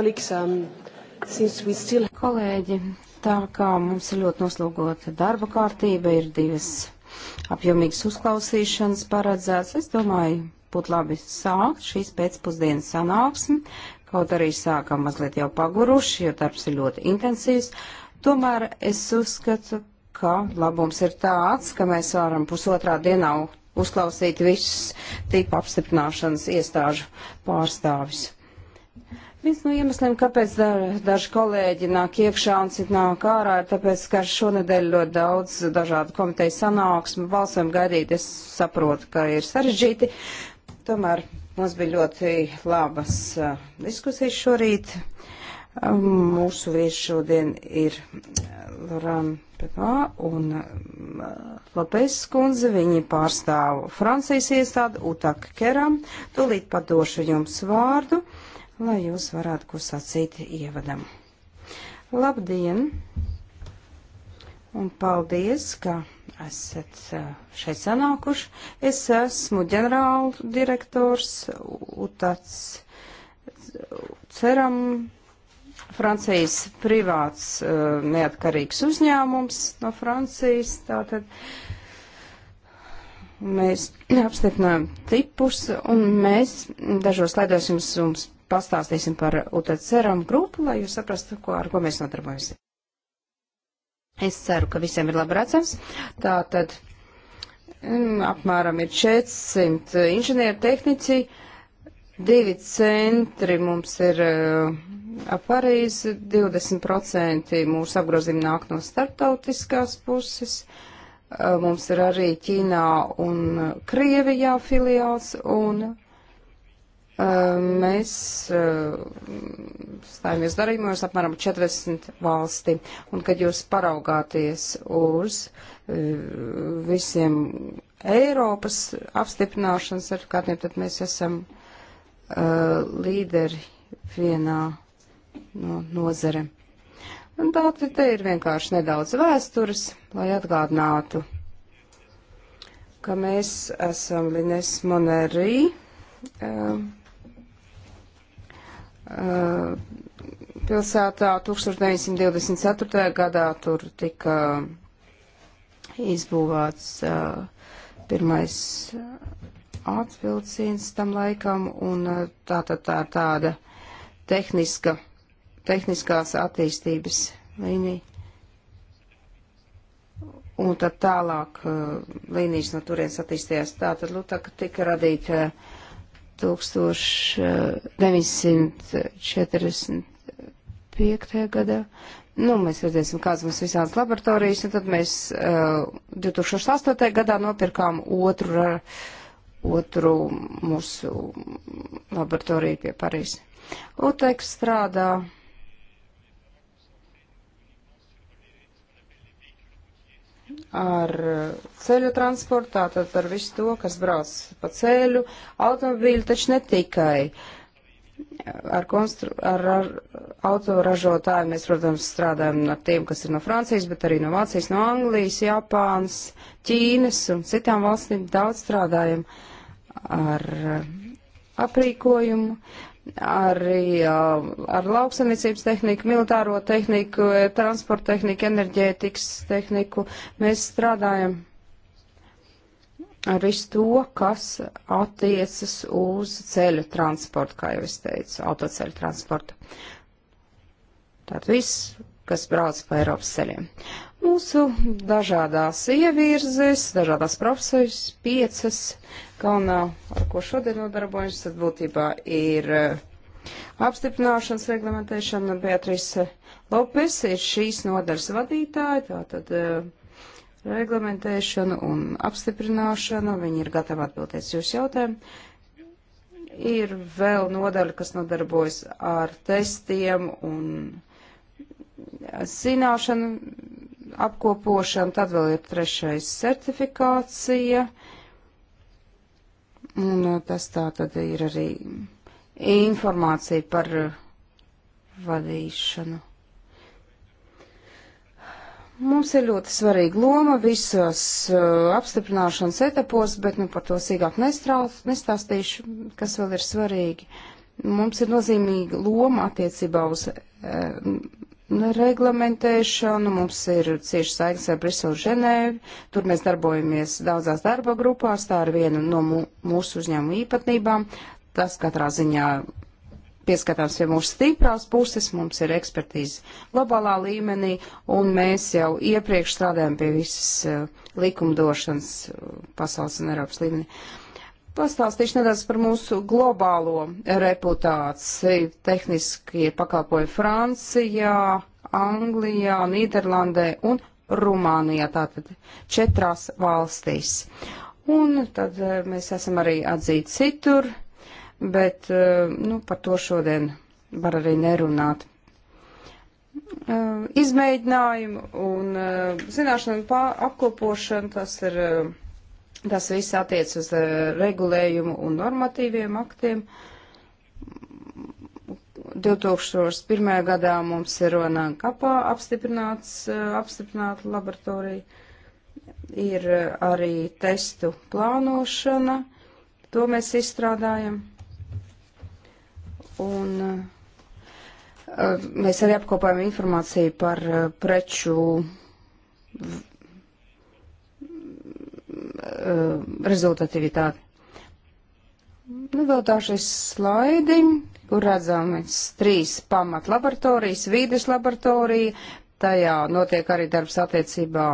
Um, Kolēģi, tā kā mums ir ļoti noslogota darba kārtība, ir divas apjomīgas uzklausīšanas paredzētas, es domāju, būtu labi sākt šīs pēcpusdienas sanāksmi, kaut arī sākam mazliet jau paguruši, jo darbs ir ļoti intensīvs. Tomēr es uzskatu, ka labums ir tāds, ka mēs varam pusotrā dienā uzklausīt visus tīpa apstiprināšanas iestāžu pārstāvis. Viens no iemesliem, kāpēc daži kolēģi nāk iekšā un citi nāk ārā, ir tāpēc, ka šonadēļ ļoti daudz dažādu komiteju sanāksmu balsojumu gaidīt. Es saprotu, ka ir sarežģīti. Tomēr mums bija ļoti labas diskusijas šorīt. Mūsu viesi šodien ir Lorāna Pepā un Lopes skundze. Viņi pārstāv Francijas iestādi Utak Keram. Tūlīt padošu jums vārdu lai jūs varētu ko sacīt ievadam. Labdien! Un paldies, ka esat uh, šeit sanākuši. Es esmu ģenerāla direktors Utats Ceram, Francijas privāts uh, neatkarīgs uzņēmums no Francijas. Tātad mēs apstiprinām tipus un mēs dažos slaidos jums, jums pastāstīsim par UTCRAM grupu, lai jūs saprastu, ko, ar ko mēs nodarbojamies. Es ceru, ka visiem ir labi redzams. Tā tad mm, apmēram ir 400 inženieru tehnici, divi centri mums ir eh, ap Parīzi, 20% mūsu apgrozījumi nāk no starptautiskās puses. Eh, mums ir arī Ķīnā un Krievijā filiāls un mēs stājamies darījumos apmēram 40 valsti. Un, kad jūs paraugāties uz visiem Eiropas apstiprināšanas certifikātiem, tad mēs esam uh, līderi vienā no nozare. Un tā te ir vienkārši nedaudz vēstures, lai atgādinātu, ka mēs esam Lines Monerī. Um, uh, Uh, pilsētā 1924. gadā tur tika izbūvēts uh, pirmais uh, atvilciens tam laikam, un tā tad tā ir tāda tehniska, tehniskās attīstības līnija. Un tad tālāk līnijas no turienes attīstījās. Nu, tā tad Lutaka tika radīta uh, 1945. Eh, gadā. Nu, mēs redzēsim, kādas mums visādas laboratorijas, un tad mēs uh, eh, 2008. gadā nopirkām otru, otru mūsu laboratoriju pie Parīzes. UTEK strādā ar uh, ceļu transportu, tātad ar visu to, kas brauc pa ceļu, automobīļu, taču ne tikai. Uh, ar, konstru, ar, ar autoražotājiem mēs, protams, strādājam ar tiem, kas ir no Francijas, bet arī no Vācijas, no Anglijas, Japānas, Ķīnas un citām valstīm daudz strādājam ar uh, aprīkojumu arī ar lauksaimniecības tehniku, militāro tehniku, transporta tehniku, enerģētikas tehniku. Mēs strādājam ar visu to, kas attiecas uz ceļu transportu, kā jau es teicu, autoceļu transportu. Tātad viss, kas brauc pa Eiropas ceļiem. Mūsu dažādās ievirzes, dažādās profesijas, piecas galvenā, ar ko šodien nodarbojas, tad būtībā ir eh, apstiprināšanas reglamentēšana. Beatrice Lopes ir šīs nodaras vadītāja, tātad eh, reglamentēšana un apstiprināšana. Viņi ir gatavi atbildēt jūsu jautājumu ir vēl nodaļa, kas nodarbojas ar testiem un zināšanu apkopošana, tad vēl ir trešais certifikācija, un uh, tas tā tad ir arī informācija par uh, vadīšanu. Mums ir ļoti svarīga loma visos uh, apstiprināšanas etapos, bet nu, par to sīkāk nestrāls, nestāstīšu, kas vēl ir svarīgi. Mums ir nozīmīga loma attiecībā uz uh, reglamentēšanu, mums ir cieši saiknes ar Briselu Ženēvi, tur mēs darbojamies daudzās darba grupās, tā ir viena no mūsu uzņēmuma īpatnībām. Tas katrā ziņā pieskatāms pie mūsu stiprās puses, mums ir ekspertīze globālā līmenī, un mēs jau iepriekš strādājam pie visas eh, likumdošanas eh, pasaules un Eiropas līmenī. Uh, Pastāstīšu nedaudz par mūsu globālo reputāciju. Tehniskie pakalpojumi Francijā, Anglijā, Nīderlandē un Rumānijā, tātad četrās valstīs. Un tad eh, mēs esam arī atzīti citur, bet eh, nu, par to šodien var arī nerunāt. Eh, izmēģinājumu un zināšanu apkopošanu tas ir Tas viss attiec uz eh, regulējumu un normatīviem aktiem. 2001. gadā mums ir Ronan Kapā apstiprināts, eh, apstiprināta laboratorija. Ir eh, arī testu plānošana, to mēs izstrādājam. Un mēs arī apkopājam informāciju par preču Eh, rezultatīvitāti. Nu, vēl dažas slaidi, kur redzamas trīs pamat laboratorijas, vīdes laboratorija, tajā notiek arī darbs attiecībā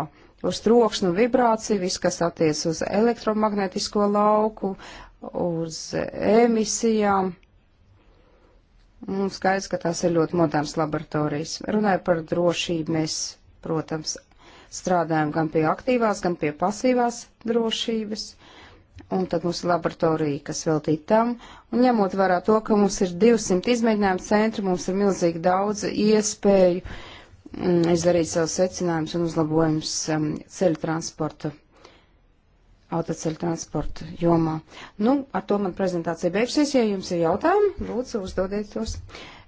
uz troksnu vibrāciju, viss, kas attiec uz elektromagnetisko lauku, uz emisijām. Un skaidrs, ka tās ir ļoti modernas laboratorijas. Runāju par drošību, mēs, protams, strādājam gan pie aktīvās, gan pie pasīvās drošības. Un tad mums ir laboratorija, kas veltīta tam. Un ņemot vērā to, ka mums ir 200 izmēģinājumu centri, mums ir milzīgi daudz iespēju mm, izdarīt savus secinājumus un uzlabojumus um, ceļu transporta, autoceļu transporta jomā. Nu, ar to man prezentācija beigsies. Ja jums ir jautājumi, lūdzu, uzdodiet tos.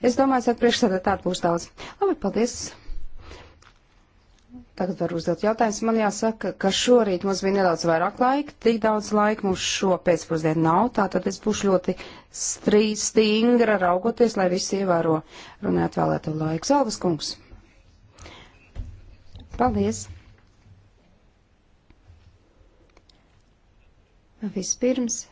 Es domāju, ka priekšstādā tādu būs daudz. Labi, paldies! Tagad var uzdot jautājumus. Man jāsaka, ka šorīt mums bija nedaudz vairāk laika, tik daudz laika mums šo pēcpusdienu nav, tātad es būšu ļoti strī, stingra raugoties, lai visi ievēro runāt vēlēto laiku. Zalvas kungs. Paldies. Vispirms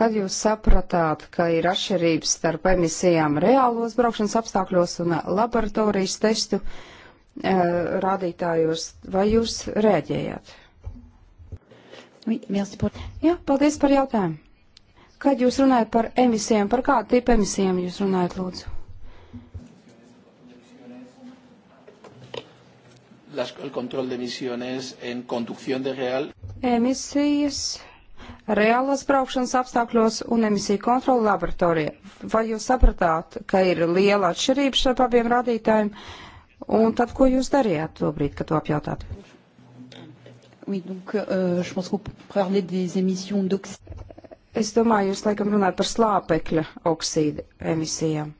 Kad jūs sapratāt, ka ir atšķirības starp emisijām reālos braukšanas apstākļos un laboratorijas testu e, rādītājos, vai jūs rēģējāt? Jā, paldies par jautājumu. Kad jūs runājat par emisijām, par kādu tipu emisijām jūs runājat, lūdzu? Las, el control de emisiones en conducción de real. Emisijas reālos braukšanas apstākļos un emisiju kontroli laboratorijā. Vai jūs sapratāt, ka ir liela atšķirība starp abiem rādītājiem? Un tad, ko jūs darījāt to brīdi, kad to apjautāt? Oui, donc, euh, je pense qu'on peut parler des émissions d'oxyde. Es domāju, jūs laikam runājat par slāpekļa oksīdu emisijām.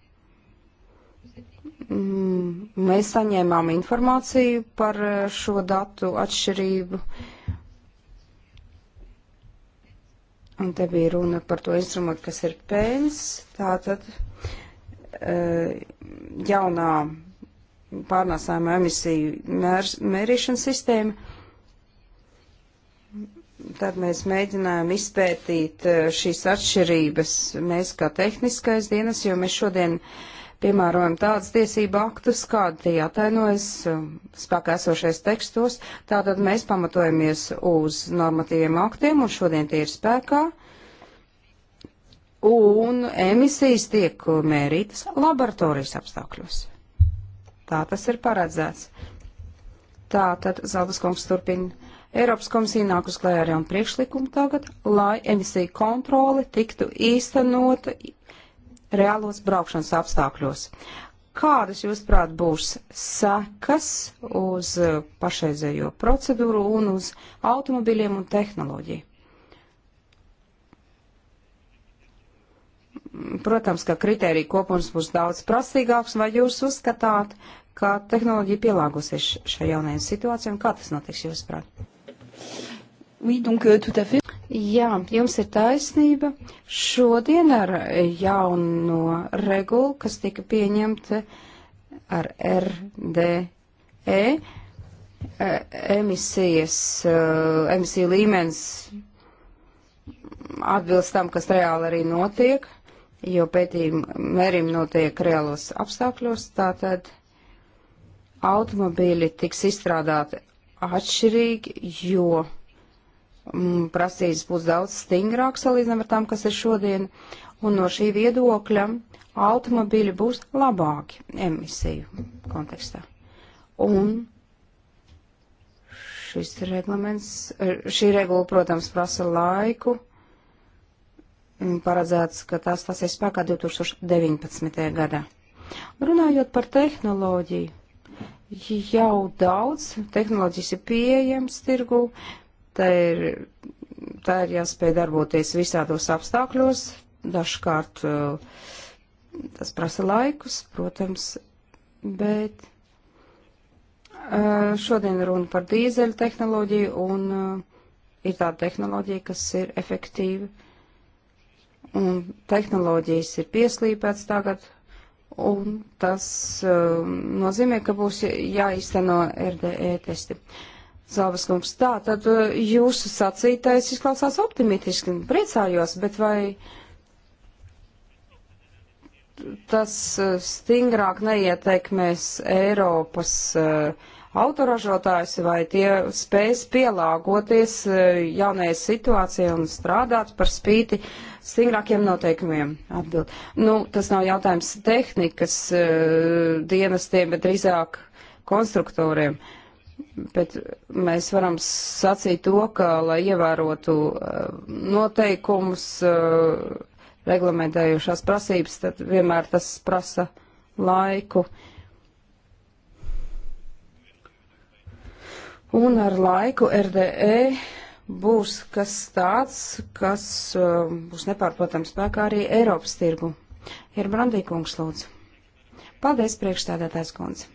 Mm, mēs saņēmām informāciju par eh, šo datu atšķirību. Uh, Un te bija runa par to instrumentu, kas ir pēns. Tātad e, jaunā pārnāsājuma emisiju mēr, mērīšanas sistēma. Tad mēs mēģinājām izpētīt e, šīs atšķirības, mēs kā tehniskais dienas, jo mēs šodien uh, piemērojam tādus tiesību aktus, kādi tie atainojas um, spēkā esošais tekstos. Tātad mēs pamatojamies uz normatīviem aktiem, un šodien tie ir spēkā. Un emisijas tiek mērītas laboratorijas apstākļos. Tā tas ir paredzēts. Tātad Zaldaskungs turpina. Eiropas komisija nāk uz klājā ar jaunu priekšlikumu tagad, lai emisiju kontroli tiktu īstenota reālos braukšanas apstākļos. Kādas, jūsuprāt, būs sekas uz uh, pašreizējo procedūru un uz automobiļiem un tehnoloģiju? Protams, ka kritērija kopums būs daudz prasīgāks, vai jūs uzskatāt, ka tehnoloģija pielāgosies šai jaunajai situācijai, un kā tas notiks, jūsuprāt? Oui, donc, euh, tout à fait. Jā, jums ir taisnība. Šodien ar jauno regulu, kas tika pieņemta ar RDE, emisijas, eh, emisiju līmenis atbilst tam, kas reāli arī notiek, jo pētījumi mērījumi notiek reālos apstākļos, tātad automobīļi tiks izstrādāti atšķirīgi, jo Mm, prasījis būs daudz stingrāk salīdzinām ar tām, kas ir šodien, un no šī viedokļa automobīļi būs labāki emisiju kontekstā. Un šis reglaments, eh, šī regula, protams, prasa laiku, mm, paredzēts, ka tās tas ir spēkā 2019. gadā. Runājot par tehnoloģiju, jau daudz tehnoloģijas ir pieejams tirgu, Tā ir, tā ir jāspēj darboties visādos apstākļos, dažkārt uh, tas prasa laikus, protams, bet uh, šodien runa par dīzeļu tehnoloģiju un uh, ir tāda tehnoloģija, kas ir efektīva. Un tehnoloģijas ir pieslīpēts tagad, un tas um, nozīmē, ka būs jāizteno RDE testi. Uh, Zāves kungs, tā, tad uh, jūsu sacītais izklausās optimistiski, priecājos, bet vai tas uh, stingrāk neietekmēs Eiropas uh, autoražotājus, vai tie spēs pielāgoties jaunajai situācijai un strādāt par spīti stingrākiem noteikumiem? Atbild. Nu, tas nav jautājums tehnikas dienestiem, bet drīzāk konstruktoriem. Uh, bet mēs varam sacīt to, ka, lai ievērotu eh, noteikumus, eh, reglamentējušās prasības, tad vienmēr tas prasa laiku. Un ar laiku RDE būs kas tāds, kas uh, būs nepārprotams spēkā arī Eiropas tirgu. Ir Brandīkungs lūdzu. Paldies, priekšstādātājs kundze.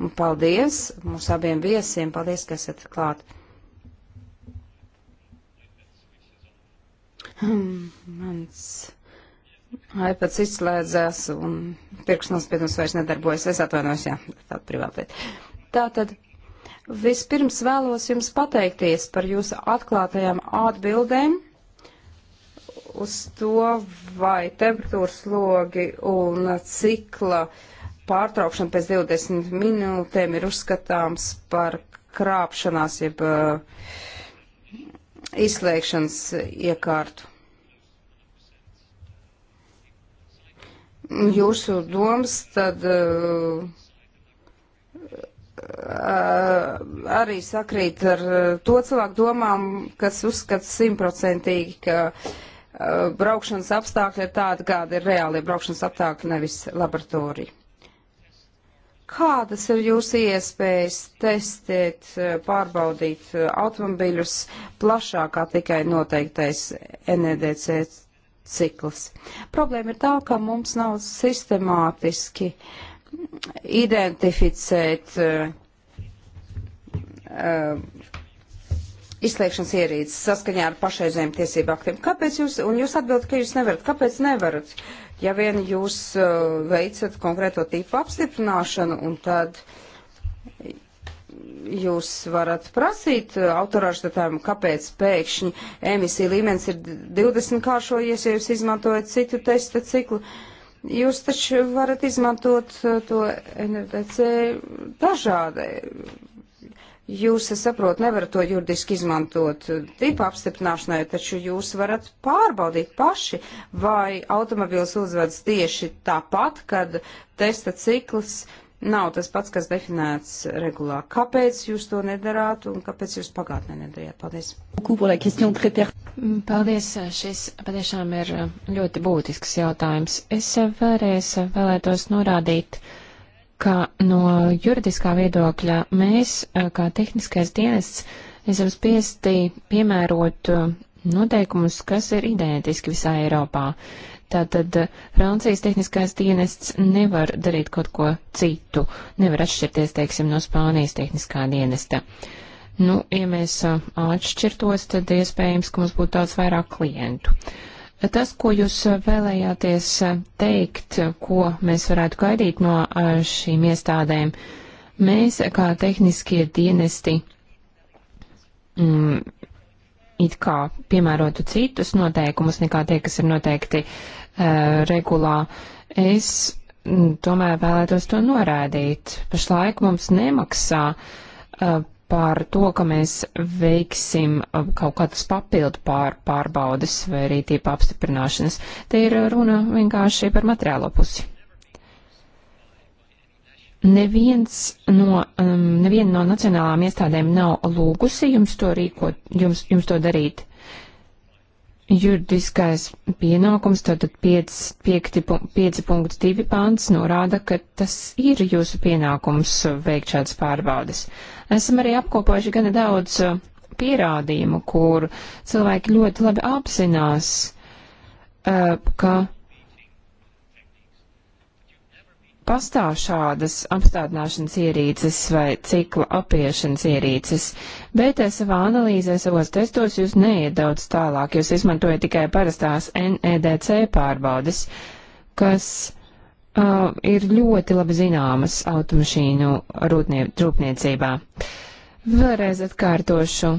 Un paldies mūsu abiem viesiem, paldies, ka esat klāt. Mans iPads izslēdzās un pirkstnospiedums vairs nedarbojas. Es atvainojos, jā, tāda privātlieta. Tātad vispirms vēlos jums pateikties par jūsu atklātajām atbildēm uz to, vai temperatūras slogi un cikla uh, pārtraukšana pēc 20 minūtēm ir uzskatāms par krāpšanās jeb uh, izslēgšanas iekārtu. Jūsu domas tad uh, uh arī sakrīt ar uh, to cilvēku domām, kas uzskata simtprocentīgi, ka uh, braukšanas apstākļi ir tādi, kādi ir reālie braukšanas apstākļi, nevis laboratorija. Kādas ir jūsu iespējas testēt, eh, pārbaudīt eh, automobiļus plašākā tikai noteiktais NEDC cikls? Problēma ir tā, ka mums nav sistemātiski identificēt uh, uh, izslēgšanas ierīces saskaņā ar pašreizējiem tiesību aktiem. Kāpēc jūs, un jūs atbildat, ka jūs nevarat, kāpēc nevarat? Uh, ja vien jūs uh, veicat konkrēto tipu apstiprināšanu, un tad jūs varat prasīt uh, autorāždatājiem, kāpēc pēkšņi emisija līmenis ir 20 kāršojies, ja jūs izmantojat citu testa ciklu. Jūs taču varat izmantot uh, to NRDC dažādai Jūs, es saprotu, nevarat to juridiski izmantot tipa apstiprināšanai, taču jūs varat pārbaudīt paši, vai automobils uzvedas tieši tāpat, kad testa cikls nav tas pats, kas definēts regulā. Kāpēc jūs to nedarāt un kāpēc jūs pagātnē nedarījāt? Paldies. Mm, paldies, šis patiešām ir ļoti būtisks jautājums. Es vēlreiz vēlētos norādīt ka no juridiskā viedokļa mēs, eh, kā tehniskais dienests, esam spiesti piemērot eh, noteikumus, kas ir identiski visā Eiropā. Tātad eh, Francijas tehniskais dienests nevar darīt kaut ko citu, nevar atšķirties, teiksim, no Spānijas tehniskā dienesta. Nu, ja mēs atšķirtos, tad iespējams, ka mums būtu daudz vairāk klientu. Uh, Tas, ko jūs eh, vēlējāties eh, teikt, eh, ko mēs varētu gaidīt no šīm iestādēm, mēs kā tehniskie dienesti mm, it kā piemērotu citus noteikumus nekā tie, kas ir noteikti uh, regulā. Es mm, tomēr vēlētos to norādīt. Pašlaik mums nemaksā uh, par to, ka mēs veiksim uh, kaut kādas papildu pār, pārbaudes vai arī tīpa apstiprināšanas. Te ir runa vienkārši par materiālo pusi. Neviens no, um, neviena no nacionālām iestādēm nav lūgusi jums to rīkot, jums, jums to darīt juridiskais pienākums, tātad 5.2 pāns norāda, ka tas ir jūsu pienākums veikt šādas pārbaudes. Esam arī apkopojuši gana daudz uh, pierādījumu, kur cilvēki ļoti labi apzinās, uh, ka pastāv šādas apstādināšanas ierīces vai cikla apiešanas ierīces, bet savā analīzē, savos testos jūs neiet daudz tālāk, jūs izmantojat tikai parastās NEDC pārbaudes, kas uh, ir ļoti labi zināmas automašīnu rūpnie, rūpniecībā. Vēlreiz atkārtošu.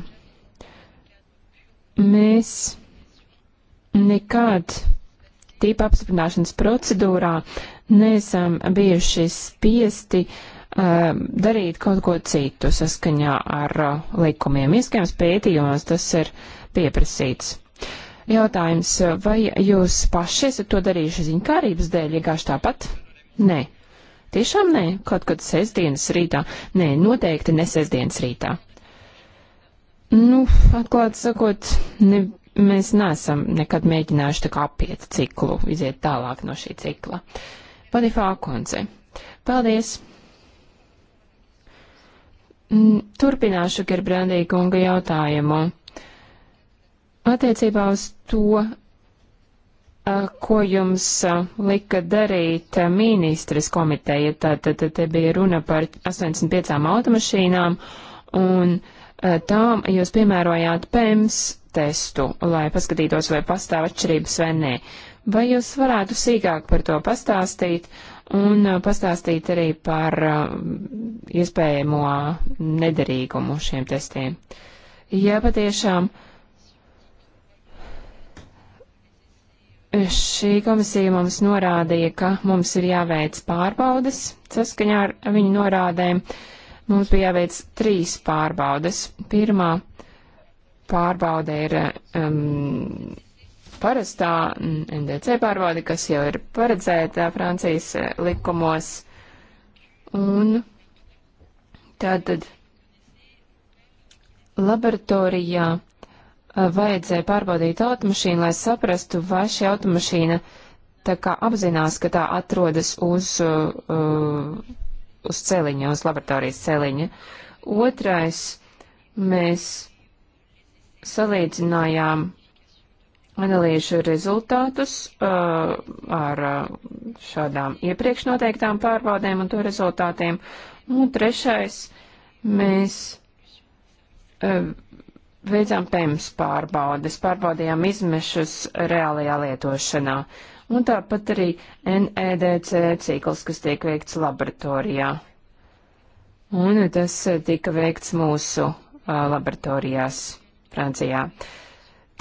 Mēs nekad tīpa apstiprināšanas procedūrā neesam bijuši spiesti uh, darīt kaut ko citu saskaņā ar uh, likumiem. Iespējams, pētījumos tas ir pieprasīts. Jautājums, vai jūs paši esat to darījuši ziņkārības dēļ, vienkārši tāpat? Nē. Tiešām nē, kaut kad sestdienas rītā. Nē, noteikti ne sestdienas rītā. Nu, atklāt sakot, ne, mēs neesam nekad mēģinājuši tā kā apiet ciklu, iziet tālāk no šī cikla. Uh, Bonifā kundze. Paldies! Turpināšu Gerbrandī kunga jautājumu. Attiecībā uz to, ko jums lika darīt ministres komiteja, tad te, te bija runa par 85 automašīnām, un tām jūs piemērojāt PEMS testu, lai paskatītos, vai pastāv atšķirības vai nē. Vai jūs varētu sīkāk par to pastāstīt un uh, pastāstīt arī par uh, iespējamo nederīgumu šiem testiem? Jā, patiešām. Šī komisija mums norādīja, ka mums ir jāveic pārbaudes saskaņā ar viņu norādēm. Mums bija jāveic trīs pārbaudes. Pirmā pārbaude ir um, parastā NDC pārbaude, kas jau ir paredzēta Francijas eh, likumos. Un tātad laboratorijā eh, vajadzēja pārbaudīt automašīnu, lai saprastu, vai šī automašīna tā kā apzinās, ka tā atrodas uz, eh, uz celiņa, uz laboratorijas celiņa. Otrais, mēs salīdzinājām analīžu rezultātus uh, ar uh, šādām iepriekš noteiktām pārbaudēm un to rezultātiem. Un trešais, mēs uh, veicām PEMS pārbaudes, pārbaudījām izmešus reālajā lietošanā. Un tāpat arī NEDC cikls, kas tiek veikts laboratorijā. Un tas uh, tika veikts mūsu uh, laboratorijās Francijā.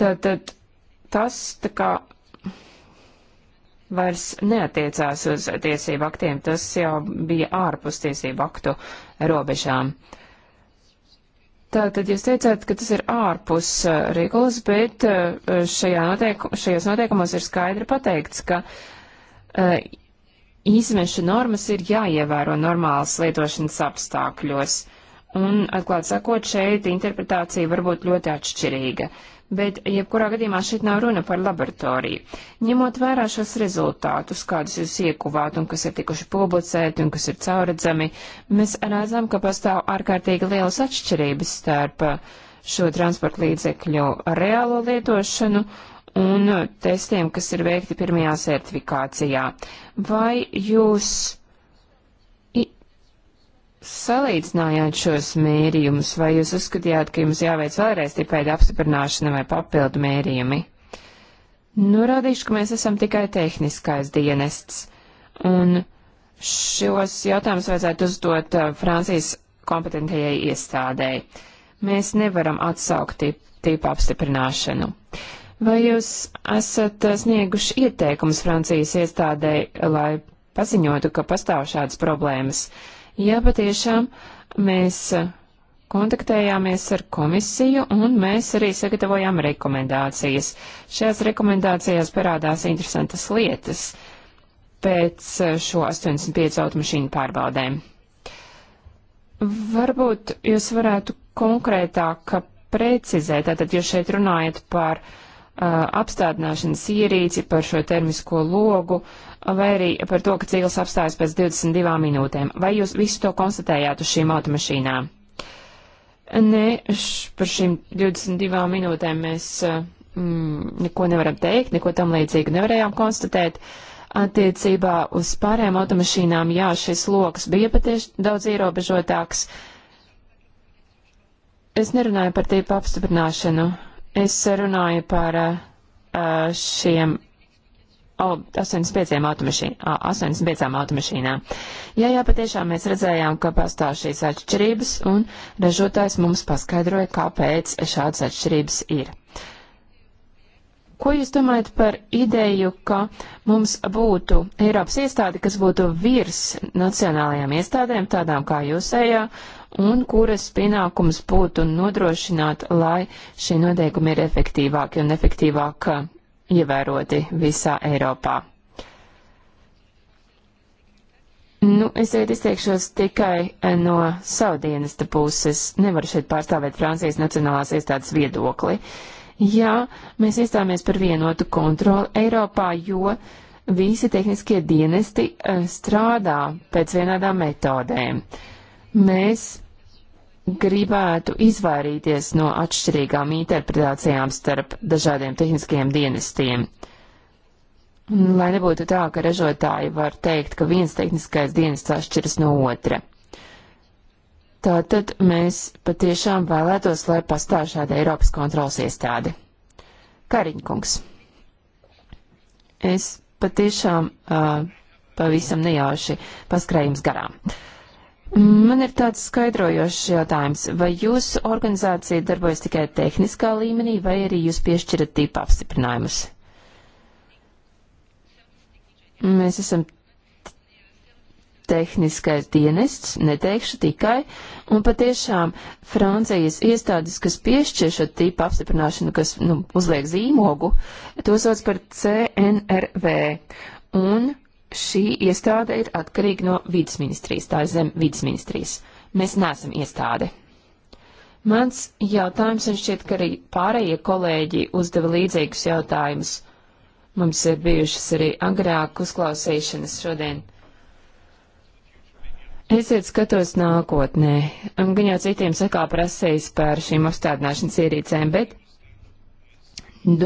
Tātad tas tā kā vairs neatiecās uz tiesību aktiem, tas jau bija ārpus tiesību aktu robežām. Tātad jūs teicāt, ka tas ir ārpus uh, regulas, bet uh, šajā noteiku, šajos noteikumos ir skaidri pateikts, ka uh, izmešu normas ir jāievēro normālas lietošanas apstākļos. Un, atklāt sakot, šeit interpretācija var būt ļoti atšķirīga. Uh, bet jebkurā gadījumā šeit nav runa par laboratoriju. Ņemot vērā šos rezultātus, kādus jūs iekuvāt un kas ir tikuši publicēti un kas ir cauredzami, mēs redzam, ka pastāv ārkārtīgi lielas atšķirības starp uh, šo transporta līdzekļu reālo lietošanu un testiem, kas ir veikti pirmajā sertifikācijā. Vai jūs salīdzinājāt šos mērījumus, vai jūs uzskatījāt, ka jums jāveic vēlreiz stipēda apstiprināšana vai papildu mērījumi? Norādīšu, nu, ka mēs esam tikai tehniskais dienests, un šos jautājumus vajadzētu uzdot uh, Francijas kompetentajai iestādēji. Mēs nevaram atsaukt tīpa apstiprināšanu. Vai jūs esat uh, snieguši ieteikumus Francijas iestādēji, lai paziņotu, ka pastāv šādas problēmas? Uh, Jā, patiešām mēs eh, kontaktējāmies ar komisiju un mēs arī sagatavojām rekomendācijas. Šajās rekomendācijās parādās interesantas lietas pēc eh, šo 85 automašīnu pārbaudēm. Varbūt jūs varētu konkrētāk precizēt, tātad jūs šeit runājat par uh, apstādināšanas ierīci, par šo termisko logu, uh, vai arī par to, ka cīlis apstājas pēc 22 minūtēm. Vai jūs visu to konstatējāt uz šīm automašīnām? Nē, par šīm 22 minūtēm mēs eh, mm, neko nevaram teikt, neko tam līdzīgu nevarējām konstatēt. Attiecībā uz pārējām automašīnām, jā, šis lokus bija patiešām daudz ierobežotāks. Es nerunāju par tīpa apstiprināšanu, es runāju par uh, šiem 85 automašīnām. Jā, jā, patiešām mēs redzējām, ka pastāv šīs atšķirības, un ražotājs mums paskaidroja, kāpēc šādas atšķirības ir. Ko jūs domājat par ideju, ka mums būtu Eiropas iestāde, kas būtu virs nacionālajām iestādēm, tādām kā jūsējā, un kuras pienākums būtu nodrošināt, lai šie noteikumi ir efektīvāki un efektīvāk ievēroti visā Eiropā. Nu, es šeit izteikšos tikai eh, no savdienesta puses. Nevaru šeit pārstāvēt Francijas nacionālās iestādes viedokli. Jā, mēs iestāmies par vienotu kontroli Eiropā, jo visi tehniskie dienesti eh, strādā pēc vienādām metodēm. Mēs gribētu izvairīties no atšķirīgām interpretācijām starp dažādiem tehniskajiem dienestiem. Lai nebūtu tā, ka ražotāji var teikt, ka viens tehniskais dienests atšķiras no otra. Tātad mēs patiešām vēlētos, lai pastāv šāda Eiropas kontrols iestāde. Kariņkungs. Es patiešām uh, pavisam nejauši paskrējums garām. Uh, Man ir tāds skaidrojošs jautājums. Vai jūsu organizācija darbojas tikai tehniskā līmenī, vai arī jūs piešķirat tīpa apstiprinājumus? Mēs esam tehniskais dienests, neteikšu tikai, un patiešām Francijas iestādes, kas piešķir šo tipu apstiprināšanu, kas nu, uzliek zīmogu, to sauc par CNRV. Un šī iestāde ir atkarīga no vidas ministrijas, tā ir zem vidas ministrijas. Mēs neesam iestāde. Mans jautājums, un šķiet, ka arī pārējie kolēģi uzdeva līdzīgus jautājumus. Mums ir bijušas arī agrāk uzklausīšanas šodien. Esiet skatos nākotnē, un gan jau citiem sakā prasējis par šīm apstādināšanas ierīcēm, bet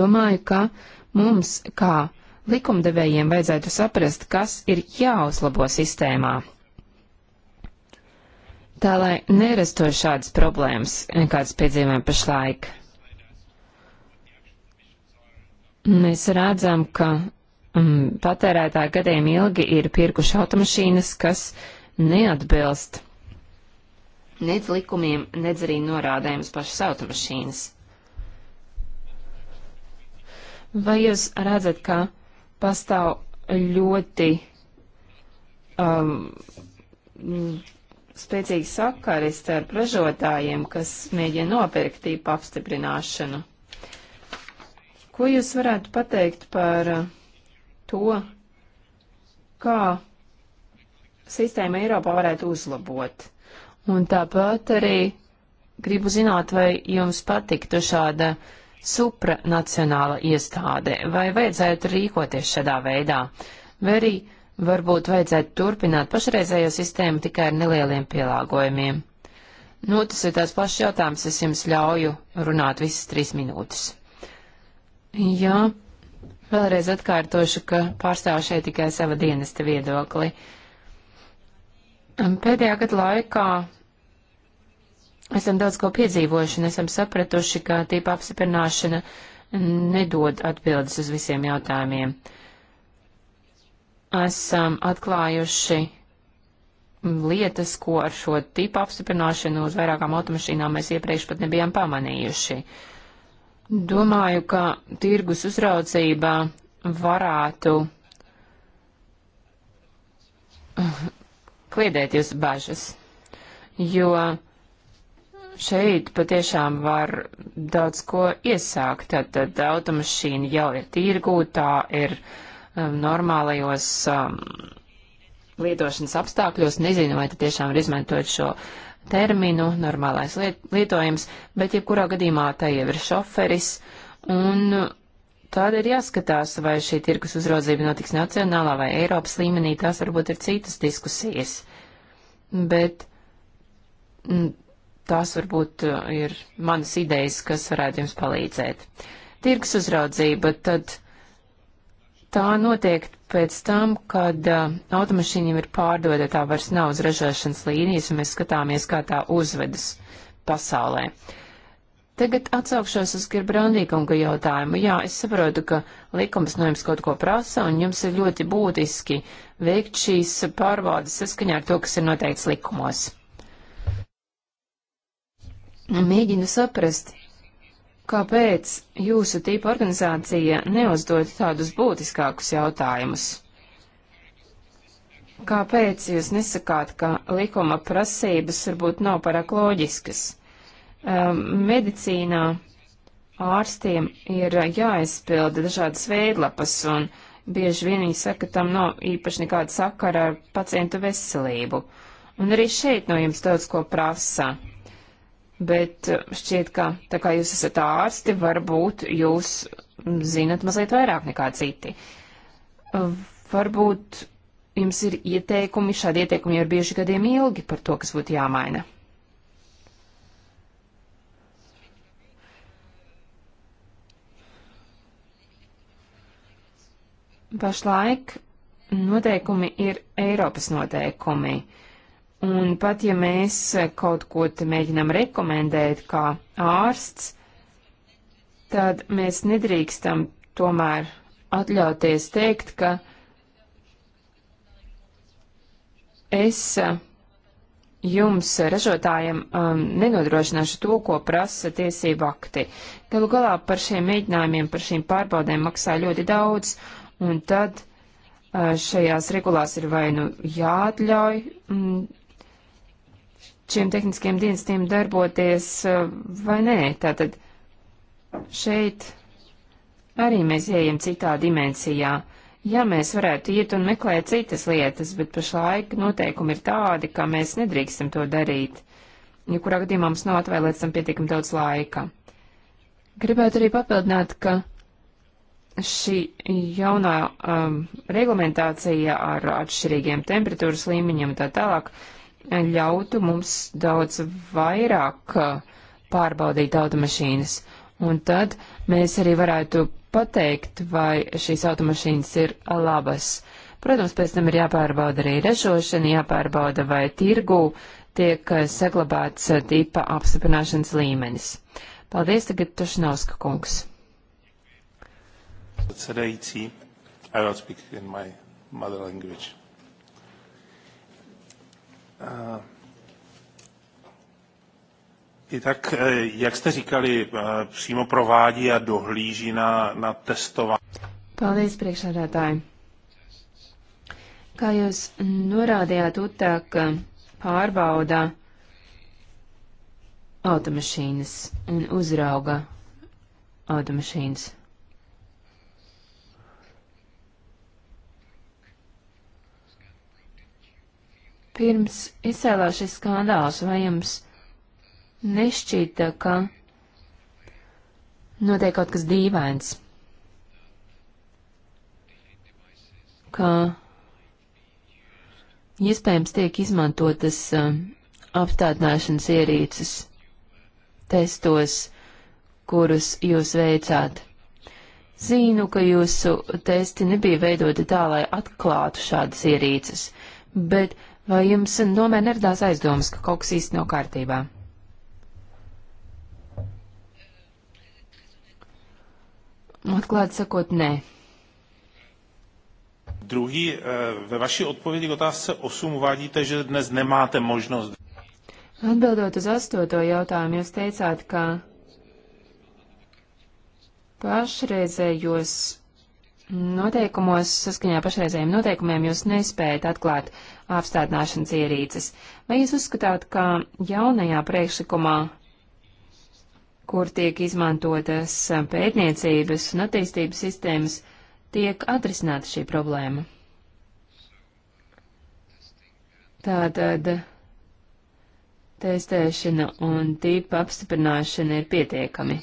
domāju, ka mums kā likumdevējiem vajadzētu saprast, kas ir jāuzlabo sistēmā. Tā lai nerastos šādas problēmas, kādas piedzīvojam pašlaik. Mēs redzam, ka mm, patērētāji gadiem ilgi ir pirkuši automašīnas, kas neatbilst nec likumiem, nec arī norādēm uz pašas automašīnas. Vai jūs redzat, ka pastāv ļoti um, spēcīgi sakari starp ražotājiem, kas mēģina nopirkt tīpa apstiprināšanu. Ko jūs varētu pateikt par uh, to, kā sistēma Eiropā varētu uzlabot? Un tāpat arī gribu zināt, vai jums patiktu šāda uh, supranacionāla iestāde, vai vajadzētu rīkoties šādā veidā, vai arī varbūt vajadzētu turpināt pašreizējo sistēmu tikai ar nelieliem pielāgojumiem. Nu, tas ir tās pašas jautājums, es jums ļauju runāt visas trīs minūtes. Jā, vēlreiz atkārtošu, ka pārstāvu šeit tikai sava dienesta viedokli. Pēdējā gada laikā esam daudz ko piedzīvojuši un esam sapratuši, ka tīpa apsiprināšana nedod atbildes uz visiem jautājumiem. Esam atklājuši lietas, ko ar šo tipu apstiprināšanu uz vairākām automašīnām mēs iepriekš pat nebijām pamanījuši. Domāju, ka tirgus uzraudzība varētu kliedēt jūsu bažas, jo uh, šeit patiešām var daudz ko iesākt. Tātad automašīna jau ir tirgū, tā ir um, normālajos um, lietošanas apstākļos. Nezinu, vai te tiešām ir izmantojot šo terminu, normālais liet, lietojums, bet jebkurā gadījumā tā jau ir šoferis. Un tāda ir jāskatās, vai šī tirkus uzraudzība notiks nacionālā vai Eiropas līmenī, tās varbūt ir citas diskusijas. Bet mm, tās varbūt uh, ir manas idejas, kas varētu jums palīdzēt. Tirgus uzraudzība, tad tā notiek pēc tam, kad uh, automašīņiem ir pārdoda, tā vairs nav uz ražošanas līnijas, un mēs skatāmies, kā tā uzvedas pasaulē. Tagad atsaukšos uz Gerbrandīkunga jautājumu. Jā, es saprotu, ka likums no jums kaut ko prasa, un jums ir ļoti būtiski veikt šīs pārbaudas saskaņā ar to, kas ir noteikts likumos. Mēģinu saprast, kāpēc jūsu tīpa organizācija neuzdod tādus būtiskākus jautājumus. Kāpēc jūs nesakāt, ka likuma prasības varbūt nav parāk loģiskas? Um, medicīnā ārstiem ir jāizpilda dažādas veidlapas, un bieži vien viņi saka, tam nav īpaši nekāda sakara ar pacientu veselību. Un arī šeit no jums daudz ko prasa bet eh, šķiet, ka tā kā jūs esat ārsti, varbūt jūs zinat mazliet vairāk nekā citi. Eh, varbūt jums ir ieteikumi, šādi ieteikumi jau ir bieži gadiem ilgi par to, kas būtu jāmaina. Pašlaik noteikumi ir Eiropas noteikumi. Uh, Un pat ja mēs kaut ko te mēģinām rekomendēt kā ārsts, tad mēs nedrīkstam tomēr atļauties teikt, ka es jums, ražotājiem, um, nenodrošināšu to, ko prasa tiesību akti. Galu galā par šiem mēģinājumiem, par šīm pārbaudēm maksā ļoti daudz, un tad uh, šajās regulās ir vai nu jāatļauj. Um, šiem tehniskiem dienestiem darboties eh, vai nē. Tātad šeit arī mēs ejam citā dimensijā. Jā, mēs varētu iet un meklēt citas lietas, bet pašlaik noteikumi ir tādi, ka mēs nedrīkstam to darīt. Jebkurā ja gadījumā mums nav atvēlēts tam pietiekami daudz laika. Gribētu arī papildināt, ka šī jaunā um, reglamentācija ar atšķirīgiem temperatūras līmeņiem un tā tālāk, uh, ļautu mums daudz vairāk uh, pārbaudīt automašīnas. Un tad mēs arī varētu pateikt, vai šīs automašīnas ir labas. Protams, pēc tam ir jāpārbauda arī ražošana, jāpārbauda vai tirgu tiek uh, saglabāts uh, tipa apstiprināšanas līmenis. Paldies tagad Tošinovska kungs. Cerēcī, I will speak in my mother language. I tak, eh, jak jste říkali, eh, přímo provádí a dohlíží na, na testování. Paldies, priekšsādātāji. Kā jūs norādījāt, UTAK eh, pārbauda automašīnas un uzrauga automašīnas. Pirms izcēlās šis skandāls, vai jums nešķīta, ka notiek kaut kas dīvains? Ka iespējams tiek izmantotas um, apstādināšanas ierīces testos, kurus jūs veicāt. Zinu, ka jūsu testi nebija veidoti tā, lai atklātu šādas ierīces, bet Vai jums tomēr neradās aizdomas, ka kaut kas īsti nav kārtībā? Atklāti sakot, nē. Druhý, eh, ve vaší odpovědi k otázce 8 uvádíte, že dnes nemáte možnost. Atbildot uz astoto jautājumu, jūs teicāt, ka pašreizējos Noteikumos, saskaņā pašreizējiem noteikumiem, jūs nespējat atklāt apstādināšanas ierīces. Vai jūs uzskatāt, ka jaunajā priekšlikumā, kur tiek izmantotas pētniecības un attīstības sistēmas, tiek atrisināta šī problēma? Tātad testēšana un tīpa apstiprināšana ir pietiekami.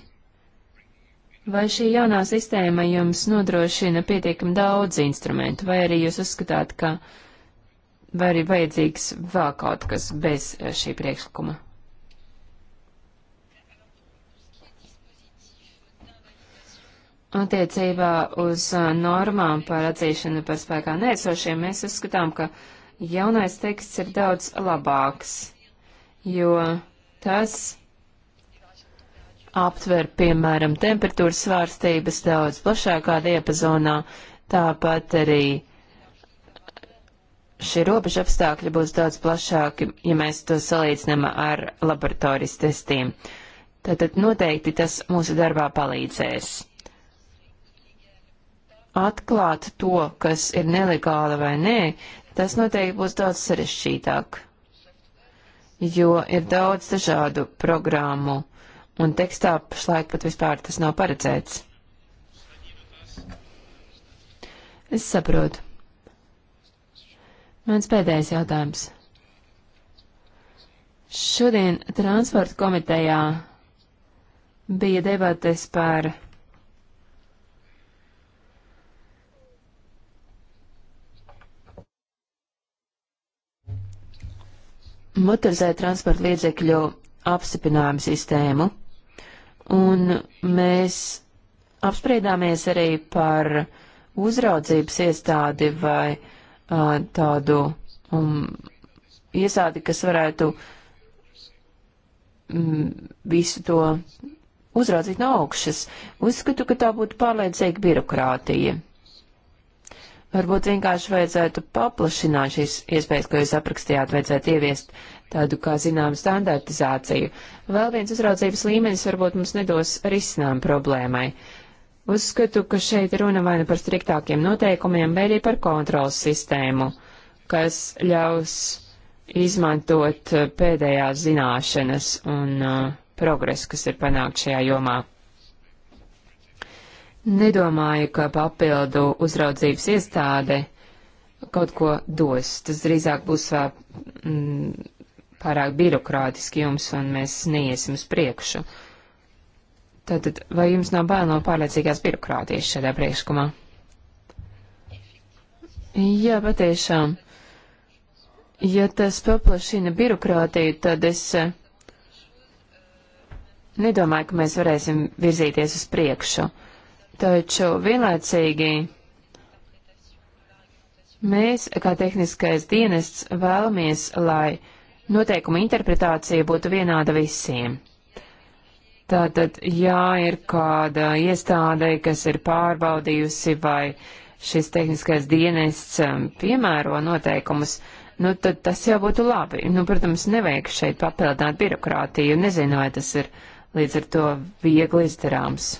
Vai šī jaunā sistēma jums nodrošina pietiekami daudz instrumentu, vai arī jūs uzskatāt, ka vai arī vajadzīgs vēl kaut kas bez eh, šī priekšlikuma? Attiecībā uz eh, normām par atzīšanu par spēkā nēsošiem mēs uzskatām, ka jaunais teksts ir daudz labāks, jo tas aptver, piemēram, temperatūras svārstības daudz plašākā diapazonā, tāpat arī šie robeža apstākļi būs daudz plašāki, ja mēs to salīdzinām ar laboratorijas testiem. Tātad noteikti tas mūsu darbā palīdzēs. Atklāt to, kas ir nelegāli vai nē, tas noteikti būs daudz sarešķītāk, jo ir daudz dažādu programmu un tekstā pašlaik pat vispār tas nav paredzēts. Es saprotu. Mans pēdējais jautājums. Šodien transporta komitejā bija debates par motorizēt transporta līdzekļu apstiprinājumu sistēmu. Un mēs apspriedāmies arī par uzraudzības iestādi vai uh, tādu um, iestādi, kas varētu mm, visu to uzraudzīt no augšas. Uzskatu, ka tā būtu pārliecīga birokrātija. Varbūt vienkārši vajadzētu paplašināt šīs iespējas, ko jūs aprakstījāt, vajadzētu ieviest tādu, kā zinām, standartizāciju. Vēl viens uzraudzības līmenis varbūt mums nedos risinām problēmai. Uzskatu, ka šeit runa vai nu par striktākiem noteikumiem, vai arī par kontrolas sistēmu, kas ļaus izmantot eh, pēdējās zināšanas un uh, progresu, kas ir panākt šajā jomā. Nedomāju, ka papildu uzraudzības iestāde kaut ko dos. Tas drīzāk būs vēl mm, pārāk birokrātiski jums un mēs neiesim uz priekšu. Tātad, vai jums nav bail no pārliecīgās birokrātijas šādā priekšlikumā? Jā, patiešām. Ja tas paplašina birokrātiju, tad es eh, nedomāju, ka mēs varēsim virzīties uz priekšu. Taču vienlaicīgi mēs, kā tehniskais dienests, vēlamies, lai noteikuma interpretācija būtu vienāda visiem. Tātad, ja ir kāda iestāde, kas ir pārbaudījusi, vai šis tehniskais dienests um, piemēro noteikumus, nu tad tas jau būtu labi. Nu, protams, nevajag šeit papildināt birokrātiju, nezinu, vai tas ir līdz ar to viegli izdarāms.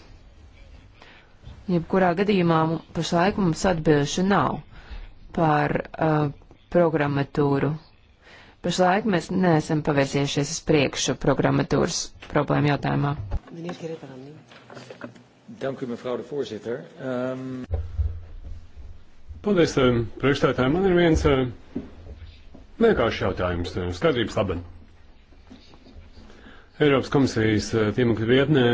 Jebkurā gadījumā pašlaik mums atbilžu nav par uh, programmatūru Pašlaik mēs neesam pavirzījušies uz priekšu programmatūras problēmu jautājumā. Dank u, mevrouw de voorzitter. Um... Paldies, eh, priekšstādātāji. Man ir viens eh, vienkāršs jautājums, eh, skaidrības labad. Eiropas komisijas tīmekļa vietnē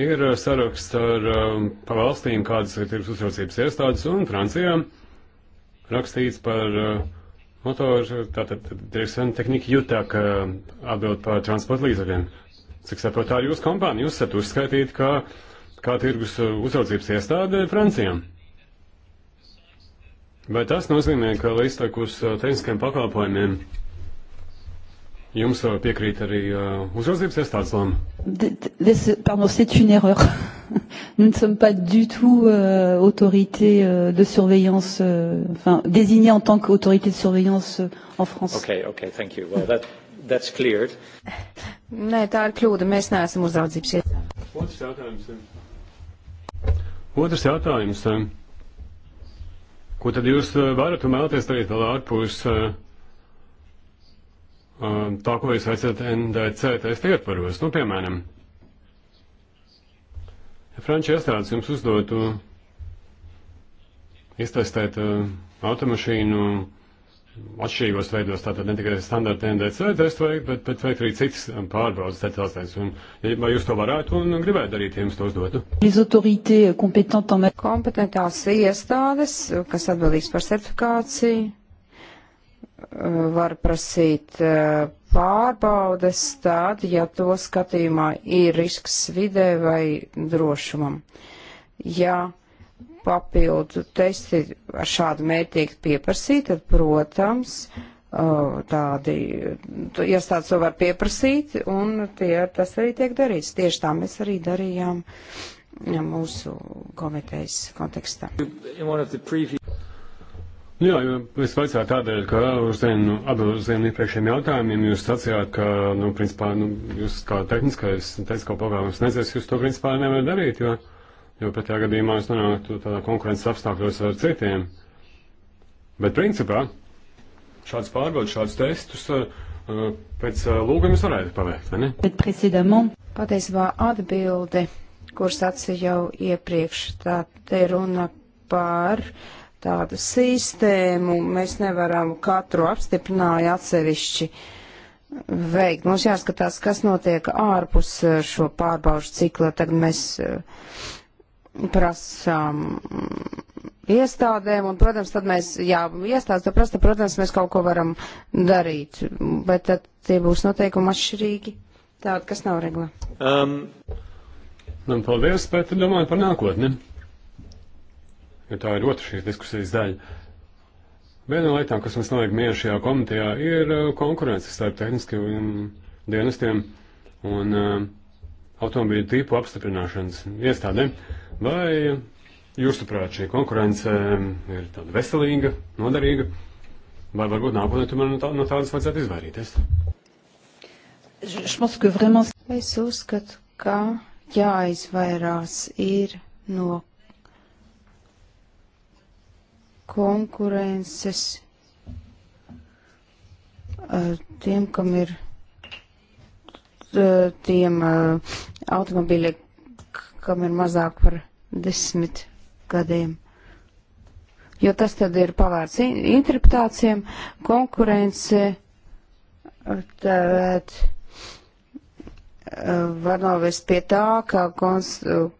ir saraksts ar pa valstīm, kādas ir tirgus uzraucības iestādes, un Francijā rakstīts par uh, Motoru, tātad Direksona tehnika jutā, ka eh, atbild par transporta līdzekļiem. Cik saprotu, tā ir jūsu kompānija. Jūs esat uzskaitīti kā, kā tirgus eh, uzraudzības iestāde Francijām. Vai tas nozīmē, ka līdztekus eh, tehniskiem pakalpojumiem Jums eh, piekrīt arī uh, uzraudzības iestādes lēma? Pardon, c'est une erreur. Nous ne sommes pas du tout euh, autorité euh, de surveillance, euh, enfin désignée en tant qu'autorité de surveillance euh, en France. Okay, okay, thank you. Well, that, that's cleared. Nē, tā ir kļūda. Mēs neesam uzraudzības iestāde. Otrs jautājums. Eh. Otrs jautājums. Ko tad jūs varat un vēlaties darīt vēl ārpus? Uh, Um, tā, ko jūs esat NDC testa ietvaros. Nu, piemēram, ja franču iestādes jums uzdotu iztestēt uh, automašīnu atšķirīgos veidos, tātad ne tikai standarta NDC testu veikt, bet, bet veikt arī citas um, pārbaudas detalizētas. Un, ja, vai jūs to varētu un gribētu darīt, ja jums to uzdotu? Kompetentās iestādes, kas atbildīgs par certifikāciju, var prasīt eh, pārbaudes tad, ja to skatījumā ir risks vidē vai drošumam. Ja papildu testi ar šādu mērķi tiek pieprasīti, tad, protams, eh, tādi iestādes to var pieprasīt, un tie, tas arī tiek darīts. Tieši tā mēs arī darījām mūsu komitejas kontekstā. Jā, jo es vaicāju tādēļ, ka uzdien, nu, atbildot uz tiem iepriekšējiem jautājumiem, jūs sacījāt, ka, nu, principā, nu, jūs kā tehniskais, tehnisko programmas nezēs, jūs to, principā, nevarat darīt, jo, jo pretējā gadījumā jūs nonāktu tādā konkurences apstākļos ar citiem. Bet, principā, šāds pārbaudas, šādus testus uh, uh, pēc uh, lūguma jūs varētu paveikt, vai ne? Bet, prezidentam, patiesībā atbildi, kuras atsīju jau iepriekš, tā te runa par. Uh, tādu sistēmu. Mēs nevaram katru apstiprināju atsevišķi veikt. Mums jāskatās, kas notiek ārpus eh, šo pārbaužu cikla. Tagad mēs eh, prasām iestādēm, un, protams, tad mēs, jā, iestādes to prasa, protams, mēs kaut ko varam darīt, bet tad tie būs noteikumi atšķirīgi, tādi, kas nav regla. Um, nu, paldies, bet domāju par nākotni jo tā ir otra šīs diskusijas daļa. Viena no lietām, kas mums neliek mieru šajā komitejā, ir uh, konkurence starp tehniskajiem dienestiem un uh, automobīļu tipu apstiprināšanas iestādēm. Vai jūsuprāt šī konkurence um, ir tāda veselīga, noderīga, vai varbūt nākotnē tomēr no, tā, no tādas vajadzētu izvairīties? Es uzskatu, ka jāizvairās ir no konkurences eh, tiem, kam ir eh, tiem eh, automobīļi, kam ir mazāk par desmit gadiem. Jo tas tad ir pavārds interpretācijām, konkurence, tad var novest pie tā, ka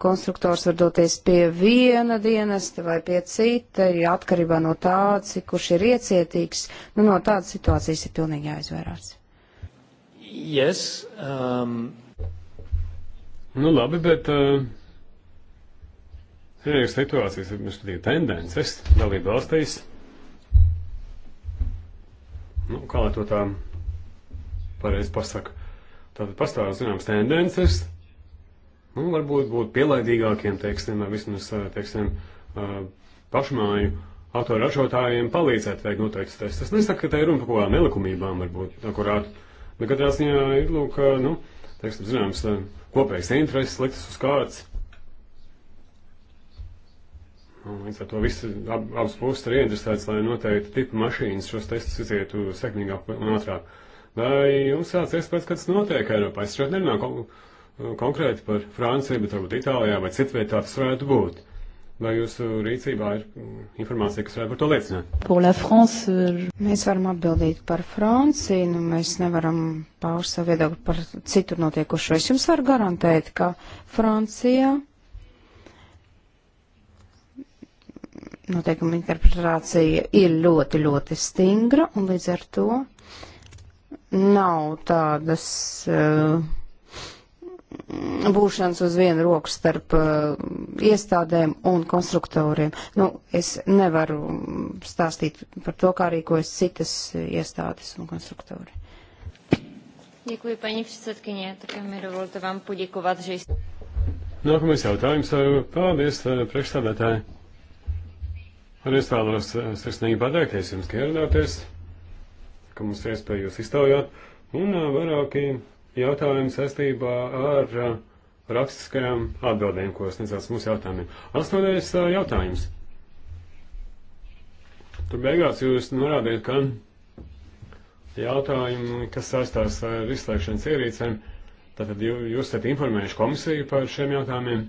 konstruktors var doties pie viena dienesta vai pie cita, ja atkarībā no tā, cik kurš ir iecietīgs. Nu, no tādas situācijas ir pilnīgi jāizvairās. Yes, um... Nu, labi, bet uh, ir situācijas, mums ir tendences dalību valstīs. Nu, kā lai to tā pareizi pasaka? Tātad pastāv zināmas tendences, nu, varbūt būt pielaidīgākiem tekstiem, vai vismaz, eh, teiksim, eh, pašmāju autoru ražotājiem palīdzēt veikt noteikts tests. Es nesaku, ka tā ir runa par kaut kādām nelikumībām, varbūt, akurāt, bet katrā ziņā ir, lūk, eh, nu, teiksim, zināms, kopējas intereses liktas uz kārtas. Līdz ar to visi, ab, abas puses ir ieinteresētas, lai noteikti tipu mašīnas šos testus izietu sekmīgāk un ātrāk. Vai jums tāds iespējas, kas notiek Eiropā? Es šeit nerunāju kon konkrēti par Franciju, bet varbūt Itālijā vai citvietā tas varētu būt. Vai jūsu rīcībā ir mm, informācija, kas varētu par to liecināt? France... Euh, mēs varam atbildīt par Franciju, nu mēs nevaram paust savu viedokli par citur notiekošo. Es jums varu garantēt, ka Francijā noteikuma interpretācija ir ļoti, ļoti stingra, un līdz ar to nav tādas eh, būšanas uz vienu roku starp eh, iestādēm un konstruktoriem. Nu, es nevaru stāstīt par to, kā rīkojas citas iestādes un konstruktori. Děkuji, paní předsedkyně. Také mi dovolte vám poděkovat, že jste. Nākamais jautājums. Paldies, eh, priekšstādātāji. Arī es vēlos sirsnīgi pateikties jums, ka ieradāties ka mums ir iespēja jūs iztaujāt. Un vairāki jautājumi saistībā ar rakstiskajām atbildēm, ko sniedzās mūsu jautājumiem. Astotais jautājums. Tur beigās jūs norādījat, ka jautājumi, kas saistās ar izslēgšanas ierīcēm, Tātad jūs esat informējuši komisiju par šiem jautājumiem.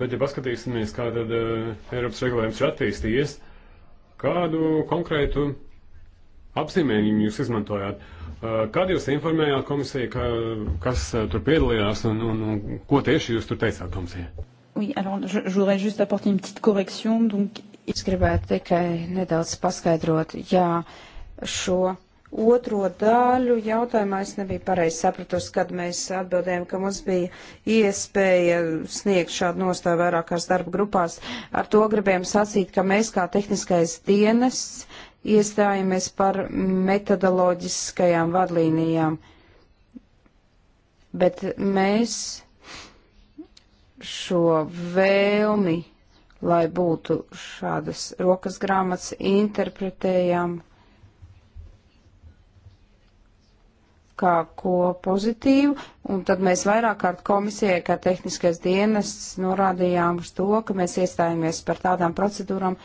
Bet, ja paskatīsimies, kā tad uh, Eiropas regulējums ir attīstījies, Kādu konkrētu apzīmējumu jūs izmantojāt? Eh, kad jūs informējāt komisiju, ka, kas eh, tur piedalījās un, un, un ko tieši jūs tur teicāt komisijai? Oui, alors je, je voudrais juste apporter une petite correction. Donc... Es gribētu tikai nedaudz paskaidrot, jā, šo otro daļu jautājumā es nebiju pareizi sapratusi, kad mēs atbildējām, ka mums bija iespēja sniegt šādu nostāju vairākās darba grupās. Ar to gribējām sacīt, ka mēs kā tehniskais dienests iestājamies par metodoloģiskajām vadlīnijām, bet mēs šo vēlmi, lai būtu šādas rokas grāmatas, interpretējām kā ko pozitīvu, un tad mēs vairāk kārt komisijai, kā tehniskais dienests, norādījām uz to, ka mēs iestājāmies par tādām procedūrām,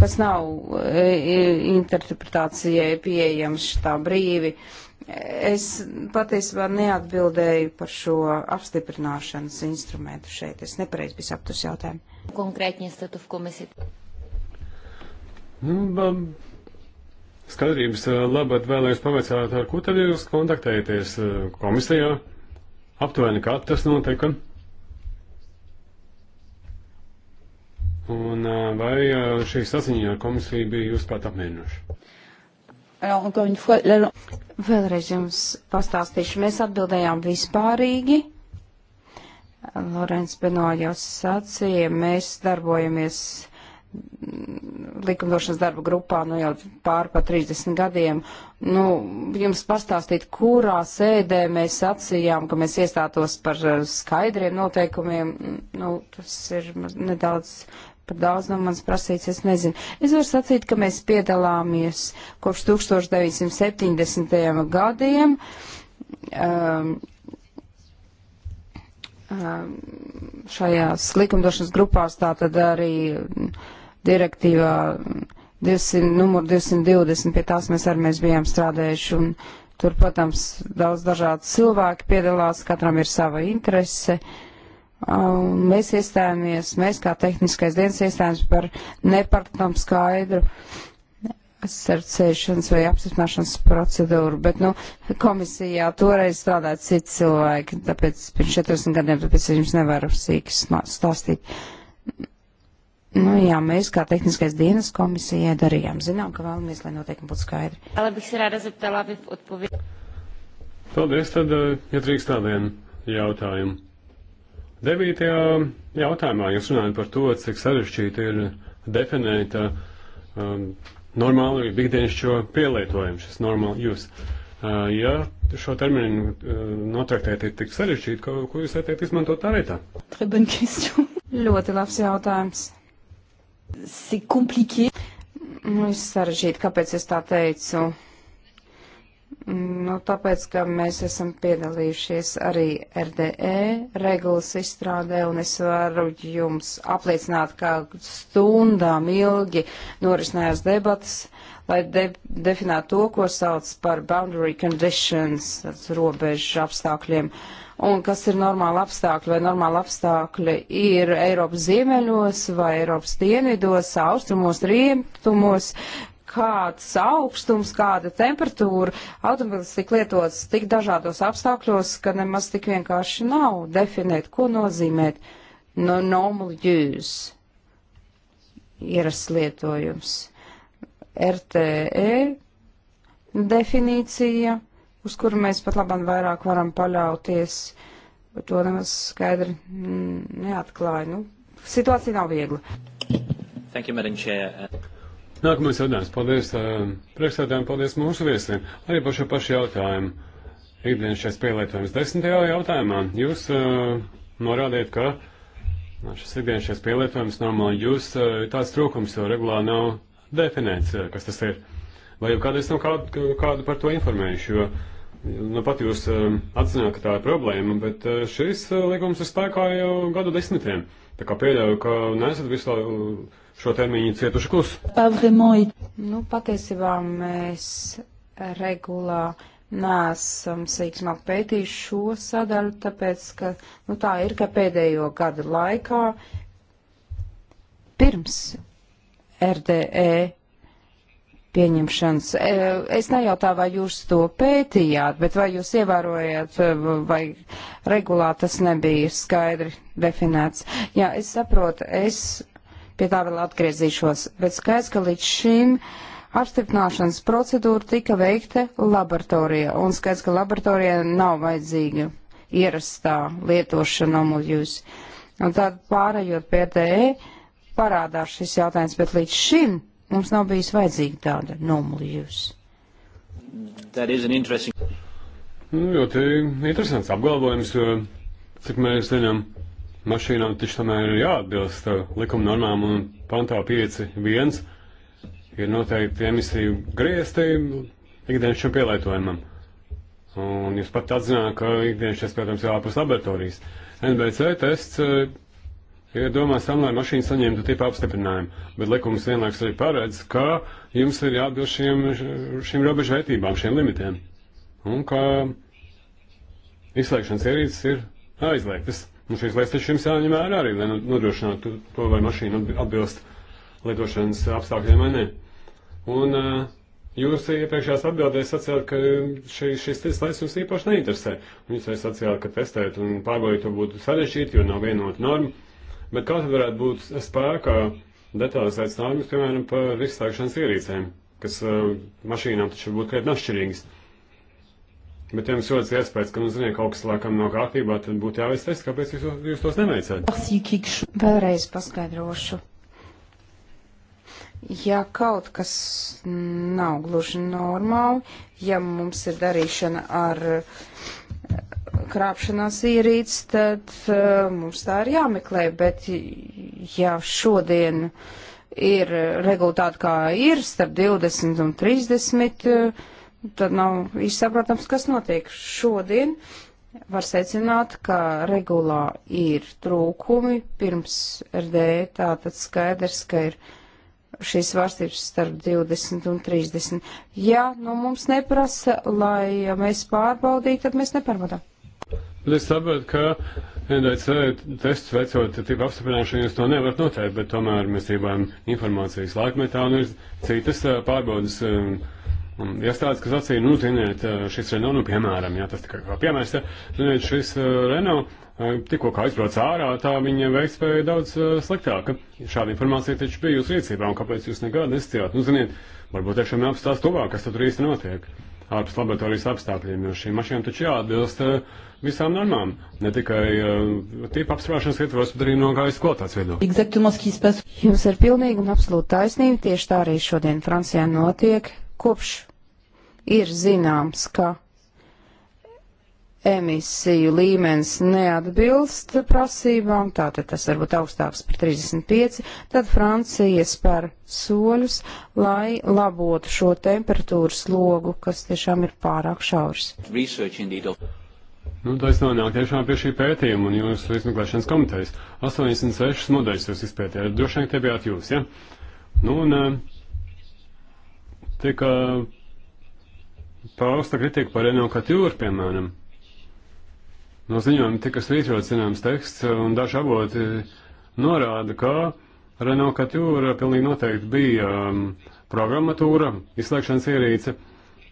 kas nav e, e, interpretācijai pieejams tā brīvi. Es patiesībā neatbildēju par šo apstiprināšanas instrumentu šeit. Es nepareiz biju saptus jautājumu. Konkrētņi statu komisiju. Nu, skaidrības labad vēlējos pavaicāt, ar ko tad jūs kontaktējaties komisijā? Aptuveni, kā tas notika? Un vai šī saziņa ar komisiju bija jūs pat apmierinoša? Vēlreiz jums pastāstīšu. Mēs atbildējām vispārīgi. Lorenz Beno jau sacīja, mēs darbojamies likumdošanas darba grupā nu, jau pāri pa 30 gadiem. Nu, jums pastāstīt, kurā sēdē mēs sacījām, ka mēs iestātos par eh, skaidriem noteikumiem, nu, tas ir nedaudz par daudz no manas prasīts, es nezinu. Es varu sacīt, ka mēs piedalāmies kopš 1970. gadiem. Um, šajās likumdošanas grupās, tātad arī direktīvā 200, numur 220, pie tās mēs arī mēs bijām strādājuši, un tur, protams, daudz dažādi cilvēki piedalās, katram ir sava interese. Un mēs iestājāmies, mēs kā tehniskais dienas iestājāmies par nepartam skaidru uh, sardzēšanas vai apstiprināšanas procedūru, bet, nu, komisijā toreiz strādāja citi cilvēki, tāpēc pirms 40 gadiem, tāpēc es jums nevaru sīki stāstīt. Nu, jā, mēs kā tehniskais dienas komisijai darījām, zinām, ka vēlamies, lai noteikumi būtu skaidri. Paldies, tad, eh, ja drīkst tādien jautājumu. Devītajā jautājumā jūs runājat par to, cik sarežģīti ir definēt um, normālu ikdienišķo pielietojumu, šis normal use. Uh, ja šo terminu uh, notraktēt ir tik sarežģīti, ko, ko jūs ieteikt izmantot tā vietā? Ļoti labs jautājums. Ir komplikēti. Nu, ir sarežģīti, kāpēc es tā teicu. Nu, tāpēc, ka mēs esam piedalījušies arī RDE regulas izstrādē, un es varu jums apliecināt, ka stundām ilgi norisinājās debatas, lai de definētu to, ko sauc par boundary conditions, robežu apstākļiem. Un kas ir normāli apstākļi, vai normāli apstākļi ir Eiropas ziemeļos, vai Eiropas dienvidos, austrumos, rietumos, kāds augstums, kāda temperatūra. Automobilis tik lietots tik dažādos apstākļos, ka nemaz tik vienkārši nav definēt, ko nozīmē no normal use ierasts lietojums. RTE definīcija, uz kuru mēs pat labam vairāk varam paļauties, to nemaz skaidri neatklāja. Nu, situācija nav viegla. Thank you, Madam Chair. Nākamais jautājums. Paldies uh, priekšsēdājiem, paldies mūsu viesiem. Arī par šo pašu jautājumu. Ikdienas šais pielietojums. Desmitajā jautājumā jūs uh, norādījat, ka šis ikdienas šais pielietojums normāli jūs uh, tāds trūkums, jo regulāri nav definēts, uh, kas tas ir. Vai jau kādreiz nav kādu, kādu par to informējuši, jo nu, pat jūs uh, atzināt, ka tā ir problēma, bet uh, šis uh, likums ir spēkā jau gadu desmitiem. Tā kā pieļauju, ka nesat visu laiku. Uh, šo termiņu cietuši klusi? Nu, patiesībā mēs regulā neesam sīksmāk pētījuši šo sadaļu, tāpēc, ka nu, tā ir, ka pēdējo gadu laikā pirms RDE pieņemšanas. E, es nejautāju, vai jūs to pētījāt, bet vai jūs ievērojāt, e, vai regulā tas nebija skaidri definēts. Jā, es saprotu, es pie tā vēl atgriezīšos, bet skaidrs, ka līdz šim apstiprināšanas procedūra tika veikta laboratorijā, un skaidrs, ka laboratorijā nav vajadzīga ierastā lietošana omulģus. Un tad pārējot pie TE parādās šis jautājums, bet līdz šim mums nav bijis vajadzīga tāda nomulījus. Interesting... Nu, ļoti interesants apgalvojums, cik mēs zinām. Viņam mašīnām taču tomēr ir jāatbilst uh, likuma normām un pantā 5.1 ir noteikti emisiju griezti ikdienas šim pielietojumam. Un jūs pat atzināt, ka ikdienas šis, protams, ir ārpus laboratorijas. NBC tests uh, ir domāts tam, lai mašīna saņemtu tipa apstiprinājumu, bet likums vienlaiks arī paredz, ka jums ir jāatbilst šiem, šiem robežu vērtībām, šiem limitiem. Un ka izslēgšanas ierīces ir aizliegtas. Nu, šīs lietas taču jums jāņem vērā arī, lai nu nodrošinātu to, vai mašīna atbilst lietošanas apstākļiem vai nē. Un uh, jūs iepriekšējās atbildēs sacījāt, ka šī, šis lietas jums īpaši neinteresē. Un jūs arī sacījāt, ka testēt un pārbaudīt to būtu sarežģīti, jo nav vienota norma. Bet kā tad varētu būt spēkā detalizēts normas, piemēram, par izslēgšanas ierīcēm, kas uh, mašīnām taču būtu krietni atšķirīgas? Bet, ja jums rodas iespējas, ka, nu, ziniet, kaut kas laikam nav no kārtībā, tad būtu jāizteic, kāpēc jūs, jūs tos neveicat. Vēlreiz paskaidrošu. Ja kaut kas nav gluži normāli, ja mums ir darīšana ar eh, krāpšanās ierīci, tad uh, mums tā ir jāmeklē, bet ja šodien ir eh, regulāti kā ir, starp 20 un 30. Uh, tad nav īsti saprotams, kas notiek. Šodien var secināt, ka regulā ir trūkumi pirms RD, tātad skaidrs, ka ir šīs svārstības starp 20 un 30. Ja no nu, mums neprasa, lai mēs pārbaudītu, tad mēs nepārbaudām. Es saprotu, ka NDC tests veicot tipu apstiprināšanu, jūs to nevarat noteikt, bet tomēr mēs dzīvojam informācijas laikmetā un ir citas pārbaudas. Um, Un iestādes, kas sacīja, nu, ziniet, eh, šis Renault, nu, piemēram, jā, tas tikai kā piemērs, ziniet, šis eh, Renault eh, tikko kā aizbrauc ārā, tā viņa veiktspēja daudz sliktāka. Šāda informācija taču bija jūsu rīcībā, un kāpēc jūs nekādu nesacījāt? Nu, ziniet, varbūt tiešām jāapstāst tuvāk, kas tur īsti notiek ārpus laboratorijas apstākļiem, jo šīm mašīnām taču jāatbilst visām normām, ne tikai tīpa apstrāšanas ietvaros, bet arī no gaisa kvalitātes viedokļa. Jums ir pilnīgi un absolūti taisnība, tieši tā arī šodien Francijā notiek Kopš ir zināms, ka emisiju līmenis neatbilst prasībām, tātad tas varbūt augstāks par 35, tad Francija spēr soļus, lai labotu šo temperatūras logu, kas tiešām ir pārāk šaurs. Nu, tā es nonāku tiešām pie šī pētījuma un jūsu izmeklēšanas komitejas. 86 modeļus jūs izpētījāt, droši vien te bijāt jūs, ja? Nu, un, uh, Tika pausta kritika par Eno Katjūru, piemēram. No ziņojuma tika svītrot zināms teksts, un daži avoti norāda, ka Renault Katjūra pilnīgi noteikti bija um, programmatūra, izslēgšanas ierīce,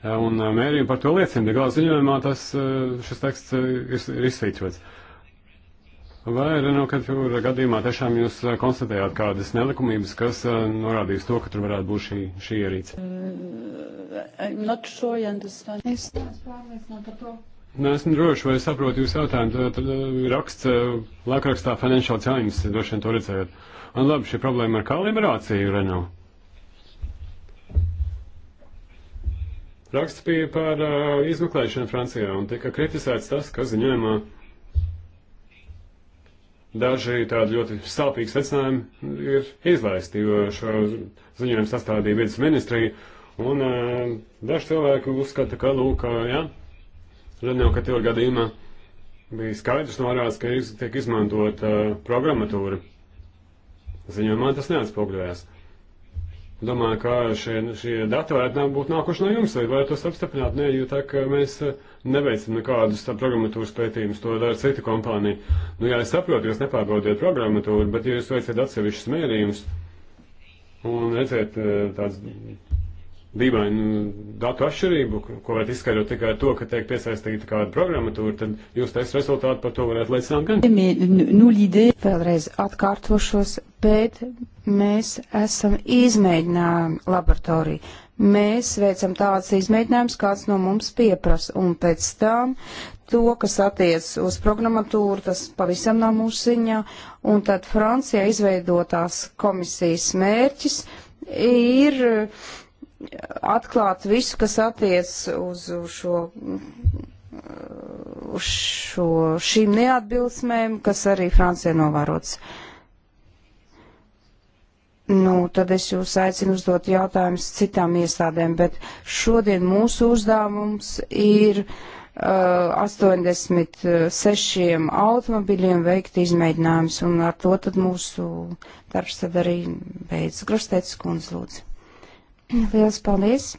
un uh, mērījumi par to liecina. Gala ziņojumā tas, uh, šis teksts uh, ir, ir izsvītrots. Vai Renault Kantūra gadījumā tiešām jūs eh, konstatējāt kādas nelikumības, kas eh, norādījis to, ka tur varētu būt šī, šī ierīce? Uh, sure es neesmu par to. Neesmu droši, vai saprotu jūsu jautājumu. Tad, tad eh, raksts, laikrakstā Financial Times, droši vien to redzējot. Un labi, šī problēma ar kalibrāciju Renault. Raksts bija par uh, izmeklēšanu Francijā un tika kritizēts tas, ka ziņojumā uh, daži tādi ļoti sāpīgi secinājumi ir izlaisti, jo šo ziņojumu sastādīja vidas ministrija, un uh, daži cilvēki uzskata, ka, lūk, jā, Lenjau Katila gadījumā bija skaidrs norāds, ka iz, tiek izmantot uh, programmatūra. Ziņojumā tas neatspoguļojās. Domāju, ka šie, šie dati varētu būt nākuši no jums, vai varētu tos apstiprināt. Nē, jo tā, ka mēs eh, neveicam nekādus programmatūras pētījumus, to dara cita kompānija. Nu, jā, es saprotu, jūs nepārbaudiet programmatūru, bet ja jūs veicat atsevišķus mērījumus un redzēt eh, tāds dīvainu nu, datu atšķirību, ko varētu izskaidrot tikai ar to, ka tiek piesaistīta kāda programmatūra, tad jūs taisa rezultātu par to varētu laicināt gan. Nu, nu Vēlreiz atkārtošos, bet mēs esam izmēģinājumi laboratoriju. Mēs veicam tādas izmēģinājumus, kāds no mums pieprasa, un pēc tam to, kas attiec uz programmatūru, tas pavisam nav mūsu ziņā, un tad Francijā izveidotās komisijas mērķis ir uh, atklāt visu, kas attiec uz, uz šo uz šo, šīm neatbilsmēm, kas arī Francijā novērots. Nu, tad es jūs aicinu uzdot jautājumus citām iestādēm, bet šodien mūsu uzdevums ir uh, 86 automobiļiem veikt izmēģinājums, un ar to tad mūsu darbs tad arī beidz. Grostēts kundze, lūdzu. Liels paldies!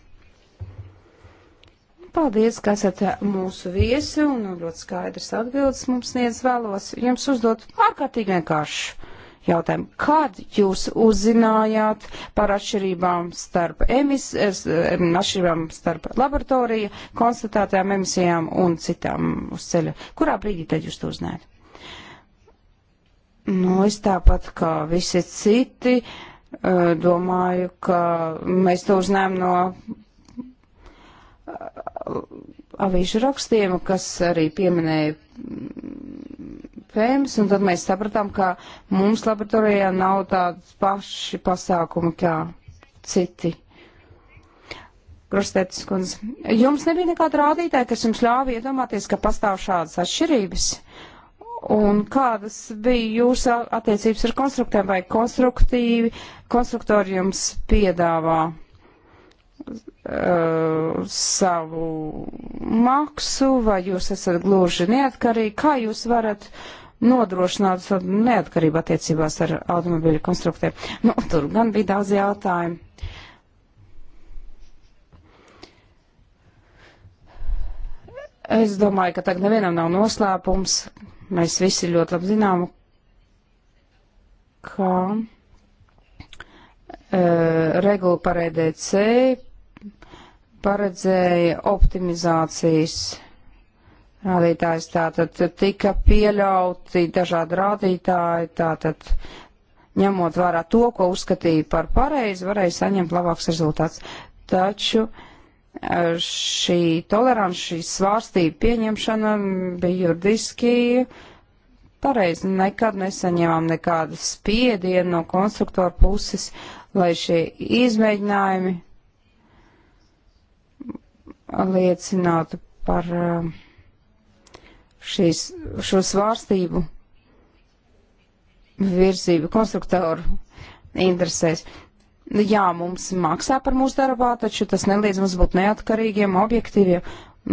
Paldies, ka esat mūsu viesi un ļoti skaidrs atbildes mums sniedz vēlos. Jums uzdot ārkārtīgi vienkāršu jautājumu. Kad jūs uzzinājāt par atšķirībām starp, emis, atšķirībām starp laboratoriju konstatētajām emisijām un citām uz ceļa? Kurā brīdī tad jūs to uzzinājāt? Nu, es tāpat kā visi citi domāju, ka mēs to uzņēmām no avīšu rakstiem, kas arī pieminēja pēmas, un tad mēs sapratām, ka mums laboratorijā nav tādas paši pasākumi kā citi. Krustētas kundze, jums nebija nekāda rādītāja, kas jums ļāva iedomāties, ka pastāv šādas atšķirības? Un kādas bija jūsu attiecības ar konstruktoriem vai konstruktīvi? Konstruktori jums piedāvā uh, savu maksu vai jūs esat gluži neatkarīgi? Kā jūs varat nodrošināt savu neatkarību attiecībās ar automobiļu konstruktoriem? Nu, tur gan bija daudz jautājumu. Es domāju, ka tagad nevienam nav noslēpums, Mēs visi ļoti labi zinām, ka e, regula par EDC paredzēja optimizācijas rādītājs, tātad tika pieļauti dažādi rādītāji, tātad ņemot vērā to, ko uzskatīja par pareizi, varēja saņemt labāks rezultāts. Taču uh, šī tolerants, šī svārstība pieņemšana bija juridiski pareizi. Nekad nesaņēmām nekādu spiedienu no konstruktora puses, lai šie izmēģinājumi liecinātu par uh, šīs, šo svārstību virzību konstruktoru interesēs. Nu jā, mums maksā par mūsu darbā, taču tas neliedz mums būt neatkarīgiem, objektīviem.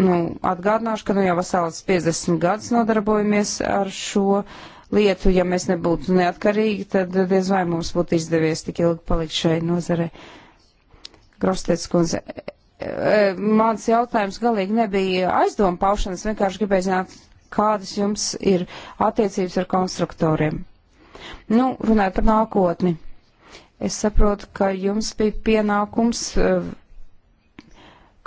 Nu, atgādināšu, ka nu jau vasaras 50 gadus nodarbojamies ar šo lietu. Ja mēs nebūtu neatkarīgi, tad diez vai mums būtu izdevies tik ilgi palikt šai nozarei. Grostēts kundze, e, e, e, mans jautājums galīgi nebija aizdomu paušanas, vienkārši gribēju zināt, kādas jums ir attiecības ar konstruktoriem. Nu, runājot par nākotni Es saprotu, ka jums bija pienākums eh,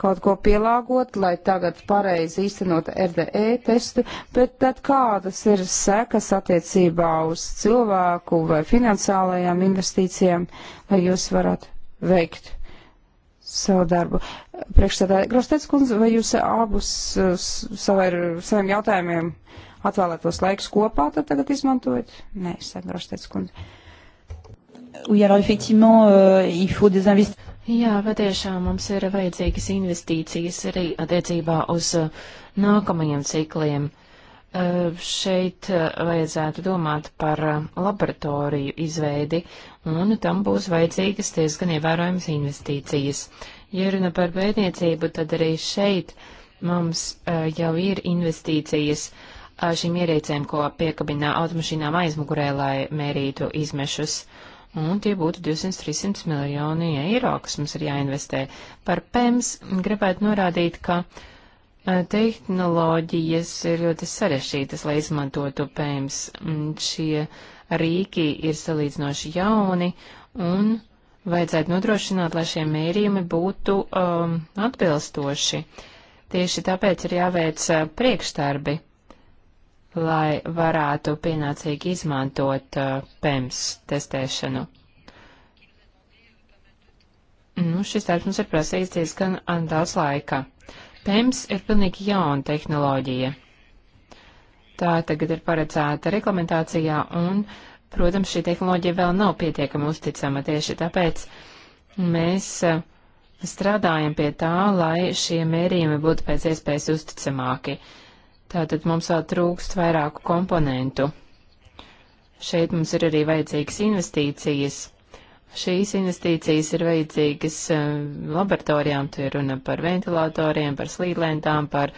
kaut ko pielāgot, lai tagad pareizi īstenot RDE testu, bet tad kādas ir sekas attiecībā uz cilvēku vai finansiālajām investīcijām, lai jūs varat veikt savu darbu? Priekšstādāja Grostec kundze, vai jūs abus eh, savai, saviem jautājumiem atvēlētos laiks kopā, tad tagad izmantojat? Nē, saka Grostec kundze. Oui, alors effectivement, euh, il faut des investissements. Jā, patiešām mums ir vajadzīgas investīcijas arī attiecībā uz uh, nākamajiem cikliem. Uh, šeit uh, vajadzētu domāt par laboratoriju izveidi, un tam būs vajadzīgas diezgan ievērojamas investīcijas. Ja runa par pētniecību, tad arī šeit mums jau ir investīcijas šīm ierīcēm, ko piekabina automašīnām aizmugurē, lai mērītu izmešus un tie būtu 200-300 miljoni eiro, kas mums ir jāinvestē. Par PEMS gribētu norādīt, ka e, tehnoloģijas ir ļoti sarešķītas, lai izmantotu PEMS. Šie rīki ir salīdzinoši jauni un vajadzētu nodrošināt, lai šie mērījumi būtu um, atbilstoši. Tieši tāpēc ir jāveic e, priekšdarbi lai varētu pienācīgi izmantot uh, PEMS testēšanu. Nu, šis darbs mums ir prasījis diezgan uh, daudz laika. PEMS ir pilnīgi jauna tehnoloģija. Tā tagad ir paredzēta reglamentācijā un, protams, šī tehnoloģija vēl nav pietiekami uzticama tieši tāpēc mēs uh, strādājam pie tā, lai šie mērījumi būtu pēc iespējas uzticamāki. Uh, Tātad mums vēl trūkst vairāku komponentu. Šeit mums ir arī vajadzīgas investīcijas. Šīs investīcijas ir vajadzīgas eh, laboratorijām, tur ir runa par ventilatoriem, par slīdlentām, par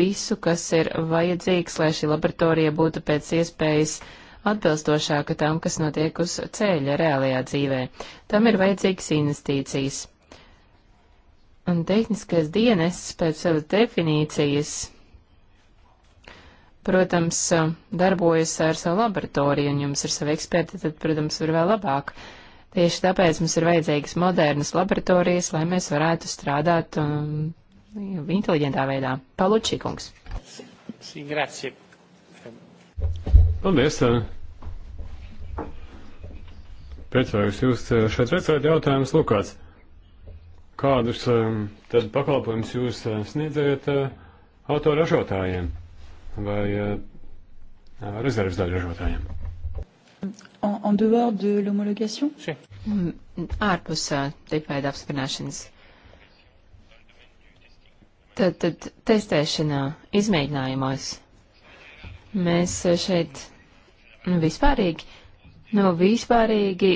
visu, kas ir vajadzīgs, lai šī laboratorija būtu pēc iespējas atbilstošāka tam, kas notiek uz ceļa reālajā dzīvē. Tam ir vajadzīgas investīcijas. Un tehniskais dienests pēc savas definīcijas protams, darbojas ar savu laboratoriju un jums ir savi eksperti, tad, protams, ir vēl labāk. Tieši tāpēc mums ir vajadzīgas modernas laboratorijas, lai mēs varētu strādāt um, inteliģentā veidā. Palučīkungs. Paldies. Eh. Priecājos jūs eh, šeit redzēt jautājumus, Lukāts. Kādus eh, tad pakalpojumus jūs sniedzējat autoražotājiem? vai eh, rezerves daļu ražotājiem. En, en dehors de l'homologation? Sí. Mm, ārpus eh, tipaida apstiprināšanas. Tad, tad testēšanā, izmēģinājumos mēs eh, šeit nu, vispārīgi, no nu, vispārīgi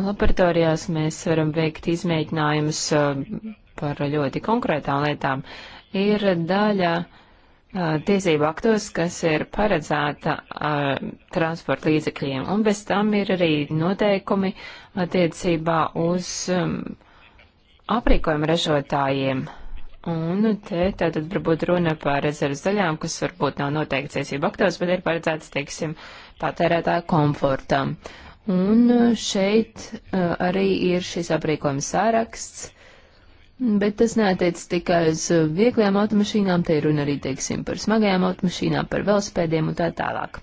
laboratorijās mēs varam veikt izmēģinājumus par ļoti konkrētām lietām. Ir daļa uh, tiesību aktos, kas ir paredzēta uh, transporta līdzekļiem, un bez tam ir arī noteikumi attiecībā uz um, aprīkojuma ražotājiem. Un te tātad varbūt runa par rezerves daļām, kas varbūt nav noteikti tiesību aktos, bet ir paredzētas, teiksim, patērētāja komfortam. Un šeit uh, arī ir šis aprīkojuma sāraksts Bet tas neatiec tikai uz uh, vieglajām automašīnām, te ir runa arī, teiksim, par smagajām automašīnām, par velospēdiem un tā tālāk.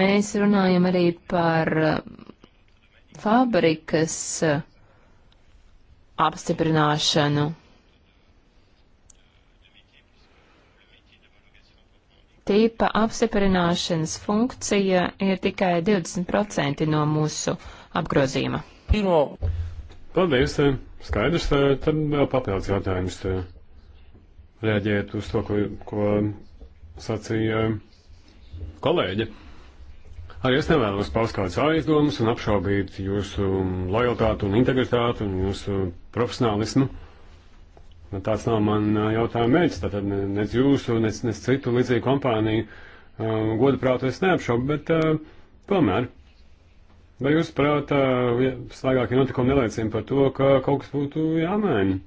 Mēs runājam arī par uh, fabrikas uh, apstiprināšanu. Tīpa apstiprināšanas funkcija ir tikai 20% no mūsu apgrozījuma. Pirmo Paldies. Eh, skaidrs, eh, tad vēl papildus jautājums. Eh, Rēģēt uz to, ko, ko sacīja kolēģi. Arī es nevēlos paust kādas aizdomas un apšaubīt jūsu lojalitāti un integritāti un jūsu profesionālismu. Nu, tāds nav man jautājuma mērķis. Tātad nec jūsu, nec, nec citu līdzīgu kompāniju godu prātu es neapšaubu, bet uh, tomēr. Vai jūs prātā svaigākie notikumi neliecina par to, ka kaut kas būtu jāmaina?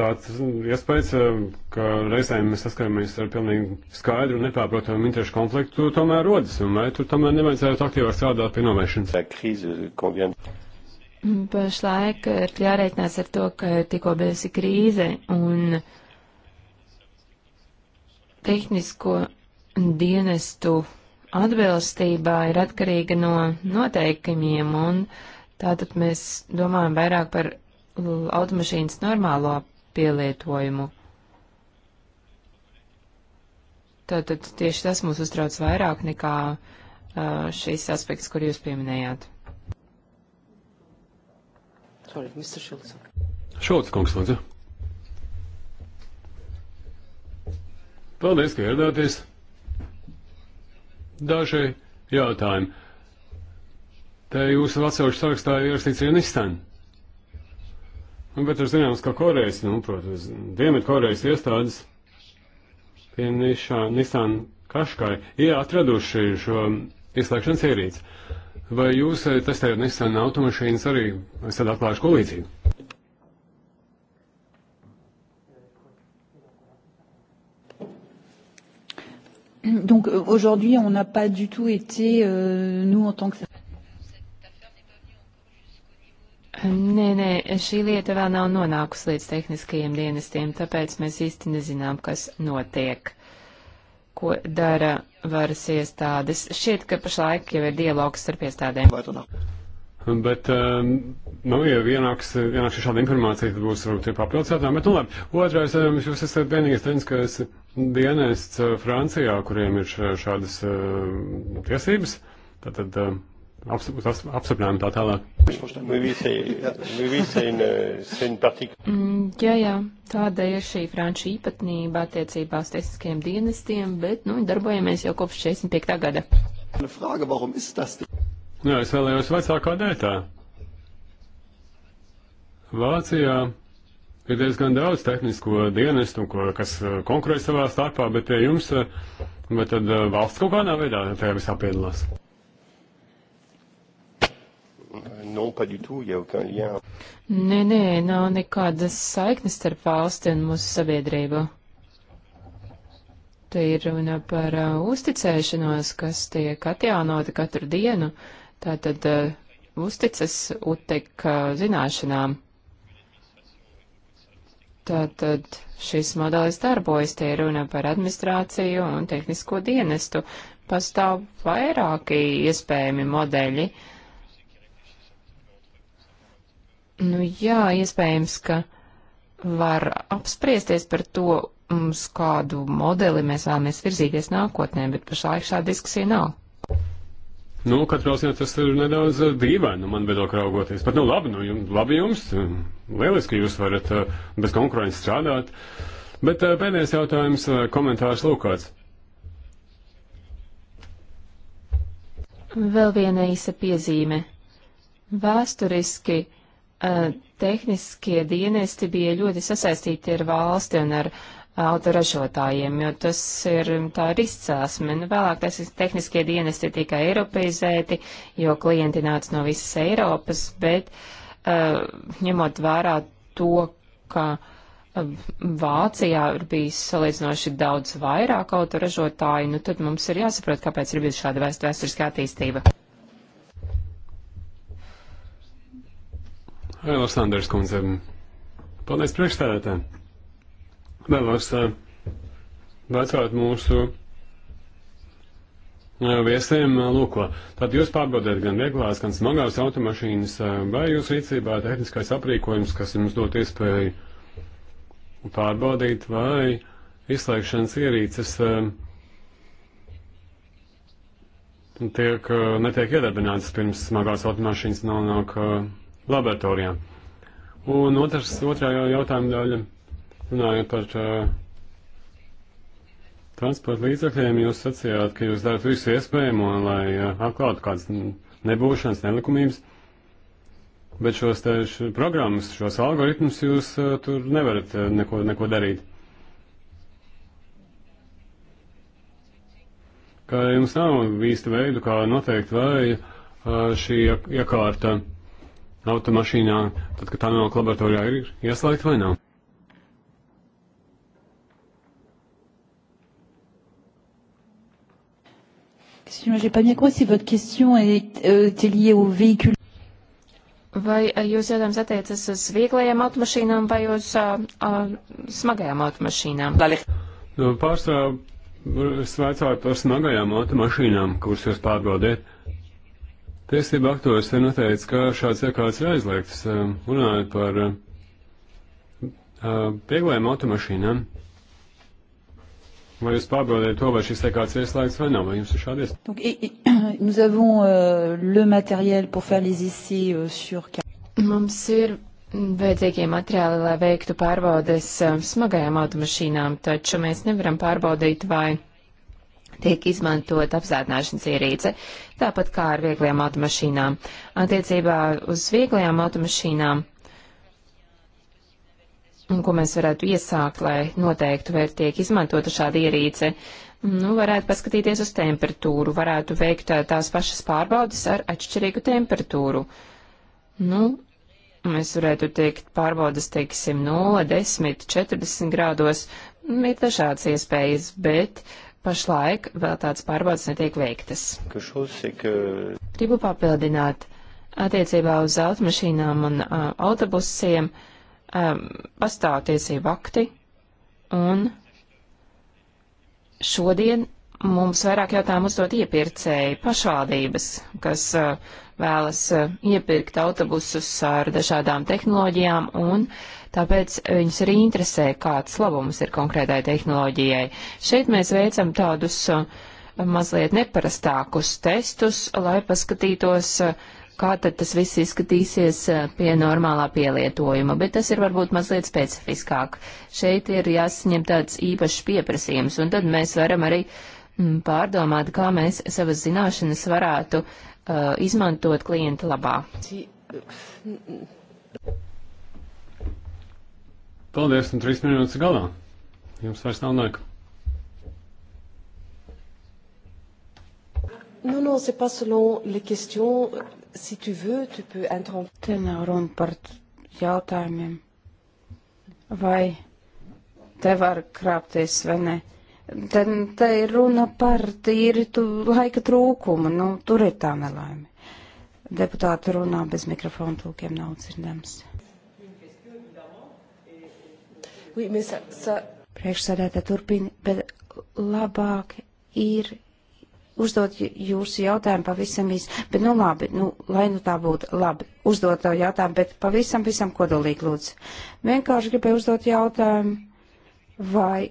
Tāds iespējas, eh, ka reizēm mēs saskaramies ar pilnīgi skaidru un nepārprotamu interešu konfliktu, tomēr rodas, un vai tur tomēr nevajadzētu aktīvāk strādāt pie novēršanas? Pašlaik ir jārēķinās ar to, ka tikko bijusi krīze, un uh, tehnisko dienestu atbilstība ir atkarīga no noteikumiem, un tātad mēs domājam vairāk par automašīnas normālo pielietojumu. Tātad tieši tas mūs uztrauc vairāk nekā šīs aspekts, kur jūs pieminējāt. Sorry, Mr. Schulz. Šulc, kungs, lūdzu. Paldies, ka ieradāties. Daži jautājumi. Te jūsu atsevišķu sarakstā ir ierakstīts Rienistan. Un, bet ir zināms, ka Korejas, nu, protams, Dienvidkorejas iestādes pie Nissan Kaškai ir atraduši šo izslēgšanas ierīci. Vai jūs testējat Nissan automašīnas arī esat atklājuši kolīdzību? Donc euh, aujourd'hui, on n'a pas du tout été, euh, nous, en tant que. Nē, nē, šī lieta vēl nav nonākusi līdz tehniskajiem dienestiem, tāpēc mēs īsti nezinām, kas notiek, ko dara varas iestādes. Šķiet, ka pašlaik jau ir dialogs ar iestādēm. Bet, ehm, nu, ja vienāks, vienāks šāda informācija, tad būs varbūt ir papildus jautājumi. Bet, nu, labi, otrais, ehm, jūs esat vienīgais tehniskais dienests eh, Francijā, kuriem ir šādas ehm, tiesības. Tātad, apstiprinājumi tā tālāk. Eh, mm, jā, jā, tāda ir šī franču īpatnība attiecībās tiesiskajiem dienestiem, bet, nu, darbojamies jau kopš 45. gada. Jā, es vēlējos vecākā dētā. Vācijā ir diezgan daudz tehnisko dienestu, ko, kas eh, konkurē savā starpā, bet pie jums, eh, vai tad eh, valsts kaut kādā veidā tajā visā piedalās? Non, nu, pas du tout, il n'y a aucun lien. Nē, nē, nav nekādas saiknes starp valsti un mūsu sabiedrību. Te ir runa par uh, uzticēšanos, kas tiek atjaunota katru dienu. Uh, Tātad eh, uzticas UTEK eh, zināšanām. Tātad šis modelis darbojas, tie runa par administrāciju un tehnisko dienestu. Pastāv vairāki iespējami modeļi. Nu jā, iespējams, ka var apspriesties par to, mm, uz kādu modeli mēs vēlamies virzīties nākotnē, bet pašlaik šāda diskusija nav. Nu, katrā ziņā tas ir nedaudz eh, dīvaini, nu, man viedokļi raugoties. Pat, nu, labi, nu, jums, labi jums, lieliski jūs varat eh, bez konkurences strādāt. Bet eh, pēdējais jautājums, komentārs lūkāts. Vēl viena īsa piezīme. Vēsturiski tehniskie dienesti bija ļoti sasaistīti ar valsti un ar uh, autoražotājiem, jo tas ir tā ir izcelsme. Nu, vēlāk tas ir tehniskie dienesti tikai eiropeizēti, jo klienti nāca no visas Eiropas, bet uh, ņemot vērā to, ka uh, Vācijā ir bijis salīdzinoši daudz vairāk autoražotāju, nu tad mums ir jāsaprot, kāpēc ir bijusi šāda vēsturiskā attīstība. Eilers Sanders kundze, paldies priekšstādātājiem! Vēlos vecāt mūsu viesiem lūko. Tad jūs pārbaudiet gan vieglās, gan smagās automašīnas, vai jūs rīcībā tehniskais aprīkojums, kas jums dot iespēju pārbaudīt, vai izslēgšanas ierīces tiek, netiek iedarbinātas pirms smagās automašīnas nonāk laboratorijā. Un otrs, otrā jautājuma daļa Runājot par uh, transporta līdzakļiem, jūs sacījāt, ka jūs darat visu iespējamo, lai uh, atklātu kādas nebūšanas, nelikumības. Bet šos te, š, programmas, šos algoritmus jūs uh, tur nevarat uh, neko, neko darīt. Ka jums nav īsti veidu, kā noteikt, vai uh, šī iekārta automašīnā, tad, kad tā nav laboratorijā, ir ieslēgta vai nav. question, j'ai pas bien compris si votre question était euh, liée aux véhicules. Vai eh, jūs jautājums attiecas uz vieglajām automašīnām vai uz uh, uh, smagajām automašīnām? Nu, pārsvarā es vaicāju par smagajām automašīnām, kuras jūs pārbaudiet. Tiesība aktos ir noteikts, ka šāds iekārts ir aizliegts. Runājot par uh, vieglajām automašīnām, uh, Vai jūs pārbaudiet to, vai šis teikāts ir ieslēgts vai nav, vai jums ir šādies? Donc, et, et, nous avons euh, le matériel pour faire les essais euh, sur... Mums ir vajadzīgie materiāli, lai veiktu pārbaudes uh, smagajām automašīnām, taču mēs nevaram pārbaudīt, vai tiek izmantot apsēdināšanas ierīce, tāpat kā ar vieglajām automašīnām. Attiecībā uz vieglajām automašīnām ko mēs varētu iesākt, lai noteiktu, vai tiek izmantota šāda ierīce. Nu, varētu paskatīties uz temperatūru, varētu veikt tās pašas pārbaudas ar atšķirīgu temperatūru. Nu, mēs varētu teikt pārbaudas, teiksim, 0, 10, 40 grādos. Nu, ir dažādas iespējas, bet pašlaik vēl tādas pārbaudas netiek veiktas. Gribu papildināt attiecībā uz automašīnām un uh, autobusiem. Uh, um, pastāv tiesību akti, un šodien mums vairāk jautājumu uzdot iepirkēji pašvaldības, kas uh, vēlas uh, iepirkt autobusus ar dažādām tehnoloģijām, un tāpēc viņus arī interesē, kāds labums ir konkrētai tehnoloģijai. Šeit mēs veicam tādus uh, mazliet neparastākus testus, lai paskatītos, uh, kā tad tas viss izskatīsies eh, pie normālā pielietojuma, bet tas ir varbūt mazliet specifiskāk. Šeit ir jāsaņem tāds īpašs pieprasījums, un tad mēs varam arī mm, pārdomāt, kā mēs savas zināšanas varētu uh, izmantot klienta labā. Paldies, un trīs minūtes galā. Jums vairs nav nāk. Nous, non, c'est pas selon les questions si tu veux, tu peux interrompre. Te nav runa par jautājumiem, vai te var krāpties vai nē. Te, te ir runa par tīri tu, laika trūkumu, nu, tur ir tā nelaime. Deputāti runā bez mikrofona, tūkiem nav dzirdams. Priekšsēdētāji turpina, bet labāk ir uzdot jūsu jautājumu pavisam īsi, bet nu labi, nu, lai nu tā būtu labi, uzdot to jautājumu, bet pavisam, visam kodolīgi lūdzu. Vienkārši gribēju uzdot jautājumu, vai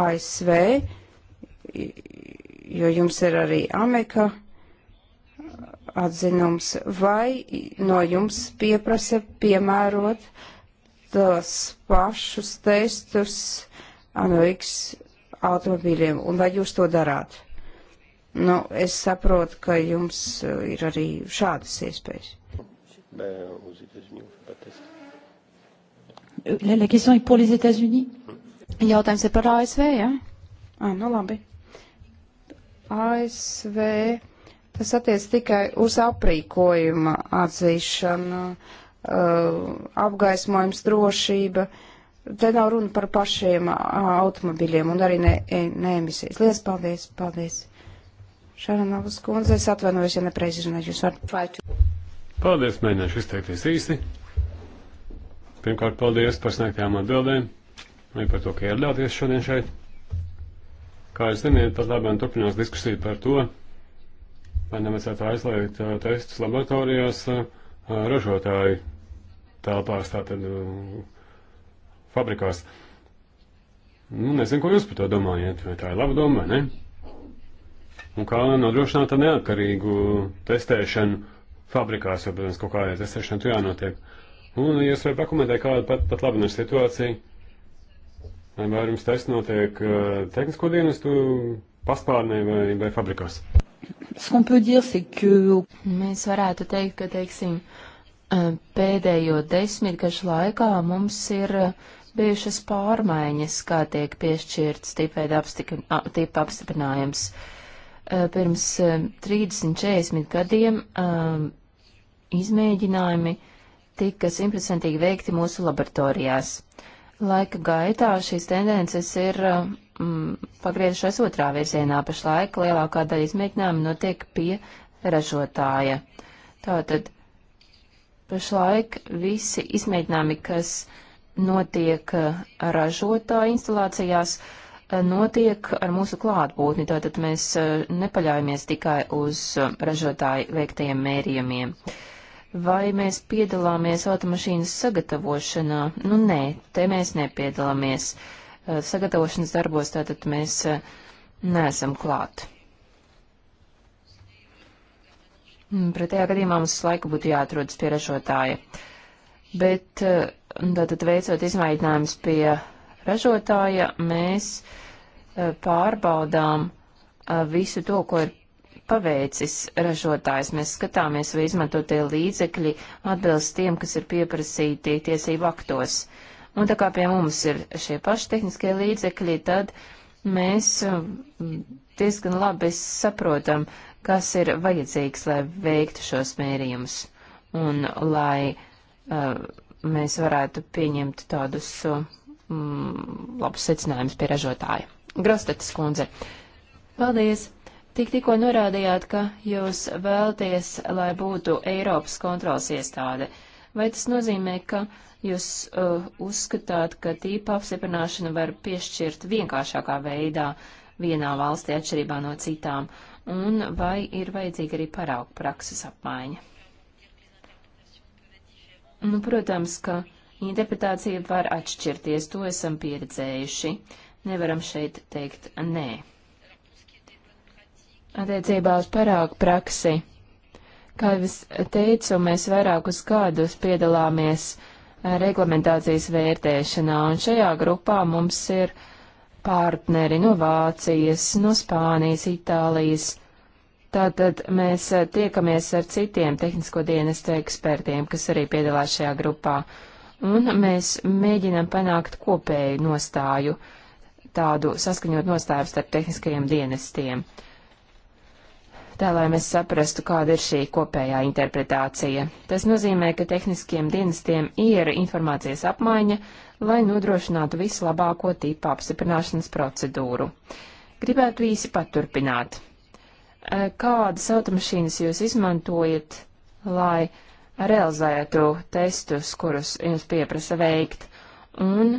ASV, jo jums ir arī Amerika atzinums, vai no jums pieprasa piemērot tos pašus testus, ANO X automobīļiem, un vai jūs to darāt? Nu, es saprotu, ka jums uh, ir arī šādas iespējas. Mm. Jautājums ir par ASV, jā? Ja? Ah, nu labi. ASV tas attiec tikai uz aprīkojuma atzīšanu, uh, apgaismojums drošība. Te nav runa par pašiem uh, automobiļiem un arī ne, ne emisijas. Lielas paldies, paldies! Šaranovas kundze, es atvainojos, ja nepreiz izrunāju jūs vārdu. Paldies, mēģināšu izteikties īsti. Pirmkārt, paldies par sniegtajām atbildēm, arī par to, ka ieradāties šodien šeit. Kā jūs ziniet, pat labāk turpinās diskusija par to, vai nevajadzētu aizliegt uh, testus laboratorijās uh, uh, ražotāju telpās, tātad fabrikās. Nu, nezinu, ko jūs par to domājat, vai tā ir laba doma, vai ne? Un kā nodrošināt neatkarīgu testēšanu fabrikās, jo, protams, kaut kādai testēšanai tur jānotiek. Un, ja es varu pakomentēt, kāda pat, pat labi ir situācija, vairums tests notiek uh, tehnisko dienestu paspārnē vai, vai fabrikās. Mēs varētu teikt, ka, teiksim, uh, pēdējo desmitgažu laikā mums ir uh, bijušas pārmaiņas, kā tiek piešķirts tipa apstiprinājums. Tīpa Eh, pirms 30-40 eh, gadiem eh, izmēģinājumi tika simtprocentīgi veikti mūsu laboratorijās. Laika gaitā šīs tendences ir mm, pagriezušās otrā virzienā. Pašlaik lielākā daļa izmēģinājumu notiek pie ražotāja. Tātad pašlaik visi izmēģinājumi, kas notiek ražotāja instalācijās, uh, notiek ar mūsu klātbūtni, tātad mēs e, nepaļaujamies tikai uz e, ražotāju veiktajiem mērījumiem. Vai mēs piedalāmies automašīnas sagatavošanā? Nu, nē, te mēs nepiedalāmies. E, sagatavošanas darbos tātad mēs neesam klāt. Mm, pretējā gadījumā mums laiku būtu jāatrodas pie ražotāja. Bet tātad veicot izmēģinājumus pie ražotāja mēs eh, pārbaudām eh, visu to, ko ir paveicis ražotājs. Mēs skatāmies, vai izmantotie līdzekļi atbilst tiem, kas ir pieprasīti tiesību aktos. Un tā kā pie mums ir šie paši tehniskie līdzekļi, tad mēs eh, diezgan labi saprotam, kas ir vajadzīgs, lai veiktu šos mērījumus un lai uh, mēs varētu pieņemt tādus uh, mm, labus secinājumus pie ražotāja. Grostetas kundze, paldies! Tik tikko norādījāt, ka jūs vēlties, lai būtu Eiropas kontrols iestāde. Vai tas nozīmē, ka jūs uh, uzskatāt, ka tīpa apstiprināšanu var piešķirt vienkāršākā veidā vienā valstī atšķirībā no citām? Un vai ir vajadzīga arī paraugu prakses apmaiņa? Nu, protams, ka uh, interpretācija var atšķirties, to esam pieredzējuši. Nevaram šeit teikt nē. Attiecībā uz parāku praksi. Kā jau es teicu, mēs vairākus gadus piedalāmies reglamentācijas vērtēšanā, un šajā grupā mums ir partneri no Vācijas, no Spānijas, Itālijas. Tātad mēs tiekamies ar citiem tehnisko dienestu ekspertiem, kas arī piedalās šajā grupā. Uh, un mēs mēģinām panākt kopēju nostāju, tādu saskaņot nostāju starp tehniskajiem dienestiem. Tā lai mēs saprastu, kāda ir šī kopējā interpretācija. Tas nozīmē, ka tehniskiem dienestiem ir informācijas apmaiņa, lai nodrošinātu vislabāko tipu apstiprināšanas procedūru. Gribētu īsi paturpināt. Kādas automašīnas jūs izmantojat, lai uh, realizētu testus, kurus jums pieprasa veikt, un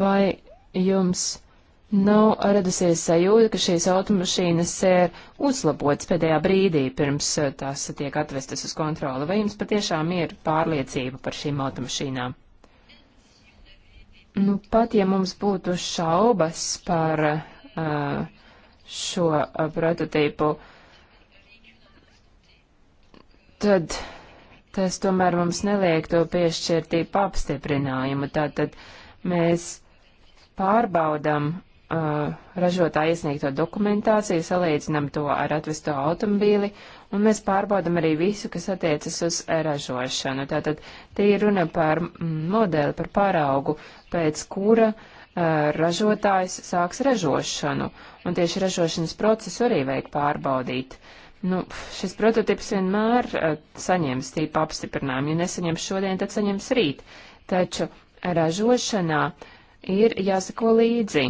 vai jums nav radusies sajūta, ka šīs automašīnas ir uzlabotas pēdējā brīdī, pirms eh, tās tiek atvestas uz kontroli, vai jums patiešām ir pārliecība par šīm automašīnām? Nu, pat ja mums būtu šaubas par uh, šo uh, eh, prototīpu, uh, tad tas tomēr mums neliek to piešķirtību apstiprinājumu. Tātad mēs pārbaudam uh, ražotāja iesniegto dokumentāciju, salīdzinam to ar atvesto automobīli, un mēs pārbaudam arī visu, kas attiecas uz ražošanu. Tātad tie ir runa par mm, modeli, par pāraugu, pēc kura uh, ražotājs sāks ražošanu, un tieši ražošanas procesu arī vajag pārbaudīt. Uh, Nu, šis prototips vienmēr eh, saņems tīpa apstiprinājumu. Ja nesaņems šodien, tad saņems rīt. Taču ražošanā ir jāsako līdzi.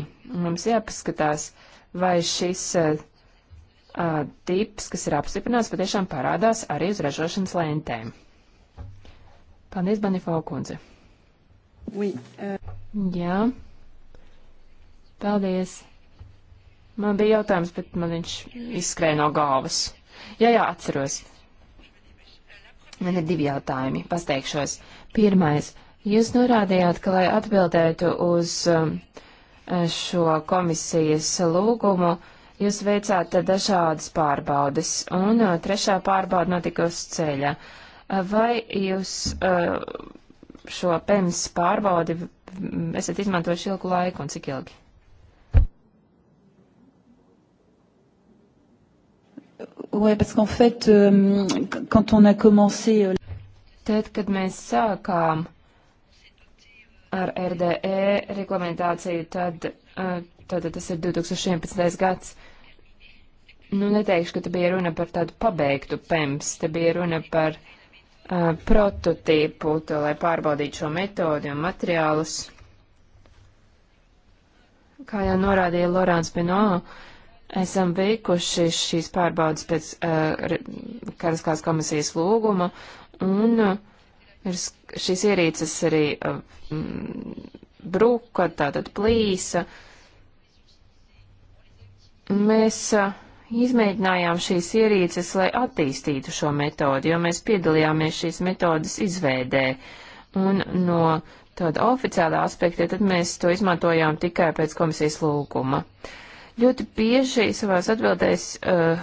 Mums jāpaskatās, vai šis eh, tips, kas ir apstiprināts, patiešām parādās arī uz ražošanas lentēm. Paldies, Banifo kundze. Oui, uh... Jā. Paldies. Man bija jautājums, bet man viņš izskrēja no galvas. Jā, jā, atceros. Man ir divi jautājumi, pasteikšos. Pirmais, jūs norādījāt, ka, lai atbildētu uz um, šo komisijas lūgumu, jūs veicāt dažādas pārbaudes, un uh, trešā pārbauda notika uz ceļa. Vai jūs uh, šo PEMS pārbaudi esat izmantojuši ilgu laiku un cik ilgi? Oui, parce qu'en fait, euh, quand on a commencé. Euh... Tad, kad mēs sākām ar RDE reglamentāciju, tad, uh, tad tas ir 2011. gads. Nu, neteikšu, ka te bija runa par tādu pabeigtu PEMS, te bija runa par uh, prototīpu, to, lai pārbaudītu šo metodi un materiālus. Kā jau norādīja Lorāns Pinoā, uh, esam veikuši šīs pārbaudas pēc uh, Karaskās komisijas lūguma, un uh, šīs ierīces arī uh, mm, bruka, tātad plīsa. Mēs uh, izmēģinājām šīs ierīces, lai attīstītu šo metodi, jo mēs piedalījāmies šīs metodas izveidē. Un no tāda oficiālā aspekta, tad mēs to izmantojām tikai pēc komisijas lūguma. Uh, Ļoti bieži savās atbildēs uh,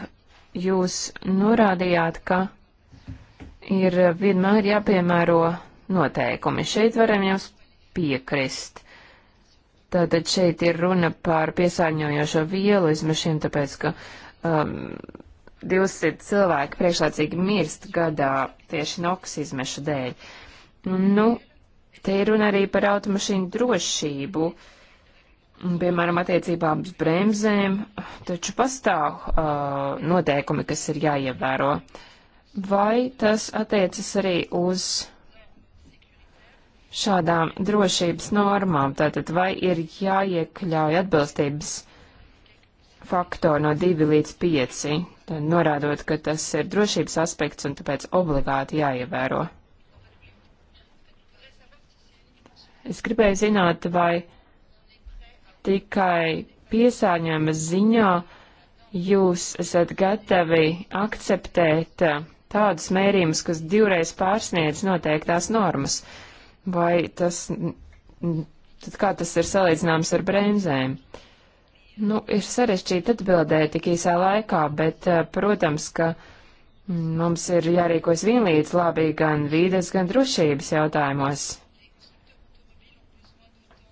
jūs norādījāt, ka ir eh, vienmēr jāpiemēro noteikumi. Šeit varam jums piekrist. Tātad šeit ir runa par piesārņojošo vielu izmešiem, tāpēc, ka um, ehm, 200 cilvēki priekšlaicīgi mirst gadā tieši noks izmešu dēļ. Nu, te ir runa arī par automašīnu drošību. Uh, piemēram, attiecībā uz bremzēm, taču pastāv uh, noteikumi, kas ir jāievēro. Vai tas attiecas arī uz šādām drošības normām? Tātad, vai ir jāiekļauj atbilstības faktori no 2 līdz 5, norādot, ka tas ir drošības aspekts un tāpēc obligāti jāievēro? Es gribēju zināt, vai tikai piesārņojuma ziņā jūs esat gatavi akceptēt uh, tādus mērījumus, kas divreiz pārsniedz noteiktās normas? Vai tas, tad kā tas ir salīdzināms ar bremzēm? Nu, ir sarežģīti atbildēt tik īsā laikā, bet, uh, protams, ka mm, mums ir jārīkojas vienlīdz labi gan vīdes, gan drošības jautājumos.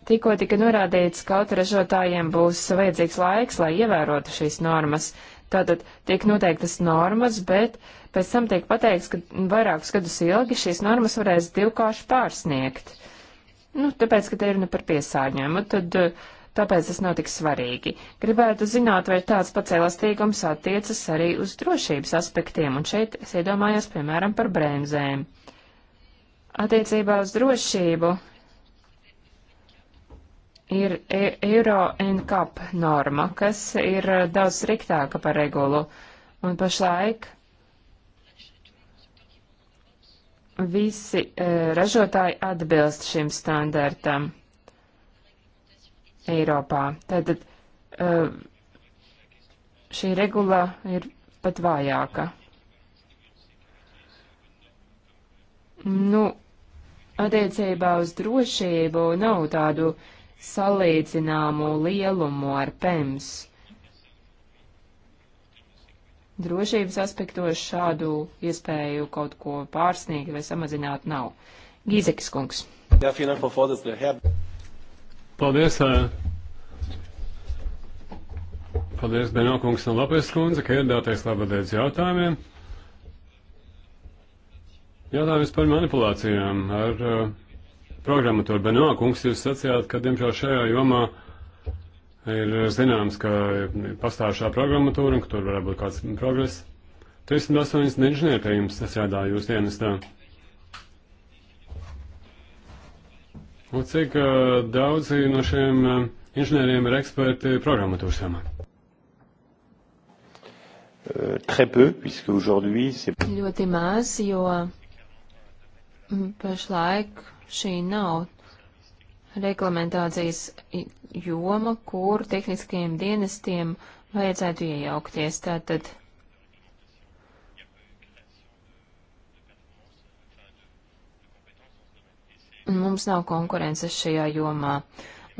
Tikko tika norādīts, ka autoražotājiem būs vajadzīgs laiks, lai ievērotu šīs normas. Tātad tiek noteiktas normas, bet pēc tam tiek pateikts, ka vairākus gadus ilgi šīs normas varēs divkārši pārsniegt. Nu, tāpēc, ka te ir ne par piesārņojumu, tad eh, tāpēc tas nav tik svarīgi. Gribētu zināt, vai tāds pats elastīgums attiecas arī uz drošības aspektiem, un šeit es iedomājos, piemēram, par bremzēm. Attiecībā uz drošību ir e Euro NCAP norma, kas ir eh, daudz striktāka par regulu. Un pašlaik visi e, ražotāji atbilst šim standartam Eiropā. Tātad e, šī regula ir pat vājāka. Nu, attiecībā uz drošību nav tādu uh, salīdzināmu lielumu ar PEMS. Drošības aspektos šādu iespēju kaut ko pārsniegt vai samazināt nav. Gīzekis kungs. Jā, Paldies. Paldies, Benokungs un Lapes kundze, ka iedāties labadēļas jautājumiem. Jautājums par manipulācijām ar uh, programmatoru Benoā kungs, jūs sacījāt, ka, diemžēl, šajā jomā ir zināms, ka pastāv šā programmatūra un ka tur varētu būt kāds progress. 38 inženieri pie jums sasēdā jūs dienestā. Un cik uh, daudzi no šiem uh, inženieriem ir eksperti programmatūras jomā? Uh, très peu, puisque aujourd'hui c'est. Ļoti maz, jo pašlaik šī nav reglamentācijas joma, kur tehniskajiem dienestiem vajadzētu iejaukties. Tātad mums nav konkurences šajā jomā.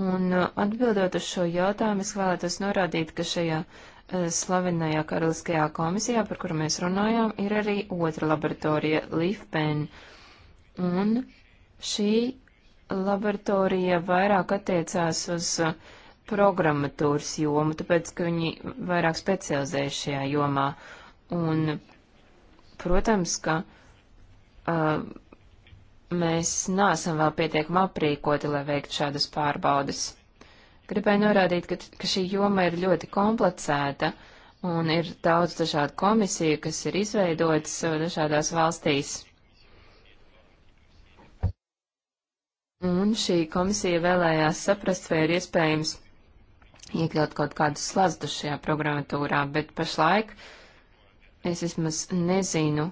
Un uh, atbildot uz šo jautājumu, es vēlētos norādīt, ka šajā uh, slavenajā karaliskajā komisijā, par kuru mēs runājām, ir arī otra laboratorija, LIFPEN. Un Šī laboratorija vairāk attiecās uz uh, programmatūras jomu, tāpēc, ka viņi vairāk specializējas šajā jomā. Un, protams, ka uh, mēs nāsam vēl pietiekami aprīkoti, lai veiktu šādas pārbaudas. Gribēju norādīt, ka, ka šī joma ir ļoti komplicēta un ir daudz dažādu komisiju, kas ir izveidotas uh, dažādās valstīs. Un šī komisija vēlējās saprast, vai ir iespējams iekļaut kaut kādus slazdus šajā programmatūrā, bet pašlaik es vismaz nezinu,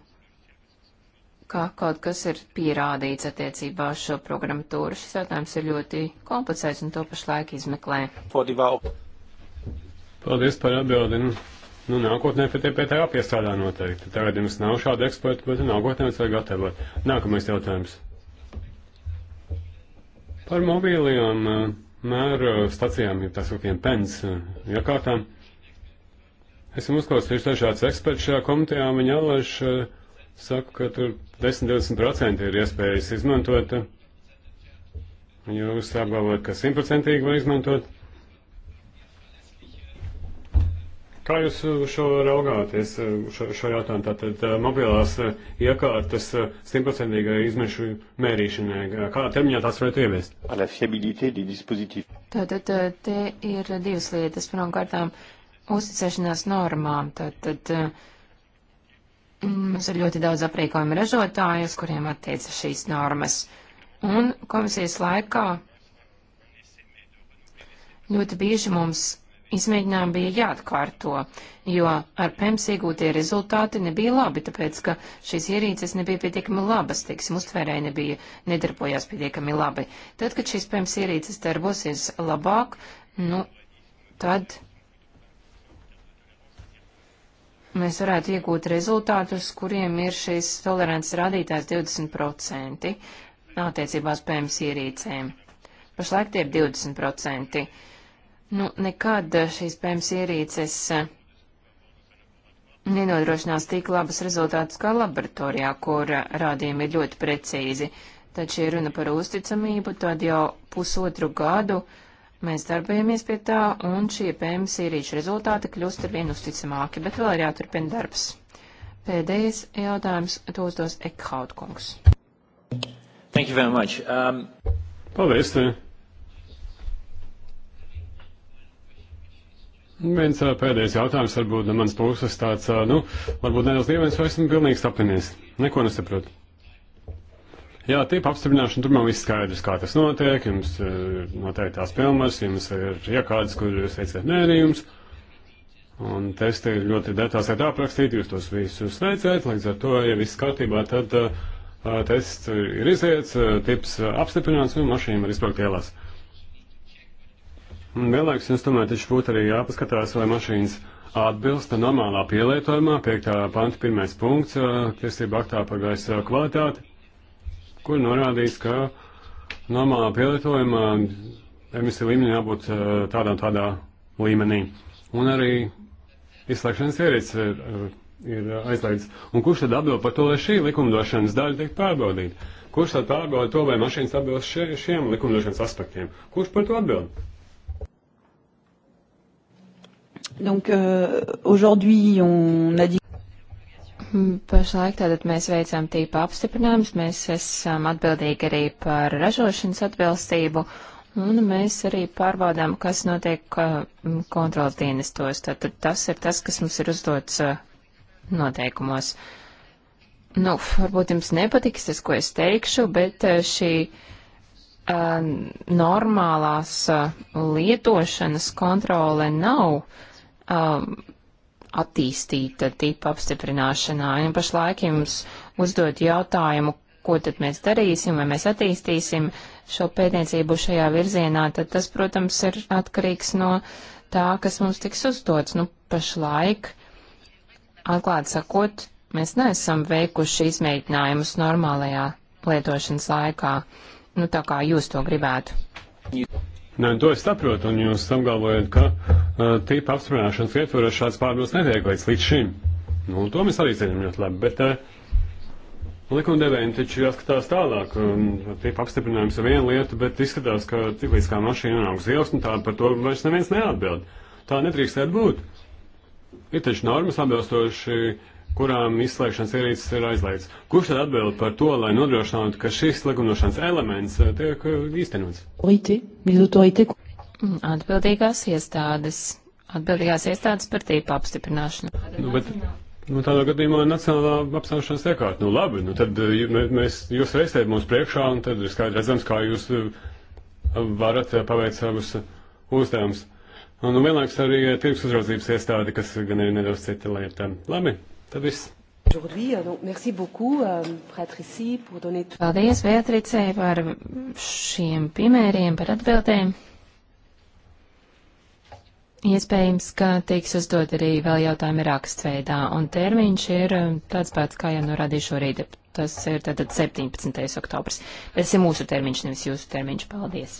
kā kaut kas ir pierādīts attiecībā uz šo programmatūru. Šis jautājums ir ļoti komplicēts un to pašlaik izmeklē. Paldies par atbildi. Nu, nu nākotnē pie TPT jāpiestrādā noteikti. Tagad jums nav šāda eksperta, bet nākotnē mums vajag gatavot. Nākamais jautājums. Par mobīlajām eh, mēru eh, stacijām, ja tās saukiem pens jakārtām, eh, esam uzklausījuši dažādas eksperts šajā komitejā, viņi allaž saka, ka tur 10-20% ir iespējas izmantot. Jūs apgalvojat, ka simtprocentīgi var izmantot. Kā jūs uh, šo raugāties, uh, šo, šo jautājumu, tātad uh, mobilās iekārtas simtprocentīgai izmešu mērīšanai, kādā termiņā tās varētu ieviest? Tātad te ir divas lietas. Pirmkārtām, uzticēšanās normām. Tātad mm, mums ir ļoti daudz aprīkojumu ražotāju, uz kuriem attiecas šīs normas. Un komisijas laikā ļoti bieži mums Izmēģinājumi bija jāatkārto, jo ar PEMS iegūtie rezultāti nebija labi, tāpēc, ka šīs ierīces nebija pietiekami labas, teiksim, uztvērēji nebija, nedarbojās pietiekami labi. Tad, kad šīs PEMS ierīces darbosies labāk, nu, tad mēs varētu iegūt rezultātus, kuriem ir šīs tolerants rādītājs 20% attiecībās PEMS ierīcēm. Pašlaik tie ir 20%. Nu, nekad šīs PMS ierīces eh, nenodrošinās tik labus rezultātus kā laboratorijā, kur eh, rādījumi ir ļoti precīzi. Taču, ja runa par uzticamību, tad jau pusotru gadu mēs darbojamies pie tā, un šie PMS ierīču rezultāti kļūst ar vien uzticamāki, bet vēl ir jāturpina darbs. Pēdējais jautājums to uzdos Ekhaut kungs. Thank you very much. Um... Paldies. Te. Viens pēdējais jautājums, varbūt no manas puses tāds, nu, varbūt nedaudz dievēns, vai esmu pilnīgi sapinies. Neko nesaprotu. Jā, tipa apstiprināšana, tur man viss skaidrs, kā tas notiek, jums ir noteikti tās pilnvars, jums ir jākādas, kur jūs teicat mērījums, un testi ir ļoti detalizēti aprakstīti, jūs tos visus veicēt, līdz ar to, ja viss kārtībā, tad uh, tests ir iziets, tips apstiprināts, un mašīna var izbraukt ielās. Uh, Un vienlaikus jums tomēr taču būtu arī jāpaskatās, vai mašīnas atbilsta normālā pielietojumā, 5. panta 1. punkts, tiesība aktā par gaisa kvalitāti, kur norādīs, ka normālā pielietojumā emisiju līmeņi jābūt tādā un tādā līmenī. Un arī izslēgšanas ierīces ir, ir aizliegts. Un kurš tad atbild par to, lai šī likumdošanas daļa tiek pārbaudīta? Kurš tad pārbauda to, vai mašīnas atbilst šie, šiem likumdošanas aspektiem? Kurš par to atbild? Donc, euh, aujourd'hui, on a dit. Hmm, pašlaik tātad mēs veicam tīpa apstiprinājumus, mēs esam atbildīgi arī par ražošanas atbilstību, un mēs arī pārbaudām, kas notiek mm, kontrolas dienestos. Tātad tas ir tas, kas mums ir uzdots uh, noteikumos. Nu, varbūt jums nepatiks tas, ko es teikšu, bet uh, šī uh, normālās lietošanas kontrole nav um, attīstīta tipa apstiprināšanā. Un pašlaik jums uzdot jautājumu, ko tad mēs darīsim, vai mēs attīstīsim šo pētniecību šajā virzienā, tad tas, protams, ir atkarīgs no tā, kas mums tiks uzdots. Nu, pašlaik, atklāti sakot, mēs neesam veikuši izmēģinājumus normālajā lietošanas laikā, nu tā kā jūs to gribētu. Nē, to es saprotu, un jūs apgalvojat, ka uh, tīpa apstiprināšanas ietvaros šāds pārbils netiek līdz, līdz šim. Nu, to mēs arī zinām ļoti labi, bet uh, likumdevējiem taču jāskatās tālāk. Um, tīpa apstiprinājums ir viena lieta, bet izskatās, ka tiklīdz kā mašīna nonāk uz ielas, un nu, tā par to vairs neviens neatbild. Tā nedrīkstētu būt. Ir taču normas atbilstoši kurām izslēgšanas ierīces ir aizliegts. Kurš tad atbild par to, lai nodrošinātu, ka šis likumdošanas elements eh, tiek eh, īstenots? Mm, atbildīgās iestādes. Atbildīgās iestādes par tīpa apstiprināšanu. Nu, bet, nu, tādā gadījumā nacionālā apstiprināšanas iekārta. Nu, labi, nu, tad eh, mēs, jūs reizēt mums priekšā, un tad ir skaidrs redzams, kā jūs varat paveikt savus uzdevumus. Un, un nu, vienlaiks arī tirgus uzraudzības iestādi, kas gan ir nedaudz cita lieta. Labi. Tad viss. Euh, euh, Paldies Beatricē par šiem piemēriem, par atbildēm. Iespējams, ka tiks uzdot arī vēl jautājumi rakstveidā, un termiņš ir um, tāds pats, kā jau norādīju šorīt. Tas ir tātad 17. oktobrs. Tas ir mūsu termiņš, nevis jūsu termiņš. Paldies!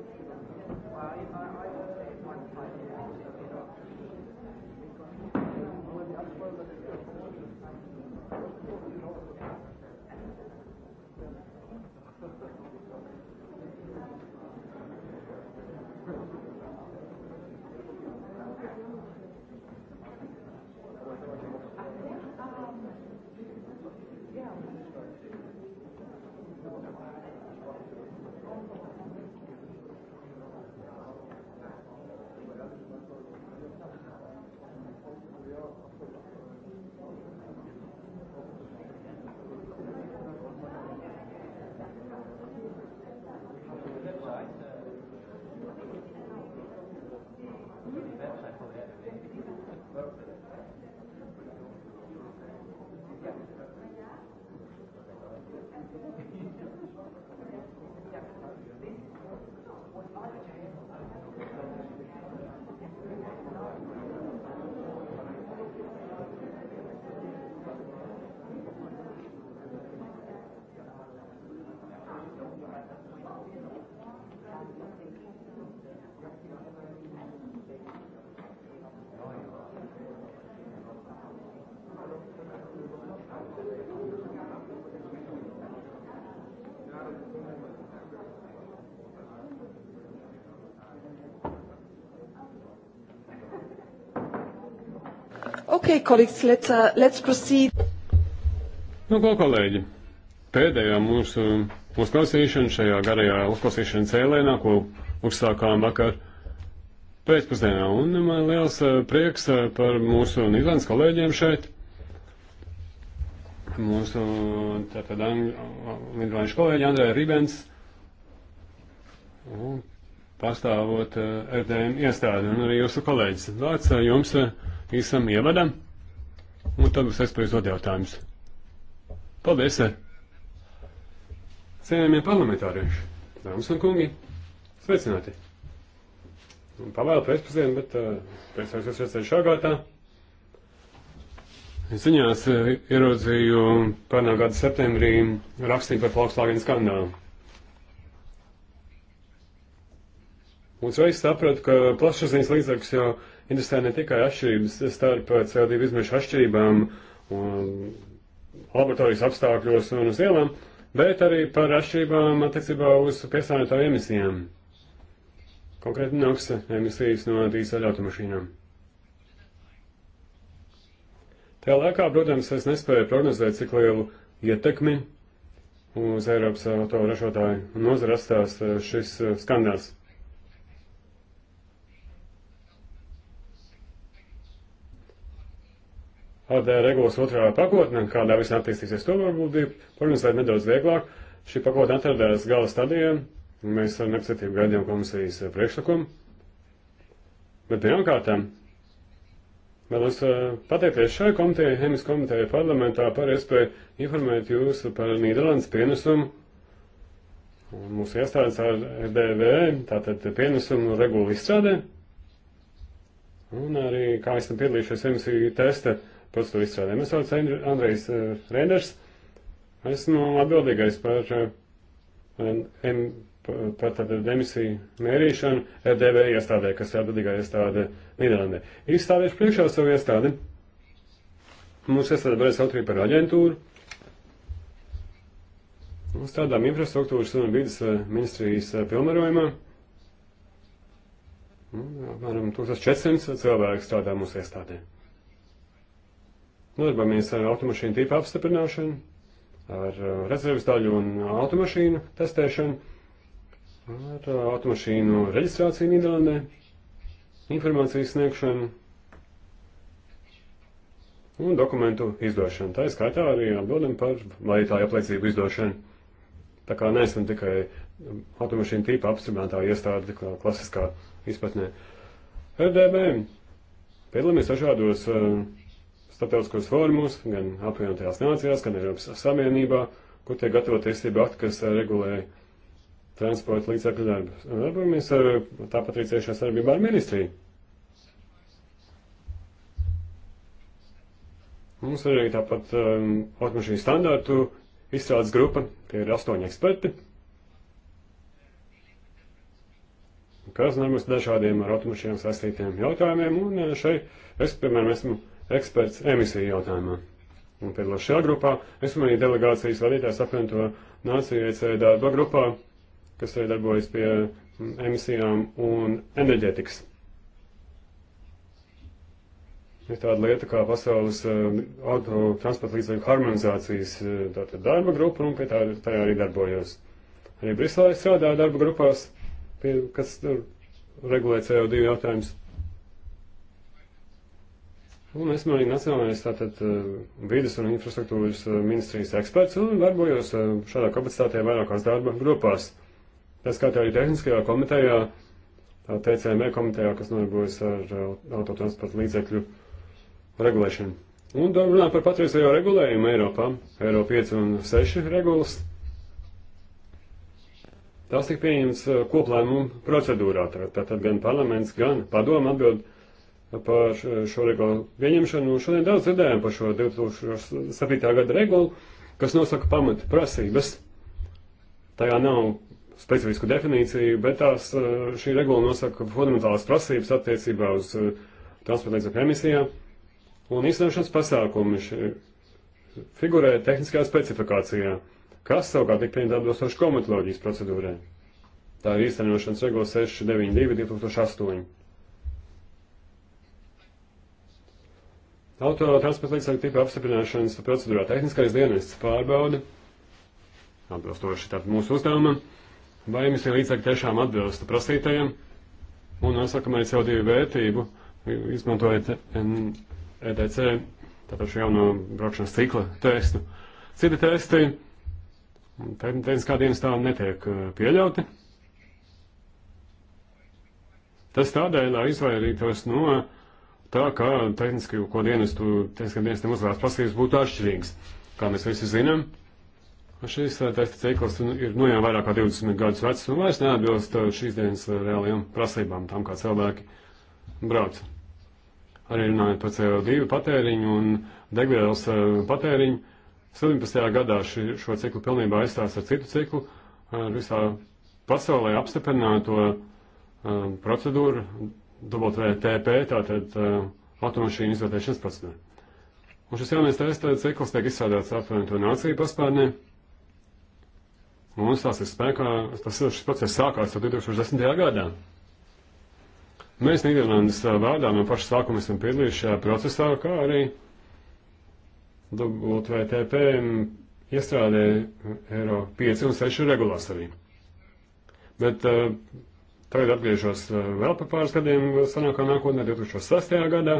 Well, I, I, I would say it's like five years. Okay, colleagues, let's, uh, let's proceed. Nu, ko, kolēģi, pēdējā mūsu uzklausīšana šajā garajā uzklausīšana cēlēnā, ko uzsākām vakar pēcpusdienā, un man um, liels uh, prieks uh, par mūsu Nīderlandes kolēģiem šeit. Mūsu tātad uh, Nīderlandes kolēģi Andrē Ribens. Un pārstāvot uh, RDM iestādi un arī jūsu kolēģis. Vārds uh, jums, uh, īsam ievadam, un tad būs iespējas dot jautājumus. Paldies! Cienējamie parlamentārieši, dāmas un kungi, sveicināti! Pavēlu pēcpusdienu, bet uh, pēc tam, kas redzēju šā gātā, ziņās uh, eh, ierodzīju pērnā gada septembrī rakstīju par Volkswagen skandālu. Un es sapratu, ka plašsaziņas līdzekļus jau interesē ne tikai atšķirības starp CO2 izmešu atšķirībām un um, laboratorijas apstākļos un uz ielām, bet arī par atšķirībām attiecībā uz piesārņotām emisijām. Konkrēti NOx emisijas no dīzeļa automašīnām. Tajā laikā, protams, es nespēju prognozēt, cik lielu ietekmi uz Eiropas autoražotāju nozara atstās uh, šis uh, skandāls. kādā regulas otrā pakotnē, kādā viss attīstīsies, to varbūt bija prognozēt nedaudz vieglāk. Šī pakotne atradās gala stadijā, un mēs ar nepacietību gaidījām komisijas priekšlikumu. Bet pirmkārt, vēlos uh, pateikties šai komitejai, Hemis komitejai parlamentā par iespēju informēt jūs par Nīderlandes pienesumu un mūsu iestādes ar RDV, tātad pienesumu regulu izstrādē. Un arī kā esam piedalījušies emisiju testa pats to izstrādāju. Mēs sauc Andrejs eh, Renders. Esmu atbildīgais par, eh, M, par tātad emisiju mērīšanu RDV e iestādē, kas ir atbildīgā iestāde Nīderlandē. Izstādīšu priekšā savu iestādi. Mums iestāde varēs autorība par aģentūru. Mums tādām infrastruktūras un vidas eh, ministrijas pilnvarojumā. Apmēram 1400 cilvēku strādā mūsu iestādē. Nodarbojamies nu, ar eh, automašīnu tipu apstiprināšanu, ar eh, rezerves daļu un eh, automašīnu testēšanu, ar automašīnu reģistrāciju Nīderlandē, informācijas sniegšanu un dokumentu izdošanu. Tā ir skaitā arī atbildam par vajātāju apliecību izdošanu. Tā kā neesam tikai automašīnu tipa apstiprinātā iestāde klasiskā izpratnē. RDB. Piedalāmies dažādos uh, starptautiskos fórumos, gan apvienotajās nācijās, gan Eiropas Savienībā, kur tiek gatavot tiesību akti, kas eh, regulē transporta līdzekļu darbus. Darbojamies eh, tāpat arī ciešā sadarbībā ar ministriju. Mums ir arī tāpat um, automašīnu standārtu izstrādes grupa, tie ir astoņi eksperti, kas normas dažādiem ar automašīnām saistītiem jautājumiem, un eh, šeit es, piemēram, esmu eksperts emisiju jautājumā. Un piedalos šajā grupā. Esmu arī delegācijas vadītājs apvienoto nāciju ECE darba grupā, kas arī darbojas pie emisijām un enerģetikas. Ir tāda lieta kā pasaules uh, autotransporta līdzekļu harmonizācijas uh, darba grupa, un pie tā, tajā arī darbojos. Arī Briselē strādāju darba grupās, pie, kas regulē CO2 jautājumus. Un esmu arī Nacionālais tātad eh, vīdes un infrastruktūras eh, ministrijas eksperts un darbojos eh, šādā kapacitātē vairākās darba grupās. Tā skaitā arī tehniskajā komitejā, TCME komitejā, kas nodarbojas ar autotransporta līdzekļu regulēšanu. Un runājot par patreizējo regulējumu Eiropā, Eiro 5 un 6 regulas, tās tika pieņemts koplēmumu procedūrā. Tātad gan parlaments, gan padoma atbild par šo regulu pieņemšanu. Šodien daudz dzirdējām par šo 2007. gada regulu, kas nosaka pamata prasības. Tajā nav specifisku definīciju, bet tās, eh, šī regula nosaka fundamentālas prasības attiecībā uz eh, transporta līdzekļu emisijām un īstenošanas pasākumi figurē tehniskajā specifikācijā, kas savukārt tika pieņemta atbilstoši komitoloģijas procedūrai. Tā ir īstenošanas regula 692 2008. Autotransporta līdzekļu tipa apstiprināšanas procedūrā tehniskais dienests pārbauda, atbilstoši tātad mūsu uzdevumam, vai emisija līdzekļi tiešām atbilst prasītajiem un nosakamai CO2 vērtību, izmantojot ETC, tātad šo jauno braukšanas cikla testu. Citi testi tehniskā dienestā netiek eh, pieļauti. Tas tādēļ, lai izvairītos no tā, ka tehnisko dienestu, tehniskam dienestam uzvērts prasības būtu atšķirīgas. Kā mēs visi zinām, šis eh, testa cikls nu, ir nu jau vairāk kā 20 gadus vecs un nu, vairs neatbilst eh, šīs dienas eh, reālajām prasībām, tam kā cilvēki brauc. Arī runājot par CO2 patēriņu un degvielas patēriņu, 17. gadā ši, šo ciklu pilnībā aizstās ar citu ciklu, ar visā pasaulē apstiprināto um, procedūru WTP, tātad uh, automašīnu izvērtēšanas procedūra. Un šis jaunais testa cikls tiek izstrādāts apvienoto nāciju paspārnē. Un tās ir spēkā, tas šis process sākās jau 2010. gadā. Mēs Nīderlandes uh, vārdā no paša sākuma esam piedalījušies šajā procesā, kā arī WTP um, iestrādē Eiro 5 un 6 regulās arī. Bet uh, Tagad atgriežos eh, vēl par pāris gadiem, sanākā nākotnē, 2006. gadā,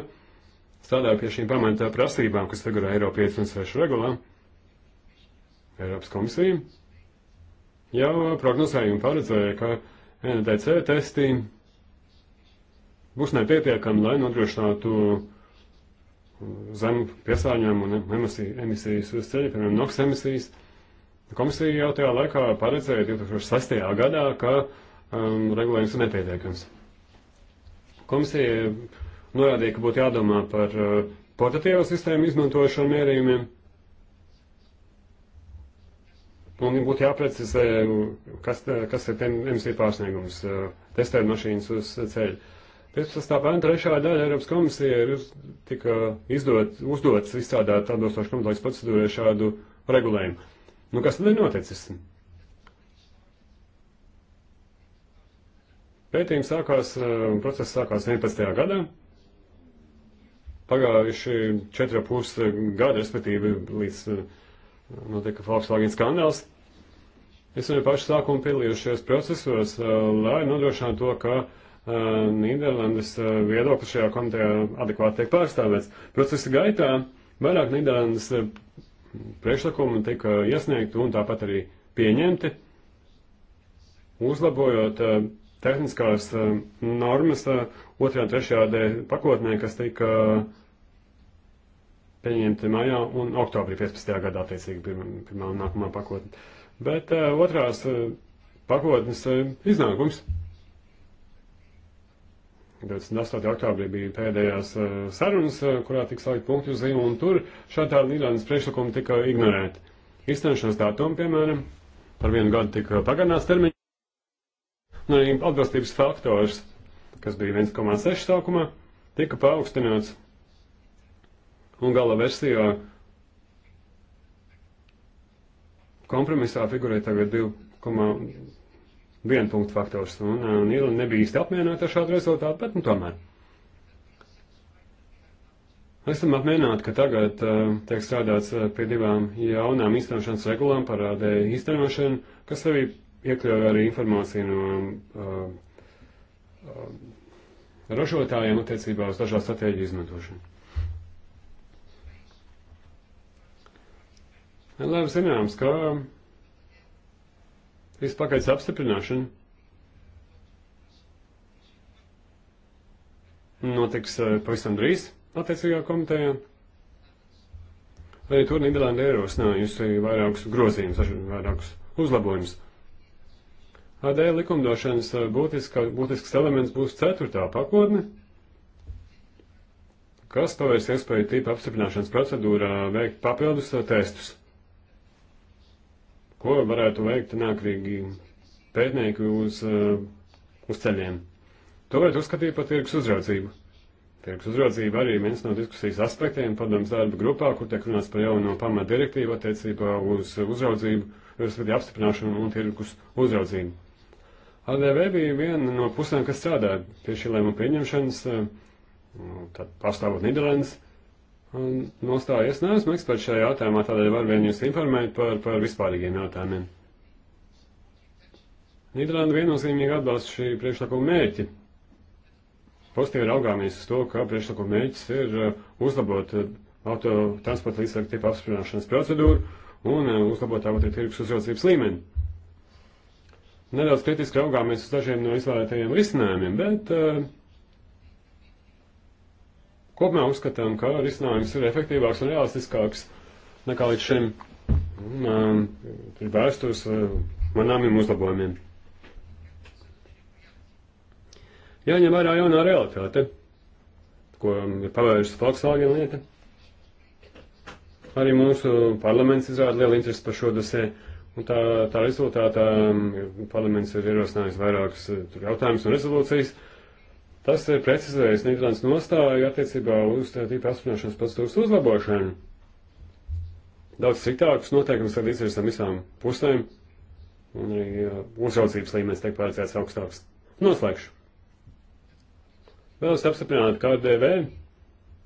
strādāju pie šīm pamatā prasībām, kas figurē Eiro 56 regulā. Eiropas komisija jau prognozēja un paredzēja, ka NDC testi būs nepietiekami, lai nodrošinātu eh, zemu piesārņojumu un emisiju, emisijas uz ceļa, piemēram, NOx emisijas. Komisija jau tajā laikā paredzēja 2006. gadā, ka um, regulējums ir nepietiekams. Komisija norādīja, ka būtu jādomā par uh, portatīvo sistēmu izmantošanu mērījumiem. Un būtu jāprecizē, kas, uh, kas ir emisiju pārsniegums, uh, testēt mašīnas uz ceļa. 15. pēn trešā daļa Eiropas komisija ir uz, tika izdot, uzdots izstrādāt atbilstoši komitoloģijas procedūrai šādu regulējumu. Nu, kas tad ir noticis? Pētījums sākās, eh, process sākās 11. gadā. Pagājuši 4,5 gadi, respektīvi, līdz eh, notika Volkswagen skandāls. Es arī pašu sākumu piedalījušies procesos, eh, lai nodrošinātu to, ka Nīderlandes viedoklis šajā komitejā adekvāti tiek pārstāvēts. Procesa gaitā vairāk Nīderlandes priekšlikumu tika iesniegti un tāpat arī pieņemti, uzlabojot tehniskās eh, normas eh, otrajā un trešajā D pakotnē, kas tika pieņemti maijā un oktobrī 15. gadā, attiecīgi pirmā, pirmā un nākamā pakotne. Bet eh, otrās pakotnes iznākums. 28. oktobrī bija pēdējās sarunas, kurā tika salikt punktu uz zīmu, un tur šādā Nīderlandes priekšlikumi tika ignorēti. Izstāšanās datumu, piemēram, par vienu gadu tika pagarināts termiņš. Un nu, arī atbilstības faktors, kas bija 1,6 sākumā, tika paaugstināts. Un gala versijā kompromisā figurē tagad 2,1 punktu faktors. Un, un Ilona nebija īsti apmierināta ar šādu rezultātu, bet nu tomēr. Esam apmierināti, ka tagad uh, tiek strādāts uh, pie divām jaunām īstenošanas regulām par AD īstenošanu, kas arī iekļauj arī informāciju no uh, uh, ražotājiem attiecībā uz dažādu stratēģiju izmantošanu. Labi zināms, ka šīs pakaļas apstiprināšana notiks uh, pavisam drīz attiecīgā komitejā. Arī tur Nīderlanda ierosinājusi vairākus grozījumus, vairākus uzlabojumus. Tādēļ likumdošanas eh, būtiska, būtisks elements būs ceturtā pakotne, kas pavērs iespēju tipa apstiprināšanas procedūrā veikt papildus eh, testus, ko varētu veikt nākrīgi pētnieki uz, eh, uz ceļiem. To varētu uzskatīt par tirgus uzraudzību. Tirgus uzraudzība arī viens no diskusijas aspektiem padomus darba grupā, kur tiek runāts par jauno pamata direktīvu attiecībā uz uzraudzību, respektīvi apstiprināšanu un tirgus uzraudzību. ADV bija viena no pusēm, kas strādāja pie šī lēmuma pieņemšanas, eh, nu, tad pārstāvot Nīderlandes. Un nostājies, neesmu eksperts šajā jautājumā, tādēļ varu vien jūs informēt par, par vispārīgiem jautājumiem. Nīderlanda viennozīmīgi atbalsta šī priekšlikuma mērķi. Pozitīvi raugāmies uz to, ka priekšlikuma mērķis ir eh, uzlabot eh, autotransporta līdzekļu tipu apspriešanas procedūru un uzlabot tāpat ir tirgus uzraudzības līmeni nedaudz kritiski raugāmies uz dažiem no izvēlētajiem risinājumiem, bet uh, kopumā uzskatām, ka risinājums ir efektīvāks un realistiskāks nekā līdz šim um, ir vērstos uh, eh, manāmiem uzlabojumiem. Jāņem vērā jaunā realitāte, ko ir pavērsta Volkswagen lieta. Arī mūsu parlaments izrāda lielu interesi par šo dosē. Uh, Un tā, tā rezultātā mm, parlaments ir ierosinājis vairākus eh, jautājumus un rezolūcijas. Tas ir precizējis Nīderlandes nostāju attiecībā uz tīpa apstiprināšanas procedūras uzlabošanu. Daudz striktākus noteikumus tad izvirsam visām pusēm, un arī eh, uzraudzības līmenis tiek pārcēts augstāks. Noslēgšu. Vēlos apstiprināt, ka KDV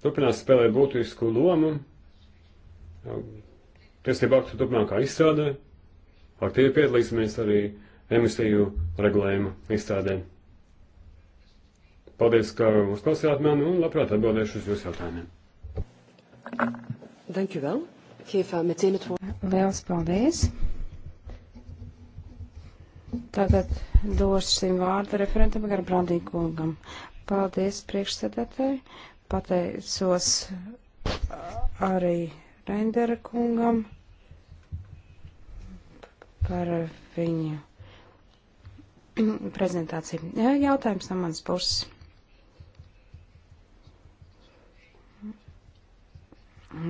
turpinās spēlēt būtisku lomu tiesību aktu turpmākā izstrādē aktīvi piedalīsimies arī emisiju regulējuma izstādēm. Paldies, ka uzklausījāt mani un labprāt atbildēšu uz jūsu jautājumiem. Dank u wel. Geef uh, meteen het woord. Liels paldies. Tātad dosim vārdu referentam Garbrandī kungam. Paldies priekšsēdētāji. Pateicos uh, arī Reindera kungam par viņu prezentāciju. Jautājums no manas puses.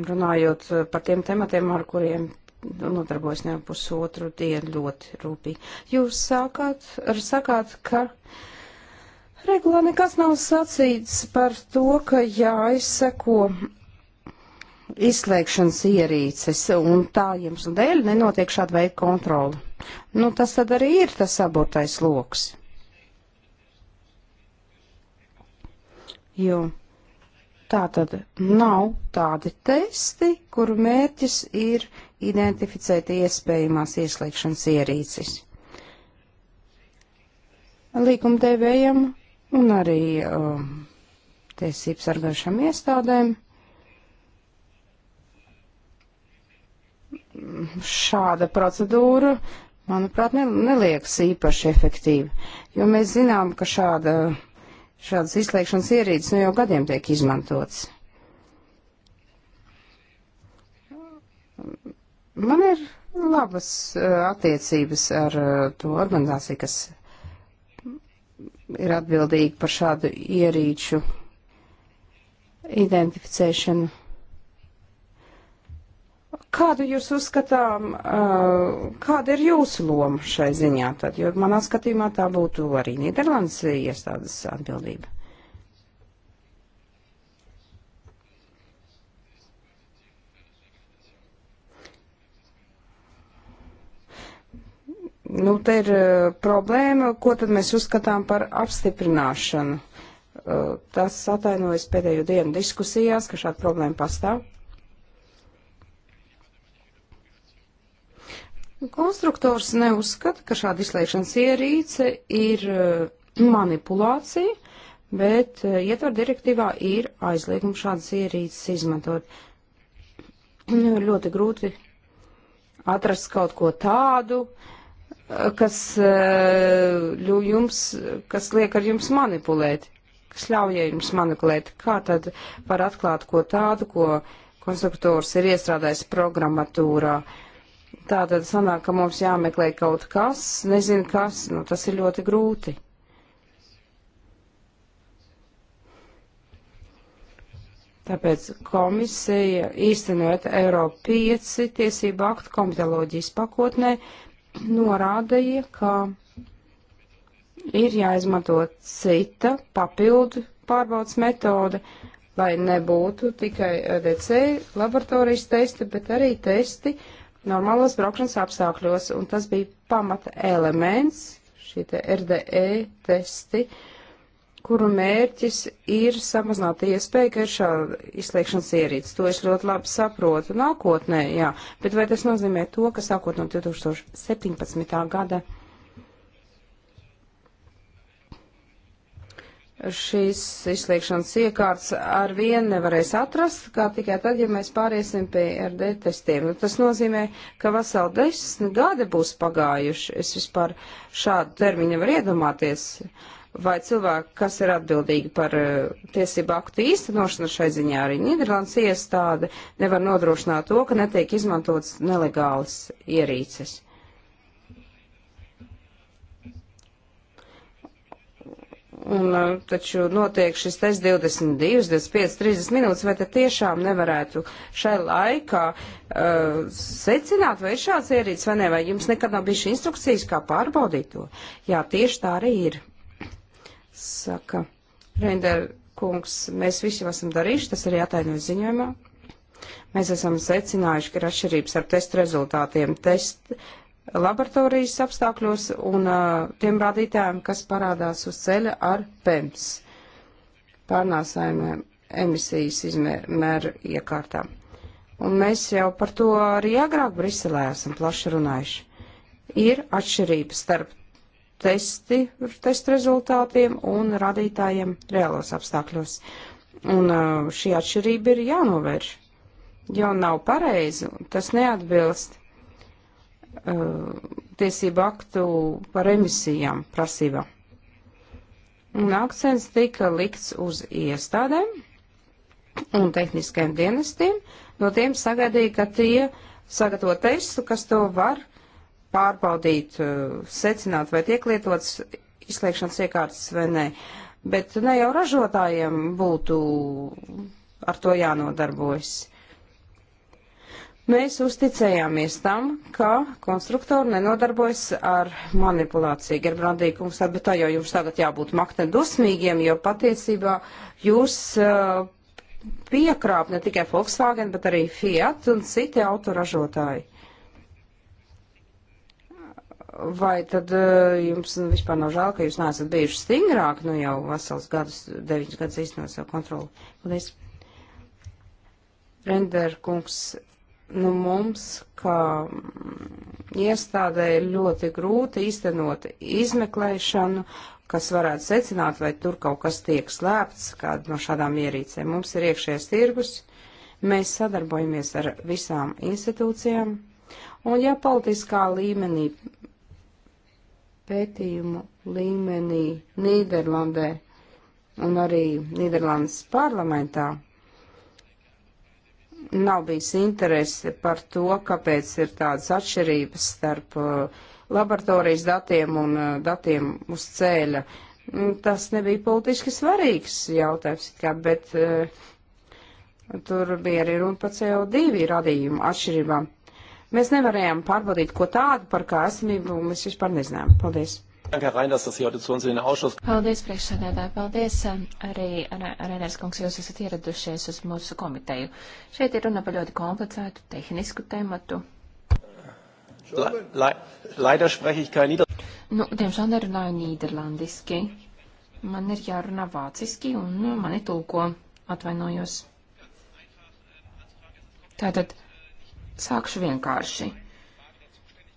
Runājot par tiem tematiem, ar kuriem nodarbojas ne pusotru dienu ļoti rūpīgi. Jūs sākāt, sakāt, ka regulā nekas nav sacīts par to, ka jāizseko izslēgšanas ierīces, un tā jums dēļ nenotiek šāda veida kontrola. Nu, tas tad arī ir tas sabotais loks. Jo tā tad nav tādi testi, kuru mērķis ir identificēt iespējamās ieslēgšanas ierīces. Līkumdevējam un arī um, tiesības sargājušam iestādēm šāda procedūra, manuprāt, neliekas īpaši efektīva, jo mēs zinām, ka šāda, šādas izslēgšanas ierīces nu, jau gadiem tiek izmantotas. Man ir labas eh, attiecības ar eh, to organizāciju, kas ir atbildīga par šādu ierīču identificēšanu. Kādu jūs uzskatām, uh, kāda ir jūsu loma šai ziņā? Tad, jo manā skatījumā tā būtu arī Nīderlandes iestādes atbildība. Nu, te ir uh, problēma, ko tad mēs uzskatām par apstiprināšanu. Uh, tas atainojas pēdējo dienu diskusijās, ka šāda problēma pastāv. Konstruktors neuzskata, ka šāda izslēgšanas ierīce ir eh, manipulācija, bet eh, ietver direktīvā ir aizliegums šādas ierīces izmantot. Ļoti grūti atrast kaut ko tādu, eh, kas jums, kas liek ar jums manipulēt, kas ļauj jums manipulēt. Kā tad var atklāt ko tādu, ko konstruktors ir iestrādājis programmatūrā? Uh, Tātad sanāk, ka mums jāmeklē kaut kas, nezinu kas, nu tas ir ļoti grūti. Tāpēc komisija, īstenot Eiropa 5 tiesību aktu komitoloģijas pakotnē, norādīja, ka ir jāizmanto cita papildu pārbaudas metode, lai nebūtu tikai DC laboratorijas testi, bet arī testi normālos braukšanas apstākļos, un tas bija pamata elements, šī te RDE testi, kuru mērķis ir samazināt iespēju, ka ir šāda izslēgšanas ierīce. To es ļoti labi saprotu nākotnē, jā, bet vai tas nozīmē to, ka sākot no 2017. gada šīs izslēgšanas iekārtas ar vienu nevarēs atrast, kā tikai tad, ja mēs pāriesim pie RD testiem. Nu, tas nozīmē, ka veseli desmit gadi būs pagājuši. Es vispār šādu termiņu nevaru iedomāties. Vai cilvēki, kas ir atbildīgi par eh, tiesību aktu īstenošanu šai ziņā, arī Nīderlandes iestāde nevar nodrošināt to, ka netiek izmantotas nelegālas ierīces. Un taču notiek šis tests 22, 25, 30 minūtes, vai tad tiešām nevarētu šai laikā uh, secināt, vai ir šāds ierīts vai nē, vai jums nekad nav bijuši instrukcijas, kā pārbaudīt to? Jā, tieši tā arī ir. Saka, Render kungs, mēs visi jau esam darījuši, tas arī atainojas ziņojumā. Mēs esam secinājuši, ka ir atšķirības ar testu rezultātiem. Test, uh, laboratorijas apstākļos un uh, tiem rādītājiem, kas parādās uz ceļa ar PEMS pārnāsājumiem emisijas izmēru iekārtām. Un mēs jau par to arī agrāk Briselē esam plaši runājuši. Ir atšķirības starp testi, testu rezultātiem un radītājiem reālos apstākļos. Un uh, šī atšķirība ir jānovērš, jo nav pareizi, tas neatbilst Uh, tiesību aktu par emisijām prasībā. Un akcents tika likts uz iestādēm un tehniskajiem dienestiem. No tiem sagaidīja, ka tie sagatavo testu, kas to var pārbaudīt, uh, secināt, vai tiek lietots izslēgšanas iekārtas vai nē. Bet ne jau ražotājiem būtu ar to jānodarbojas. Mēs uzticējāmies tam, ka konstruktori nenodarbojas ar manipulāciju. Gerbrandī, kungs, bet tā jau jums tagad jābūt makten dusmīgiem, jo patiesībā jūs uh, piekrāp ne tikai Volkswagen, bet arī Fiat un citi autoražotāji. Vai tad uh, jums vispār nav žēl, ka jūs neesat bijuši stingrāki, nu jau vesels gadus, deviņus gadus īstenot savu kontroli? Paldies. Render kungs nu, mums, kā iestādē, ir ļoti grūti iztenot izmeklēšanu, kas varētu secināt, vai tur kaut kas tiek slēpts, kāda no šādām ierīcēm. Mums ir iekšējais tirgus, mēs sadarbojamies ar visām institūcijām, un ja politiskā līmenī, pētījumu līmenī Nīderlandē un arī Nīderlandes parlamentā nav bijis interesi par to, kāpēc ir tādas atšķirības starp uh, laboratorijas datiem un uh, datiem uz ceļa. Mm, tas nebija politiski svarīgs jautājums, kā, bet uh, tur bija arī runa par CO2 radījumu atšķirībām. Mēs nevarējām pārbaudīt ko tādu, par kā esamību mēs vispār nezinām. Paldies! Paldies, priekšsēdētāji. Paldies um, arī, Renērs kungs, jūs esat ieradušies uz mūsu komiteju. Šeit ir runa par ļoti komplicētu tehnisku tematu. La, la, leider spreche ich kein Niederlandisch. Nu, diemžēl nerunāju nīderlandiski. Man ir jārunā vāciski un mani tulko. Atvainojos. Tātad, sākšu vienkārši.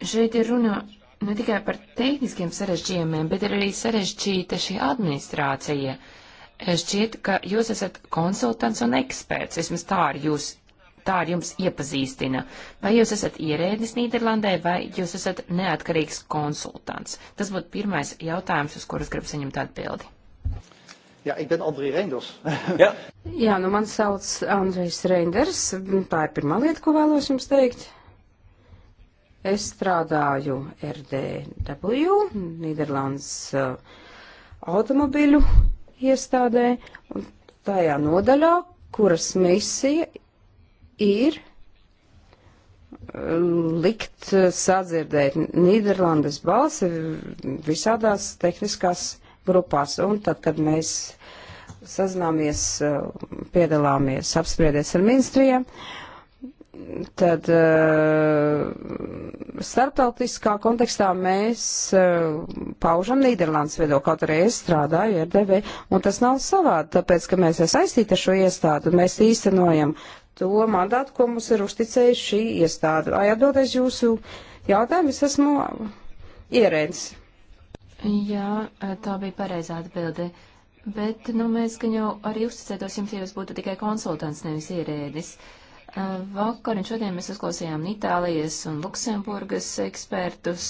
Šeit ir runa ne tikai par tehniskiem sarežģījumiem, bet ir arī sarežģīta šī administrācija. Šķiet, ka jūs esat konsultants un eksperts, vismaz tā ar jūs. Tā ar jums iepazīstina. Vai jūs esat ierēdnis Nīderlandē, vai jūs esat neatkarīgs konsultants? Tas būtu pirmais jautājums, uz kurus gribu saņemt atbildi. Jā, ik ben Andrija Reinders. Jā. Jā, nu man sauc Andrejs Reinders. Tā ir pirmā lieta, ko vēlos jums teikt. Es strādāju RDW, Nīderlandes uh, automobiļu iestādē, un tajā nodaļā, kuras misija ir uh, likt uh, sadzirdēt Nīderlandes balsi visādās tehniskās grupās. Un tad, kad mēs sazināmies, piedalāmies apspriedēs ar ministrijiem, uh, tad eh, starptautiskā kontekstā mēs eh, paužam Nīderlandes viedokli, kaut arī es strādāju RDV, un tas nav savādi, tāpēc, ka mēs esam saistīti ar šo iestādi, un mēs īstenojam to mandātu, ko mums ir uzticējusi šī iestāde. Ai atbildēs jūsu jautājumu, es esmu ierēdnis. Jā, tā bija pareizā atbilde. Bet, nu, mēs gan jau arī uzticētos jums, ja jūs būtu tikai konsultants, nevis ierēdnis. Uh, Vakar un šodien mēs uzklausījām Itālijas un Luksemburgas ekspertus.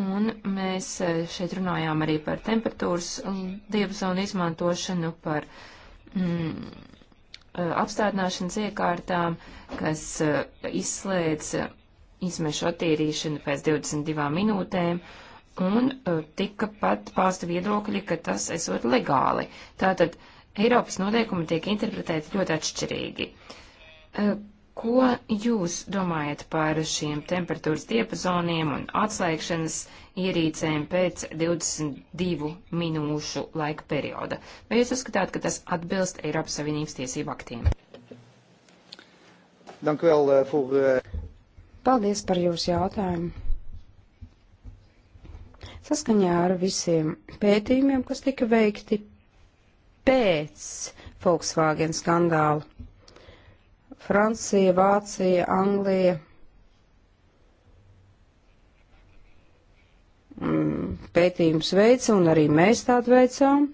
Un mēs eh, šeit runājām arī par temperatūras diapazonu izmantošanu, par mm, eh, apstādināšanas iekārtām, kas eh, izslēdz izmešu attīrīšanu pēc 22 minūtēm, un tika pat pausta viedokļi, ka tas esot legāli. Tātad Eiropas noteikumi tiek interpretēti ļoti atšķirīgi. Eh, ko jūs domājat par šiem temperatūras diapazoniem un atslēgšanas ierīcēm pēc 22 minūšu laika perioda? Vai jūs uzskatāt, ka tas atbilst Eiropas Savienības tiesību aktiem? Dank u wel eh, voor. Eh, Paldies par jūsu jautājumu. Saskaņā ar visiem pētījumiem, kas tika veikti pēc Volkswagen skandāla. Francija, Vācija, Anglija. Mm, pētījums veica, un arī mēs tādu veicām.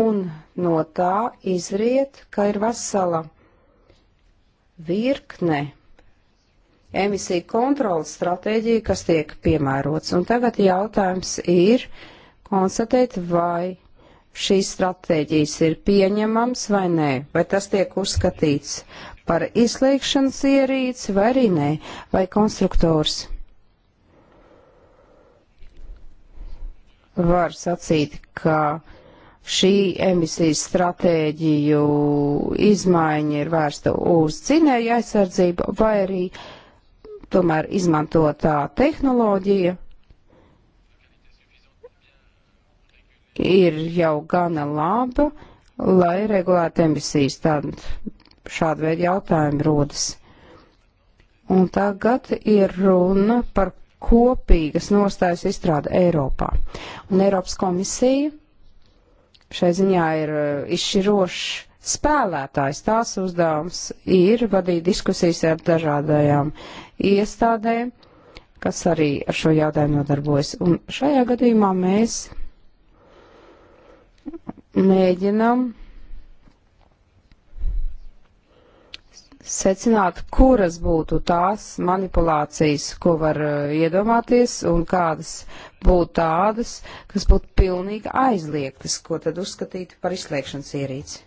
Un no tā izriet, ka ir vesela virkne emisiju kontrolas stratēģija, kas tiek piemērots. Un tagad jautājums ir konstatēt, vai šīs stratēģijas ir pieņemams vai nē, vai tas tiek uzskatīts par izslēgšanas ierīci vai arī nē, vai konstruktors. Var sacīt, ka šī emisijas stratēģiju izmaiņa ir vērsta uz cinēju aizsardzību vai arī tomēr izmantotā tehnoloģija ir jau gana laba, lai regulētu emisijas. Tāda šāda veida jautājumi rodas. Un tagad ir runa par kopīgas nostājas izstrāde Eiropā. Un Eiropas komisija šai ziņā ir uh, izšķirošs spēlētājs. Tās uzdevums ir vadīt diskusijas ar dažādajām iestādēm, kas arī ar šo jautājumu nodarbojas. Un šajā gadījumā mēs mēģinam secināt, kuras būtu tās manipulācijas, ko var eh, iedomāties, un kādas būtu tādas, kas būtu pilnīgi aizliegtas, ko tad uzskatītu par izslēgšanas ierīci.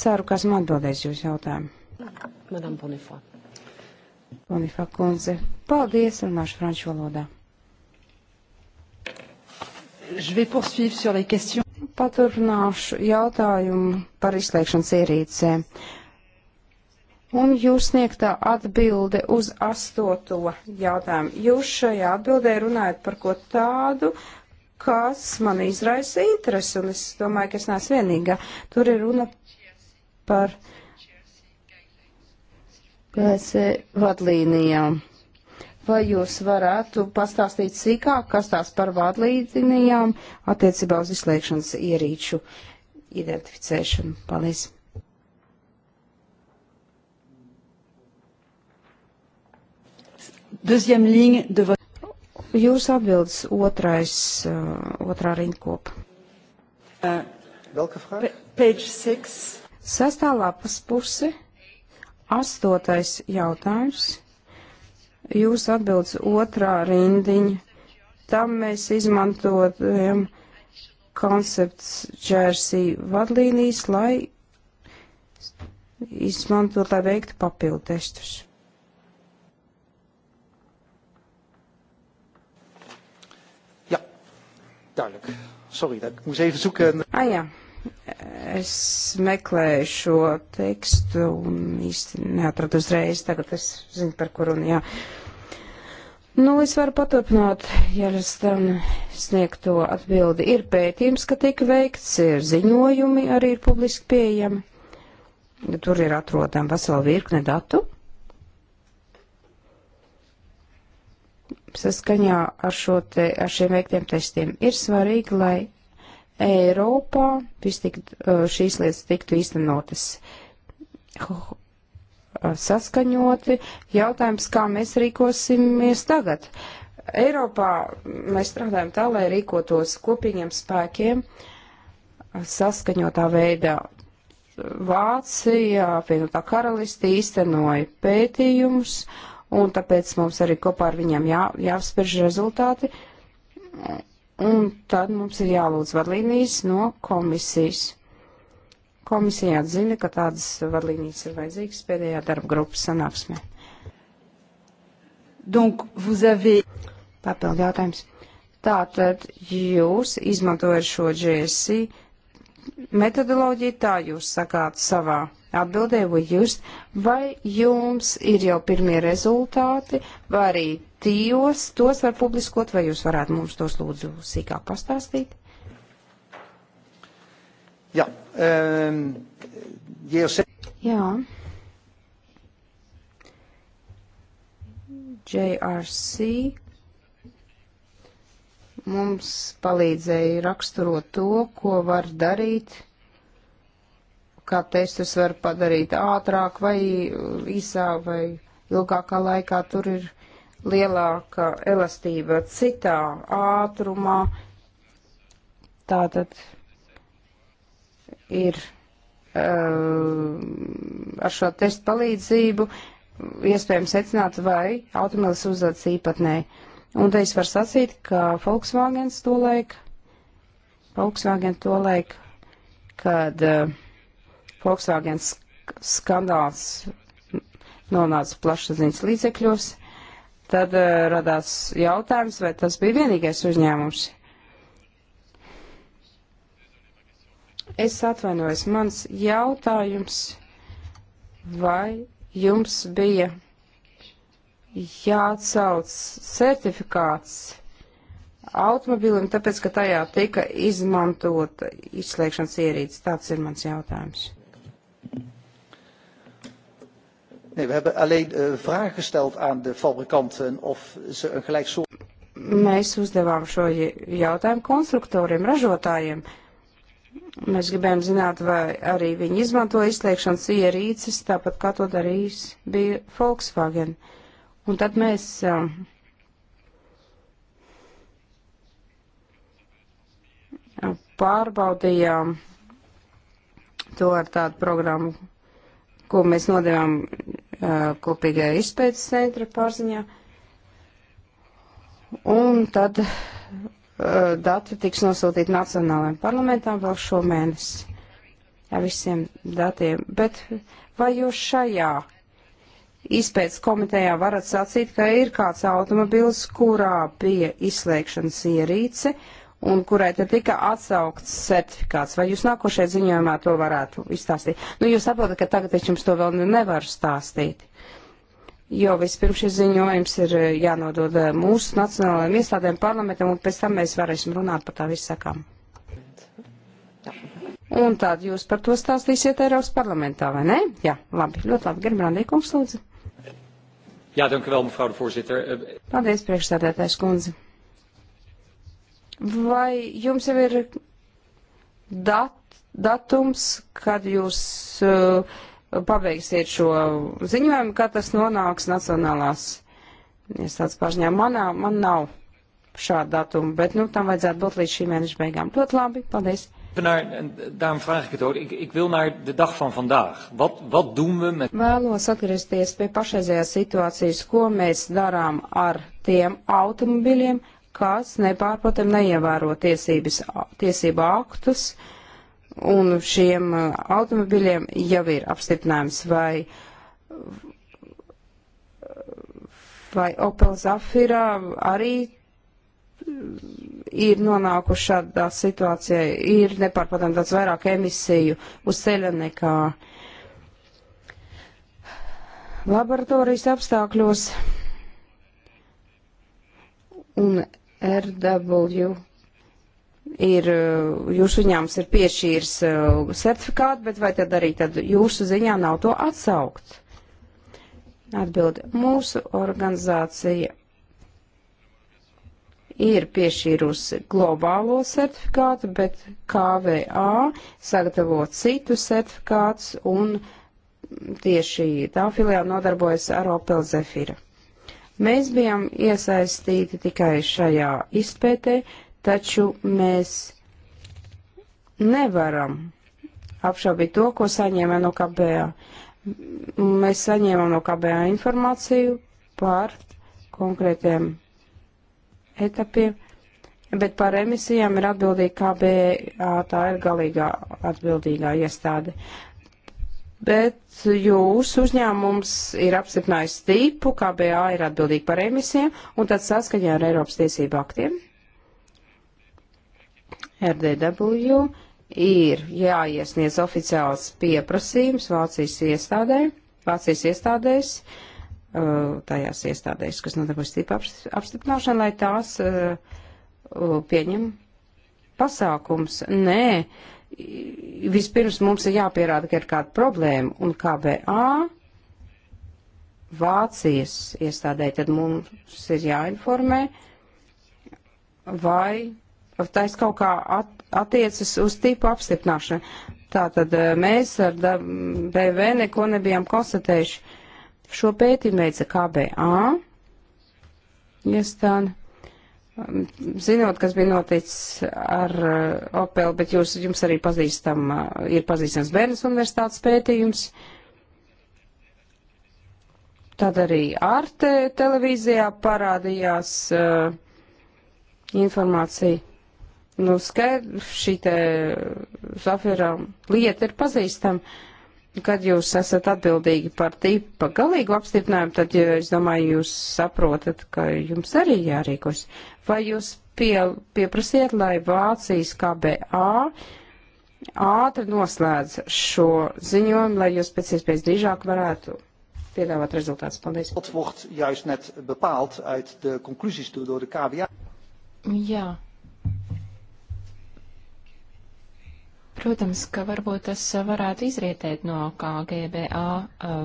Ceru, ka esmu atbildējis jūsu jautājumu. Madam Bonifā. Bonifā kundze, paldies, runāšu franču valodā. Paturināšu jautājumu par izslēgšanas ierīcēm. Un jūs sniegtā atbilde uz astoto jautājumu. Jūs šajā atbildē runājat par ko tādu, kas man izraisa interesi, un es domāju, ka es neesmu vienīgā. Tur ir runa par PSC e vadlīnijām. Vai jūs varētu pastāstīt sīkāk, kas tās par vārdlīdinījām attiecībā uz izslēgšanas ierīču identificēšanu? Paldies! Deuxième ligne de votre... Jūsu atbildes otrais, uh, otrā rindkopa. Uh, page 6. Sestā lapas puse. Astotais jautājums. Jūsu atbildes otrā rindiņa. Tam mēs izmantojam koncepts Jersey vadlīnijas, lai izmantot, lai veiktu papildu testus. Ja, duidelijk. Sorry, ik moest even zoeken. Ah ja, es meklēju šo tekstu un īsti neatradu uzreiz, tagad es zinu, par kuru un nu, jā. Uh, Nu, es varu paturpināt, ja es tam sniegto atbildi. Ir pētījums, ka tika veikts, ir ziņojumi arī ir publiski pieejami. Tur ir atrodama vesela virkne datu. Saskaņā ar, te, ar šiem veiktiem testiem ir svarīgi, lai Eiropā tik, uh, šīs lietas tiktu īstenotas saskaņoti. Jautājums, kā mēs rīkosimies tagad. Eiropā mēs strādājam tā, lai rīkotos kopīgiem spēkiem saskaņotā veidā. Vācija, apvienotā karalisti īstenoja pētījumus, un tāpēc mums arī kopā ar viņiem jā, jāapspriež rezultāti. Un tad mums ir jālūdz vadlīnijas no komisijas. Komisija atzina, ka tādas vadlīnijas ir vajadzīgas pēdējā darba grupas sanāksmē. Donc, vous avez... Papildu jautājums. Tātad jūs izmantojat šo GSI metodoloģiju, tā jūs sakāt savā atbildē, vai jūs, vai jums ir jau pirmie rezultāti, vai arī tīos, tos var publiskot, vai jūs varētu mums tos lūdzu sīkāk pastāstīt? Jā. Ja. Jā. Ehm, JRC mums palīdzēja raksturot to, ko var darīt, kā testus var padarīt ātrāk vai īsā vai ilgākā laikā. Tur ir lielāka elastība citā ātrumā. Tātad ir eh, ar šo testu palīdzību iespējams secināt, vai automobilis uzvedas īpatnēji. Un te es varu sacīt, ka Volkswagen to laik, Volkswagen to laik, kad uh, Volkswagen skandāls nonāca plašsaziņas līdzekļos, tad uh, radās jautājums, vai tas bija vienīgais uzņēmums, Es atvainojos, mans jautājums, vai jums bija jāatsauc certifikāts automobilim, tāpēc, ka tajā tika izmantota izslēgšanas ierīce. Tāds ir mans jautājums. Nee, we hebben alleen uh, vragen gesteld aan de fabrikanten of ze een gelijksoort. Mēs uzdevām šo jautājumu konstruktoriem, ražotājiem. Uh, Mēs gribējām zināt, vai arī viņi izmanto izslēgšanas ierīces, tāpat kā to darījis bija Volkswagen. Un tad mēs um, pārbaudījām to ar tādu programmu, ko mēs nodevām uh, kopīgajā izpētes centra pārziņā. Un tad Eh, dati tiks nosūtīti nacionālajiem parlamentām vēl šomēnes ar visiem datiem. Bet vai jūs šajā izpētes komitejā varat sacīt, ka ir kāds automobils, kurā bija izslēgšanas ierīce un kurai te tika atsaukts certifikāts? Vai jūs nākošajā ziņojumā to varētu izstāstīt? Nu, jūs saprotat, ka tagad es jums to vēl nevaru stāstīt jo vispirms šis ziņojums ir eh, jānodod eh, mūsu nacionālajiem iestādēm parlamentam, un pēc tam mēs varēsim runāt par tā visu sakām. Un tad jūs par to stāstīsiet Eiropas parlamentā, vai ne? Jā, labi, ļoti labi. Gerbrandī, kungs, lūdzu. Jā, dank vēl, mevrouw de voorzitter. Eh, Paldies, priekšsēdētājs kundze. Vai jums jau ir dat, datums, kad jūs uh, pabeigsiet šo ziņojumu, kad tas nonāks nacionālās iestādes pārziņā. Manā, man nav šādu datumu, bet nu, tam vajadzētu būt līdz šī mēneša beigām. Ļoti labi, paldies! Naar, daarom vraag ik het ook. Ik, ik wil naar de dag van vandaag. Wat, wat doen we met... Vēlos atgriezties pie pašreizējās situācijas, ko mēs darām ar tiem automobiļiem, kas nepārprotam neievēro tiesības, tiesību aktus. Uh, un šiem uh, automobiļiem jau ir apstiprinājums vai, vai Opel Zafira arī ir nonākuši šādā situācijā, ir nepārprotam daudz vairāk emisiju uz ceļa nekā laboratorijas apstākļos un RW ir, uh, jūsu uzņēmums ir piešķīris uh, certifikātu, bet vai tad arī tad jūsu ziņā nav to atsaukt? Atbildi. Mūsu organizācija ir piešķīrusi globālo certifikātu, bet KVA sagatavo citu certifikātus un tieši tā filiāla nodarbojas ar Opel Zefira. Mēs bijām iesaistīti tikai šajā izpētē, taču mēs nevaram apšaubīt to, ko saņēmām no KBA. Mēs saņēmām no KBA informāciju par konkrētiem etapiem, bet par emisijām ir atbildīga KBA, tā ir galīgā atbildīgā iestāde. Bet jūs uzņēmums ir apstiprinājis tīpu, KBA ir atbildīga par emisijām, un tad saskaņā ar Eiropas tiesību aktiem RDW ir jāiesniedz oficiāls pieprasījums Vācijas iestādē, Vācijas iestādēs, uh, tajās iestādēs, kas nodarbojas tipa apstiprināšana, lai tās uh, uh, pieņem pasākums. Nē, vispirms mums ir jāpierāda, ka ir kāda problēma, un KBA Vācijas iestādē, tad mums ir jāinformē, vai tais kaut kā at, attiecas uz tipu apstiprināšanu. Tātad eh, mēs ar BV neko nebijām konstatējuši. Šo pētījumu veica KBA. Iestāna. Eh, zinot, kas bija noticis ar eh, Opel, bet jūs, jums arī pazīstam, ir pazīstams Bērnas universitātes pētījums. Tad arī ārte televīzijā parādījās uh, informācija. Nu, skaidrs, šī te zafira uh, lieta ir pazīstama. Kad jūs esat atbildīgi par tipa galīgu apstiprinājumu, tad, ja, es domāju, jūs saprotat, ka jums arī jārīkos. Vai jūs pie, pieprasiet, lai Vācijas KBA ātri noslēdz šo ziņojumu, lai jūs pēc iespējas drīzāk varētu piedāvāt rezultātus. Paldies. Dat wordt juist net bepaald uit de conclusies door de KBA. Ja. Protams, ka varbūt tas varētu izrietēt no KGBA uh,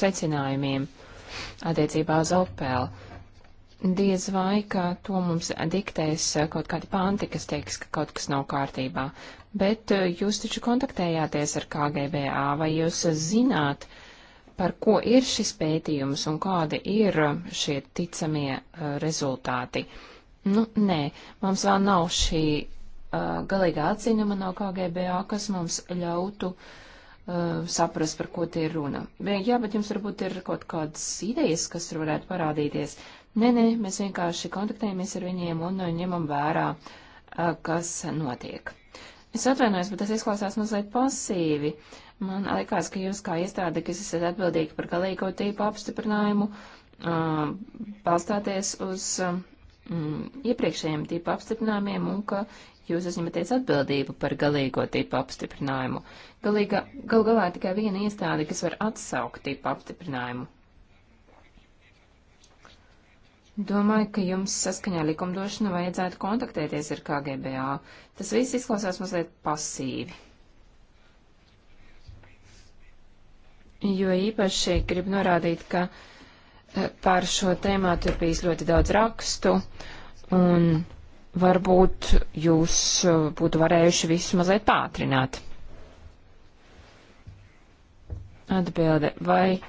secinājumiem attiecībā uz Opel. Diez vai, ka to mums diktēs kaut kādi panti, kas teiks, ka kaut kas nav kārtībā. Bet uh, jūs taču kontaktējāties ar KGBA, vai jūs zināt, par ko ir šis pētījums un kādi ir šie ticamie uh, rezultāti? Nu, nē, mums vēl nav šī galīgā atzinuma no KGBA, kas mums ļautu uh, saprast, par ko te ir runa. Jā, bet jums varbūt ir kaut kādas idejas, kas tur varētu parādīties. Nē, nē, mēs vienkārši kontaktējamies ar viņiem un ņemam vērā, uh, kas notiek. Es atvainojos, bet tas izklausās mazliet pasīvi. Man likās, ka jūs kā iestāde, kas esat atbildīgi par galīgo tīpu apstiprinājumu, uh, balstāties uz um, iepriekšējiem tīpa apstiprinājumiem un ka jūs uzņematies atbildību par galīgo tipu apstiprinājumu. Galīga, gal galā tikai viena iestāde, kas var atsaukt tipu apstiprinājumu. Domāju, ka jums saskaņā likumdošana vajadzētu kontaktēties ar KGBA. Tas viss izklausās mazliet pasīvi. Jo īpaši gribu norādīt, ka eh, par šo tēmātu ir bijis ļoti daudz rakstu un. Mm varbūt jūs uh, būtu varējuši visu mazliet pātrināt. Atbilde. Vai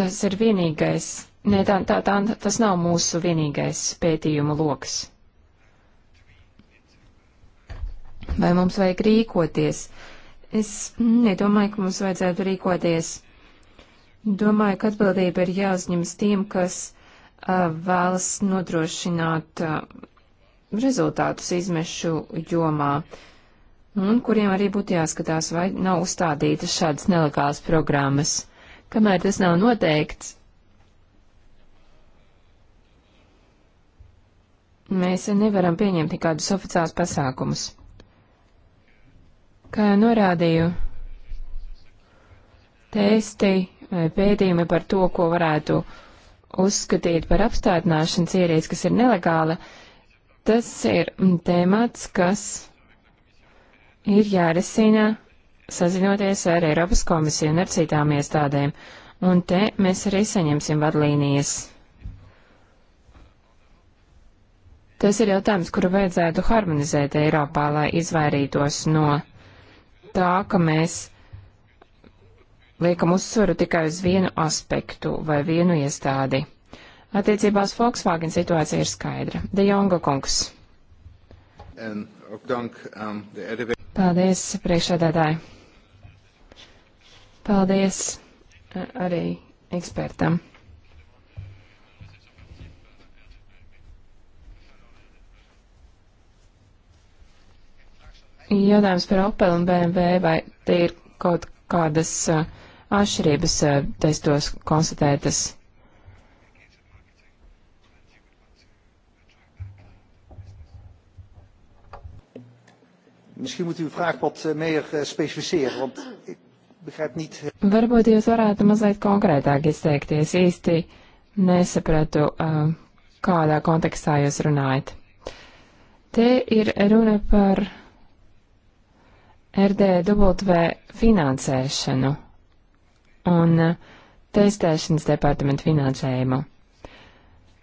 tas ir vienīgais? Nē, tā, tā, tā, tas nav mūsu vienīgais pētījumu lokus. Vai mums vajag rīkoties? Es nedomāju, ka mums vajadzētu rīkoties. Domāju, ka atbildība ir jāuzņemas tiem, kas uh, vēlas nodrošināt uh, rezultātus izmešu jomā, un kuriem arī būtu jāskatās, vai nav uzstādītas šādas nelegālas programmas. Kamēr tas nav noteikts, mēs nevaram pieņemt nekādus oficiālus pasākumus. Kā jau norādīju, testi vai pētījumi par to, ko varētu uzskatīt par apstādināšanas ierīci, kas ir nelegāla, uh, Tas ir tēmats, kas ir jārisina sazinoties ar Eiropas komisiju un ar citām iestādēm, un te mēs arī saņemsim vadlīnijas. Tas ir jautājums, kuru vajadzētu harmonizēt Eiropā, lai izvairītos no tā, ka mēs liekam uzsvaru tikai uz vienu aspektu vai vienu iestādi. Attiecībās Volkswagen situācija ir skaidra. De Jonga kungs. Paldies, priekšsēdētāji. Paldies arī ekspertam. Jautājums par Opel un BMW, vai te ir kaut kādas atšķirības testos konstatētas? Misschien moet u uw vraag wat eh, meer eh, specificeren, want ik begrijp niet. Eh, Varbūt jūs varētu mazliet konkrētāk izteikties. Īsti nesapratu, kādā kontekstā jūs runājat. Te ir runa par RDW finansēšanu un testēšanas departamentu finansējumu.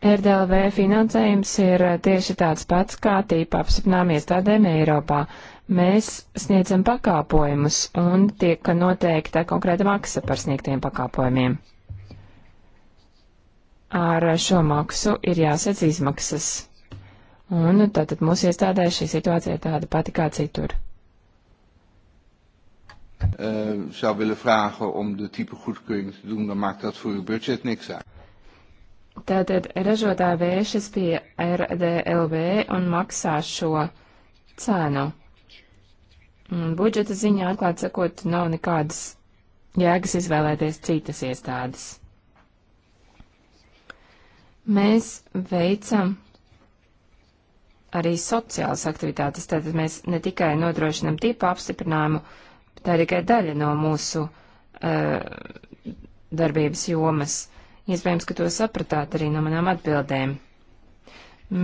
RDLV finansējums ir tieši tāds pats kā tīpa apsipnām iestādēm Eiropā. Uh, mēs sniedzam pakāpojumus un tiek noteikta konkrēta maksa par sniegtiem pakāpojumiem. Ar šo maksu ir jāsadz izmaksas. Un tātad mūsu iestādē šī situācija ir tāda pati kā citur. Uh, zou willen vragen om de type goedkeuring te doen, dan maakt dat voor uw budget niks uit. Tātad ražotāji vēršas pie RDLV un maksā šo cenu. Budžeta ziņā, atklāt sakot, nav nekādas jēgas izvēlēties citas iestādes. Mēs veicam arī sociālas aktivitātes, tātad mēs ne tikai nodrošinam tipu apstiprinājumu, tā ir tikai daļa no mūsu uh, darbības jomas. Iespējams, ka to sapratāt arī no manām atbildēm.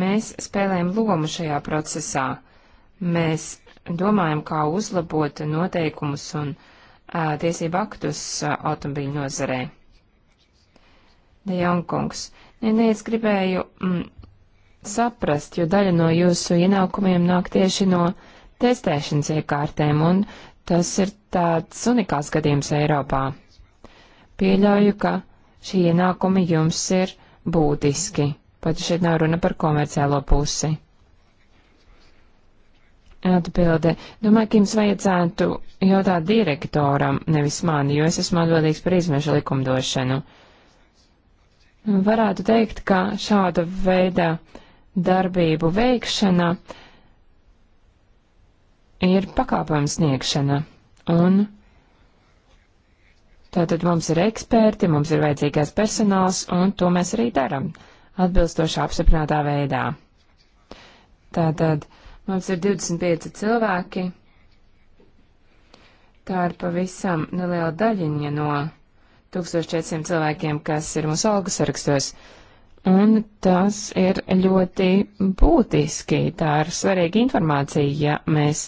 Mēs spēlējam lomu šajā procesā. Mēs domājam, kā uzlabot noteikumus un uh, tiesību aktus uh, automobīļu nozarē. Dejonkungs, nē, nē, es gribēju mm, saprast, jo daļa no jūsu ienākumiem nāk tieši no testēšanas iekārtēm, un tas ir tāds unikāls gadījums Eiropā. Pieļauju, ka šie ienākumi jums ir būtiski, pat šeit nav runa par komerciālo pusi. Atbilde. Domāju, ka jums vajadzētu jautāt direktoram, nevis man, jo es esmu atbildīgs par izmešu likumdošanu. Varētu teikt, ka šāda veida darbību veikšana ir pakāpojums sniegšana. Un tātad mums ir eksperti, mums ir vajadzīgais personāls, un to mēs arī darām atbilstoši apstiprinātā veidā. Tātad. Uh, Mums ir 25 cilvēki. Tā ir pavisam neliela daļiņa no 1400 cilvēkiem, kas ir mūsu algu sarakstos. Un tas ir ļoti būtiski. Tā ir svarīga informācija, ja mēs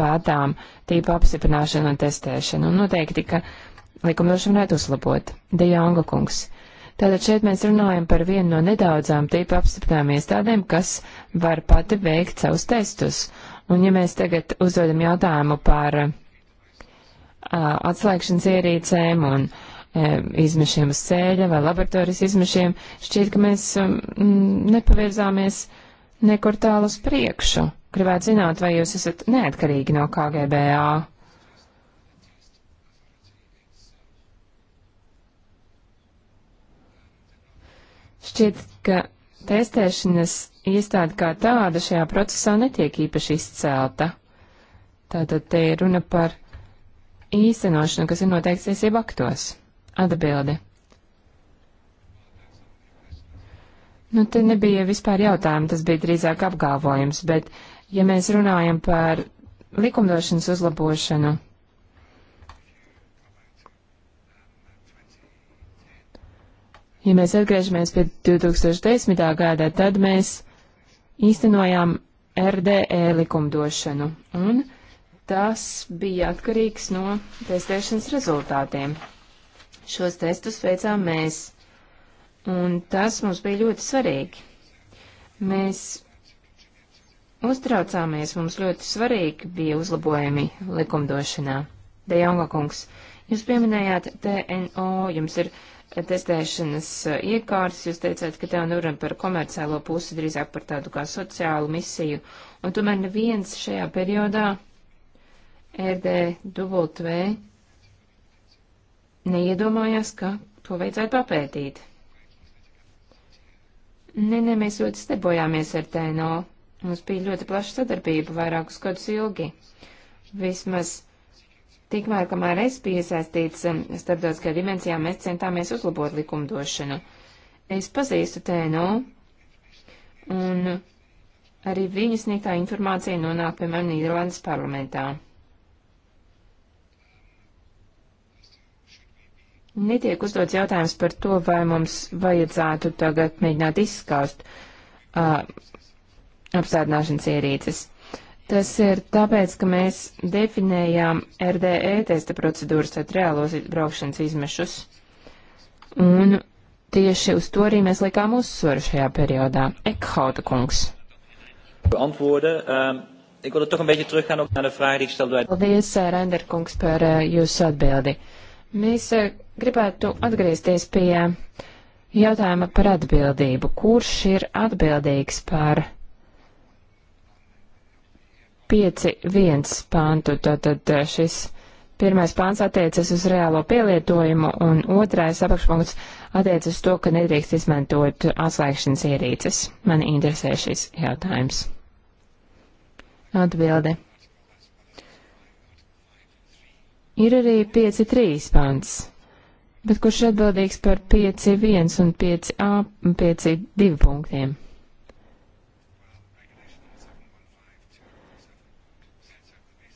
pētām tīpa apstiprināšanu un testēšanu. Un noteikti, ka likumdošana varētu uzlabot. Dejonga kungs. Tātad šeit mēs runājam par vienu no nedaudzām tipu apstiprinām iestādēm, kas var pati veikt savus testus. Un ja mēs tagad uzdodam jautājumu par uh, atslēgšanas ierīcēm un uh, izmešiem uz ceļa vai laboratorijas izmešiem, šķiet, ka mēs um, nepavirzāmies nekur tālu uz priekšu. Gribētu zināt, vai jūs esat neatkarīgi no KGBA. Šķiet, ka testēšanas iestāde kā tāda šajā procesā netiek īpaši izcēlta. Tātad te ir runa par īstenošanu, kas ir noteikts tiesību aktos. Atbildi. Nu, te nebija vispār jautājumi, tas bija drīzāk apgalvojums, bet, ja mēs runājam par likumdošanas uzlabošanu, Ja mēs atgriežamies pie 2010. gada, tad mēs īstenojām RDE likumdošanu, un tas bija atkarīgs no testēšanas rezultātiem. Šos testus veicām mēs, un tas mums bija ļoti svarīgi. Mēs uztraucāmies, mums ļoti svarīgi bija uzlabojumi likumdošanā. Dejonga kungs, jūs pieminējāt TNO, jums ir testēšanas eh, iekārtas, jūs teicāt, ka tā nu runa par komerciālo pusi, drīzāk par tādu kā sociālu misiju, un tomēr neviens šajā periodā RDW neiedomājās, ka to vajadzētu papētīt. Nē, nē, mēs ļoti stebojāmies ar TNO. Mums bija ļoti plaša sadarbība vairākus gadus ilgi. Vismaz Tikmēr, kamēr es biju iesaistīts um, starptautiskajā dimensijā, mēs centāmies uzlabot likumdošanu. Es pazīstu TNO, un arī viņu sniegtā informācija nonāk, piemēram, Nīderlandes parlamentā. Netiek uzdots jautājums par to, vai mums vajadzētu tagad mēģināt izskaust uh, apstādināšanas ierīces. Tas ir tāpēc, ka mēs definējām RDE testa procedūras, tad reālos braukšanas izmešus. Un tieši uz to arī mēs likām uzsvaru šajā periodā. Ekhauta kungs. Ehm, er Paldies, eh, Render kungs, par eh, jūsu atbildi. Mēs eh, gribētu atgriezties pie jautājuma par atbildību. Kurš ir atbildīgs par 5.1 pāntu. Tātad eh, šis pirmais pāns attiecas uz reālo pielietojumu, un otrais apakšpunkts attiecas uz to, ka nedrīkst izmantot atslēgšanas ierīces. Mani interesē šis jautājums. Atbilde. Ir arī 5.3 pāns. Bet kurš atbildīgs par 5.1 un 5.2 punktiem?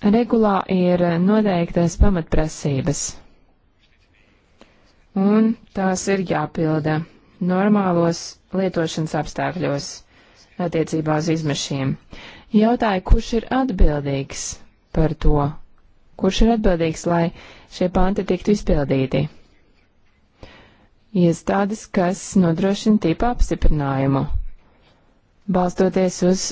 regulā ir noteiktas pamatprasības, un tās ir jāpilda normālos lietošanas apstākļos attiecībā uz izmešiem. Jautāja, kurš ir atbildīgs par to? Kurš ir atbildīgs, lai šie panti tiktu izpildīti? Iestādes, kas nodrošina tipa apstiprinājumu, balstoties uz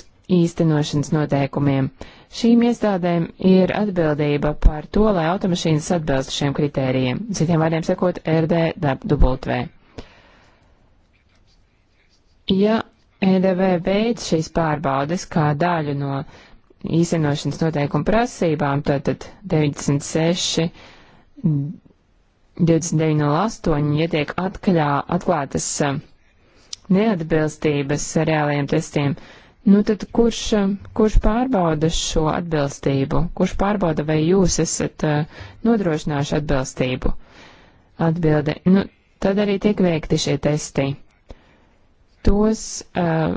īstenošanas noteikumiem. Uh, Šīm iestādēm ir atbildība par to, lai automašīnas atbilst šiem kritērijiem, citiem vārdiem sakot, RDW. Ja EDV veids šīs pārbaudes kā daļu no īstenošanas noteikuma prasībām, tātad 96 29.08 ietiek atkaļā atklātas um, neatbilstības reālajiem testiem, uh, Nu tad kurš, eh, kurš pārbauda šo atbilstību? Kurš pārbauda, vai jūs esat uh, nodrošinājuši atbilstību? Atbilde. Nu, tad arī tiek veikti šie testi. Tos uh,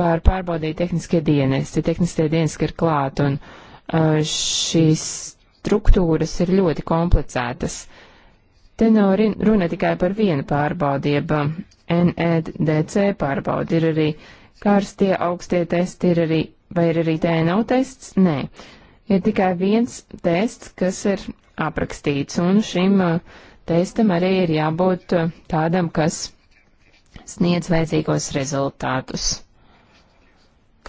var pārbaudīt tehniskie dienesti. Tehniskie dienesti ir klāt, un uh, šīs struktūras ir ļoti komplicētas. Te nav runa tikai par vienu pārbaudību. NEDC pārbaudi ir arī karstie augstie testi ir arī, vai ir arī DNO tests? Nē. Ir tikai viens tests, kas ir aprakstīts, un šim uh, testam arī ir jābūt uh, tādam, kas sniedz vajadzīgos rezultātus,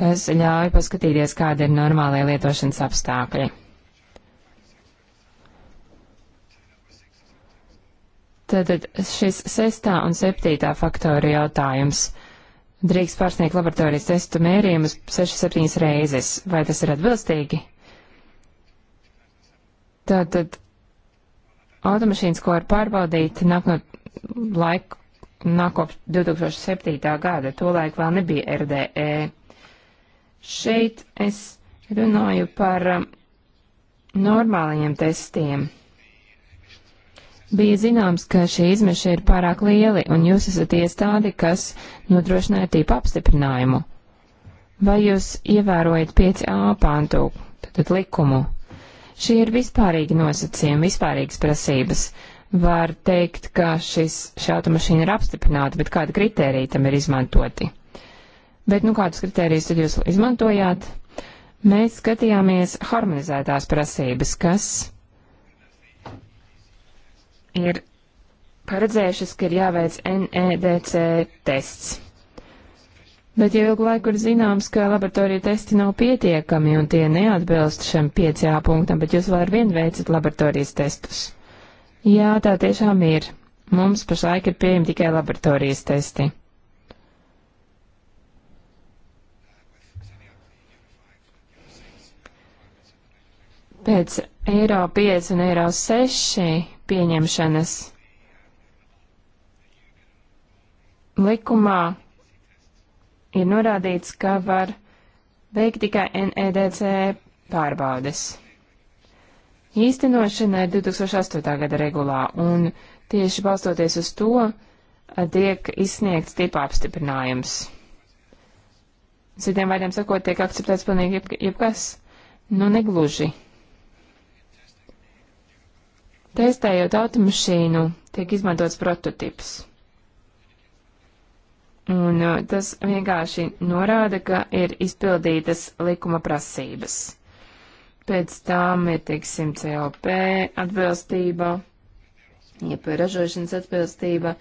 kas ļauj paskatīties, kāda ir normālai lietošanas apstākļi. Tātad šis sestā un septītā faktora jautājums drīkst pārsniegt laboratorijas testu mērījumus 6-7 reizes. Vai tas ir atbilstīgi? Tātad automašīnas, ko var pārbaudīt, nāk no laika, nāk kop 2007. gada, to laiku vēl nebija RDE. Šeit es runāju par um, normālajiem testiem bija zināms, ka šie izmeši ir pārāk lieli, un jūs esat iestādi, kas nodrošināja tīpa apstiprinājumu. Vai jūs ievērojat 5a pāntu, tad likumu? Šie ir vispārīgi nosacījumi, vispārīgas prasības. Var teikt, ka šis, šī automašīna ir apstiprināta, bet kāda kritērija tam ir izmantoti? Bet, nu, kādus kritērijus tad jūs izmantojāt? Mēs skatījāmies harmonizētās prasības, kas ir paredzējušas, ka ir jāveic NEDC tests. Bet jau ilgu laiku ir zināms, ka laboratorija testi nav pietiekami un tie neatbilst šim 5A punktam, bet jūs vēl ar vienu veicat laboratorijas testus. Jā, tā tiešām ir. Mums pašlaik ir pieejami tikai laboratorijas testi. Pēc eiro 5 un eiro 6 pieņemšanas. Likumā ir norādīts, ka var veikt tikai NEDC pārbaudes. Īstenošana ir 2008. gada regulā, un tieši balstoties uz to tiek izsniegts tipa apstiprinājums. Citiem vārdiem sakot, tiek akceptēts pilnīgi jeb, jebkas, nu negluži. Testējot automašīnu, tiek izmantots prototips. Un uh, tas vienkārši norāda, ka ir izpildītas likuma prasības. Pēc tām ir, teiksim, COP atbilstība, jeb ražošanas atbilstība,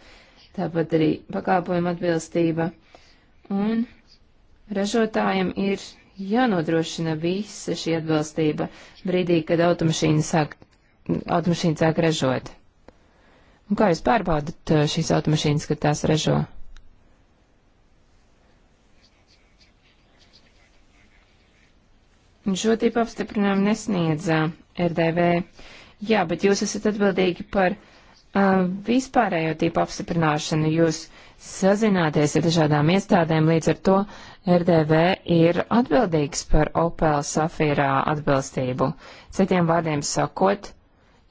tāpat arī pakāpojuma atbilstība. Un ražotājiem ir jānodrošina visa šī atbilstība brīdī, kad automašīna sāk automašīna sāk ražot. Un kā jūs pārbaudat eh, šīs automašīnas, kad tās ražo? Un šo tipu apstiprinājumu nesniedz eh, RDV. Jā, bet jūs esat atbildīgi par uh, vispārējo tipu apstiprināšanu. Jūs sazināties ar dažādām iestādēm, līdz ar to RDV ir atbildīgs par Opel safīrā atbilstību. Citiem vārdiem sakot,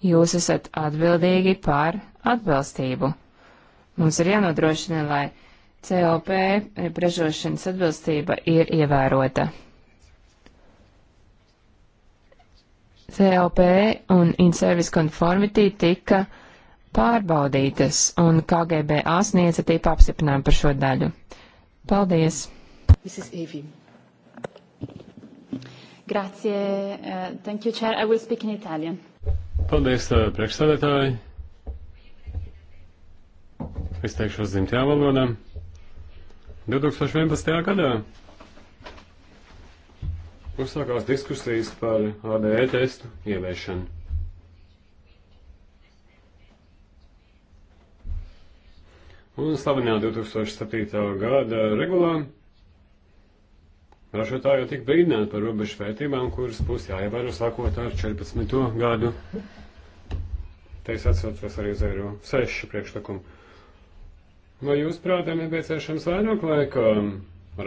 Jūs esat atbildīgi par atbilstību. Mums ir jānodrošina, lai COP ražošanas atbilstība ir ievērota. COP un in-service conformity tika pārbaudītas, un KGB sniedza tīpa apstiprinājumu par šo daļu. Paldies! Grazie, uh, thank you, Chair. I will speak in Italian. Paldies, priekšsēdētāji. Es teikšu uz dzimtajā valodā. 2011. gadā uzsākās diskusijas par ADE testu ieviešanu. Un slavenā 2007. gada regulā Ražotāji jau tik brīdināti par robežu vērtībām, kuras būs jāievēro sākot ar 14. gadu. Te es atsaucos arī uz eiro 6 priekšlikumu. Vai jūs prātā nepieciešams vairāk laika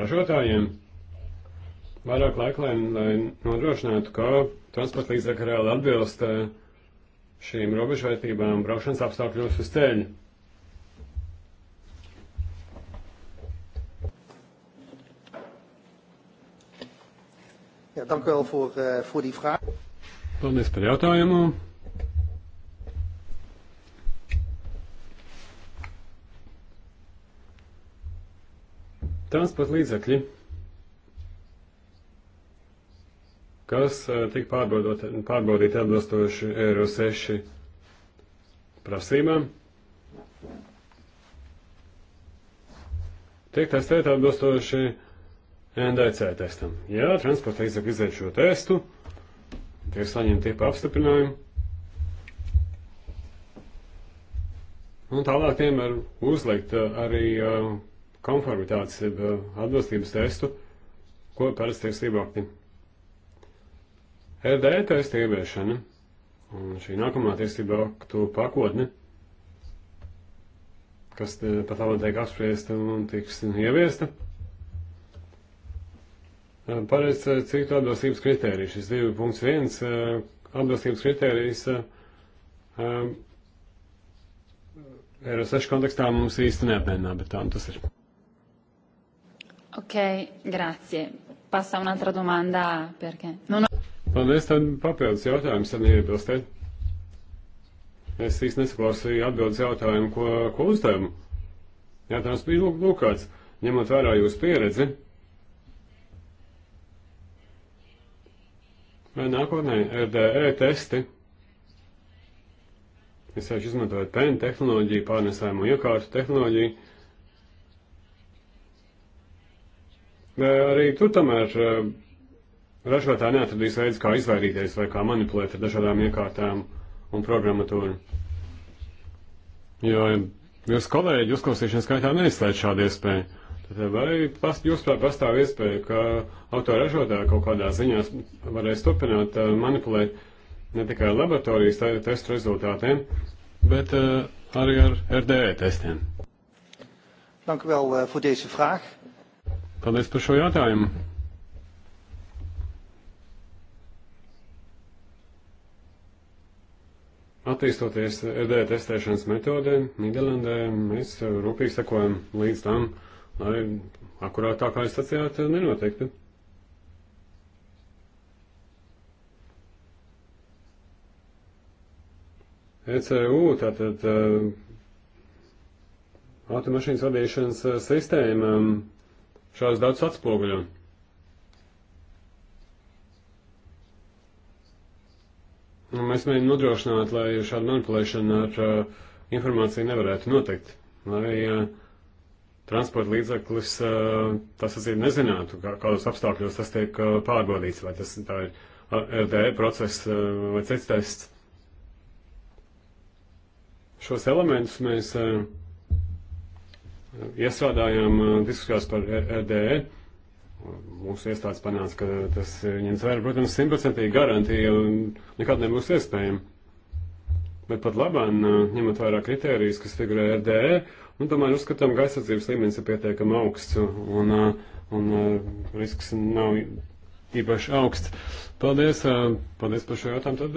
ražotājiem? Vairāk laika, lai, lai nodrošinātu, ka transporta līdzekļi reāli atbilst eh, šīm robežvērtībām braukšanas apstākļos uz ceļu. Ja, dank u wel voor, uh, voor die vraag. Paldies par jautājumu. Transporta līdzekļi, kas eh, tika pārbaudīti atbilstoši Eiro 6 prasībām, tiek testēti atbilstoši NDC testam. Ja transporta līdzekļi iziet šo testu, tiek saņemti tiepa apstiprinājumi. Un tālāk tiem var uzlikt uh, arī uh, konformitātes uh, atbilstības testu, ko parasti tiek slībākti. RD testa ieviešana un šī nākamā tiesība aktu pakotne, kas pat labāk tiek apspriesta un tiks ieviesta paredz eh, citu atbilstības kritēriju. Šis 2.1 eh, atbilstības kritērijs eh, Eiro 6 kontekstā mums īsti neapmienā, bet tā nu tas ir. Ok, grazie. Passa un'altra domanda perché. Non... Paldies, tad papildus jautājums, tad iebilstēt. Es īsti nesaklausīju atbildes jautājumu, ko, ko uzdevu. Jautājums bija lūk, lūk kāds, ņemot vērā jūsu pieredzi. Nākotnē RDE e testi. Es sāku izmantot PEN tehnoloģiju, pārnesājumu iekārtu tehnoloģiju. Arī tur tomēr eh, ražotāji neatradīs veids, kā izvairīties vai kā manipulēt ar dažādām iekārtām un programmatūru. Jo jūs kolēģi uzklausīšanas skaitā neizslēdz šādu iespēju. Vai past, jūs prāt pastāv iespēja, ka autoražotāji kaut kādā ziņā varēs turpināt uh, manipulēt ne tikai laboratorijas testu rezultātiem, bet uh, arī ar RDE testiem? Dank u wel uh, voor deze vraag. Paldies par šo jautājumu. Attīstoties RDE testēšanas metodēm, Nīderlandē mēs rūpīgi sekojam līdz tam, uh, lai akurāt tā, kā jūs sacījāt, nenoteikti. ECU, tātad uh, automašīnas vadīšanas uh, sistēma um, šās datus atspoguļo. Un mēs mēģinām nodrošināt, lai šāda manipulēšana ar uh, informāciju nevarētu notikt, lai uh, transporta līdzeklis, tas es nezinātu, kādos apstākļos tas tiek pārbaudīts, vai tas tā ir RDE process vai cits tests. Šos elementus mēs iestrādājām diskusijās par RDE. Mūsu iestādes panāca, ka tas ņems vērā, protams, simtprocentīgi garantija nekad nebūs iespējama. Bet pat labāk, ņemot vērā kritērijas, kas figurē RDE, Un nu, tomēr uzskatām, ka aizsardzības līmenis ir pietiekami augsts un, uh, un, un uh, risks nav īpaši augsts. Paldies, uh, paldies par šo jautājumu. Tad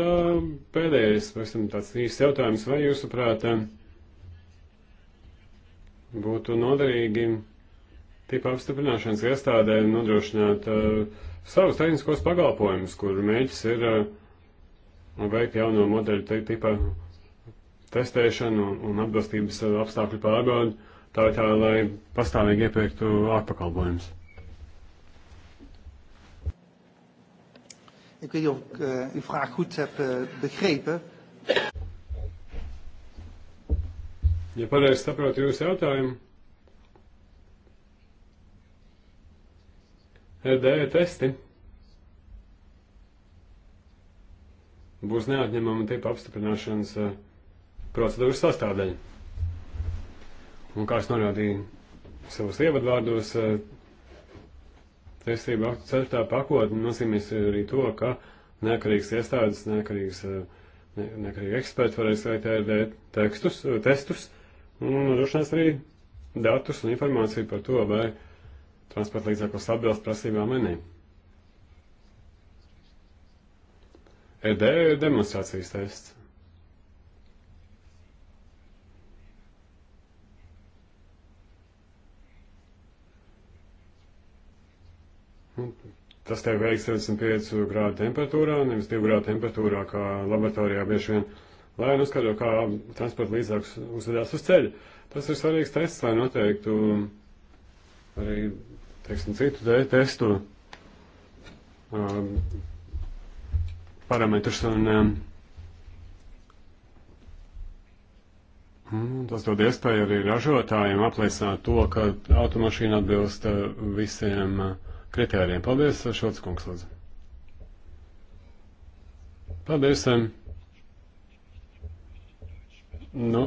pēdējais, esam tāds īsts jautājums, vai jūsuprāt būtu noderīgi tipa apstiprināšanas iestādē nodrošināt uh, savus tehniskos pakalpojumus, kur mēģis ir uh, veikt jauno modeļu tipa testēšanu un, un atbilstības uh, apstākļu pārbaudi, tā ir tā, lai pastāvīgi iepirktu ārpakalpojumus. Ik weet niet of ik uh, uw vraag goed heb uh, begrepen. Ja pareizi saprotu jūsu jautājumu. RDE testi būs neatņemama tipa apstiprināšanas uh, procedūras sastāvdaļa. Un kā es norādīju savus ievadvārdos, eh, tiesību aktu ceturtā pakotne nozīmēs arī to, ka neatkarīgas iestādes, neatkarīgas, eh, ne, neatkarīgi eksperti varēs veikt tekstus, testus un nodrošinās arī datus un informāciju par to, vai transporta līdzeklis atbilst prasībām vai nē. ED ir demonstrācijas tests. Nu, tas tev veiks 75 grādu temperatūrā, nevis 2 grādu temperatūrā, kā laboratorijā bieži vien, lai noskaidro, kā transporta līdzāks uzvedās uz ceļa. Tas ir svarīgs tests, lai noteiktu arī, teiksim, citu dēļ testu um, parametrus un um, mm, Tas dod iespēju arī ražotājiem apliecināt to, ka automašīna atbilst uh, visiem uh, kritērijiem. Paldies, Šots kungs, lūdzu. Paldies. Nu,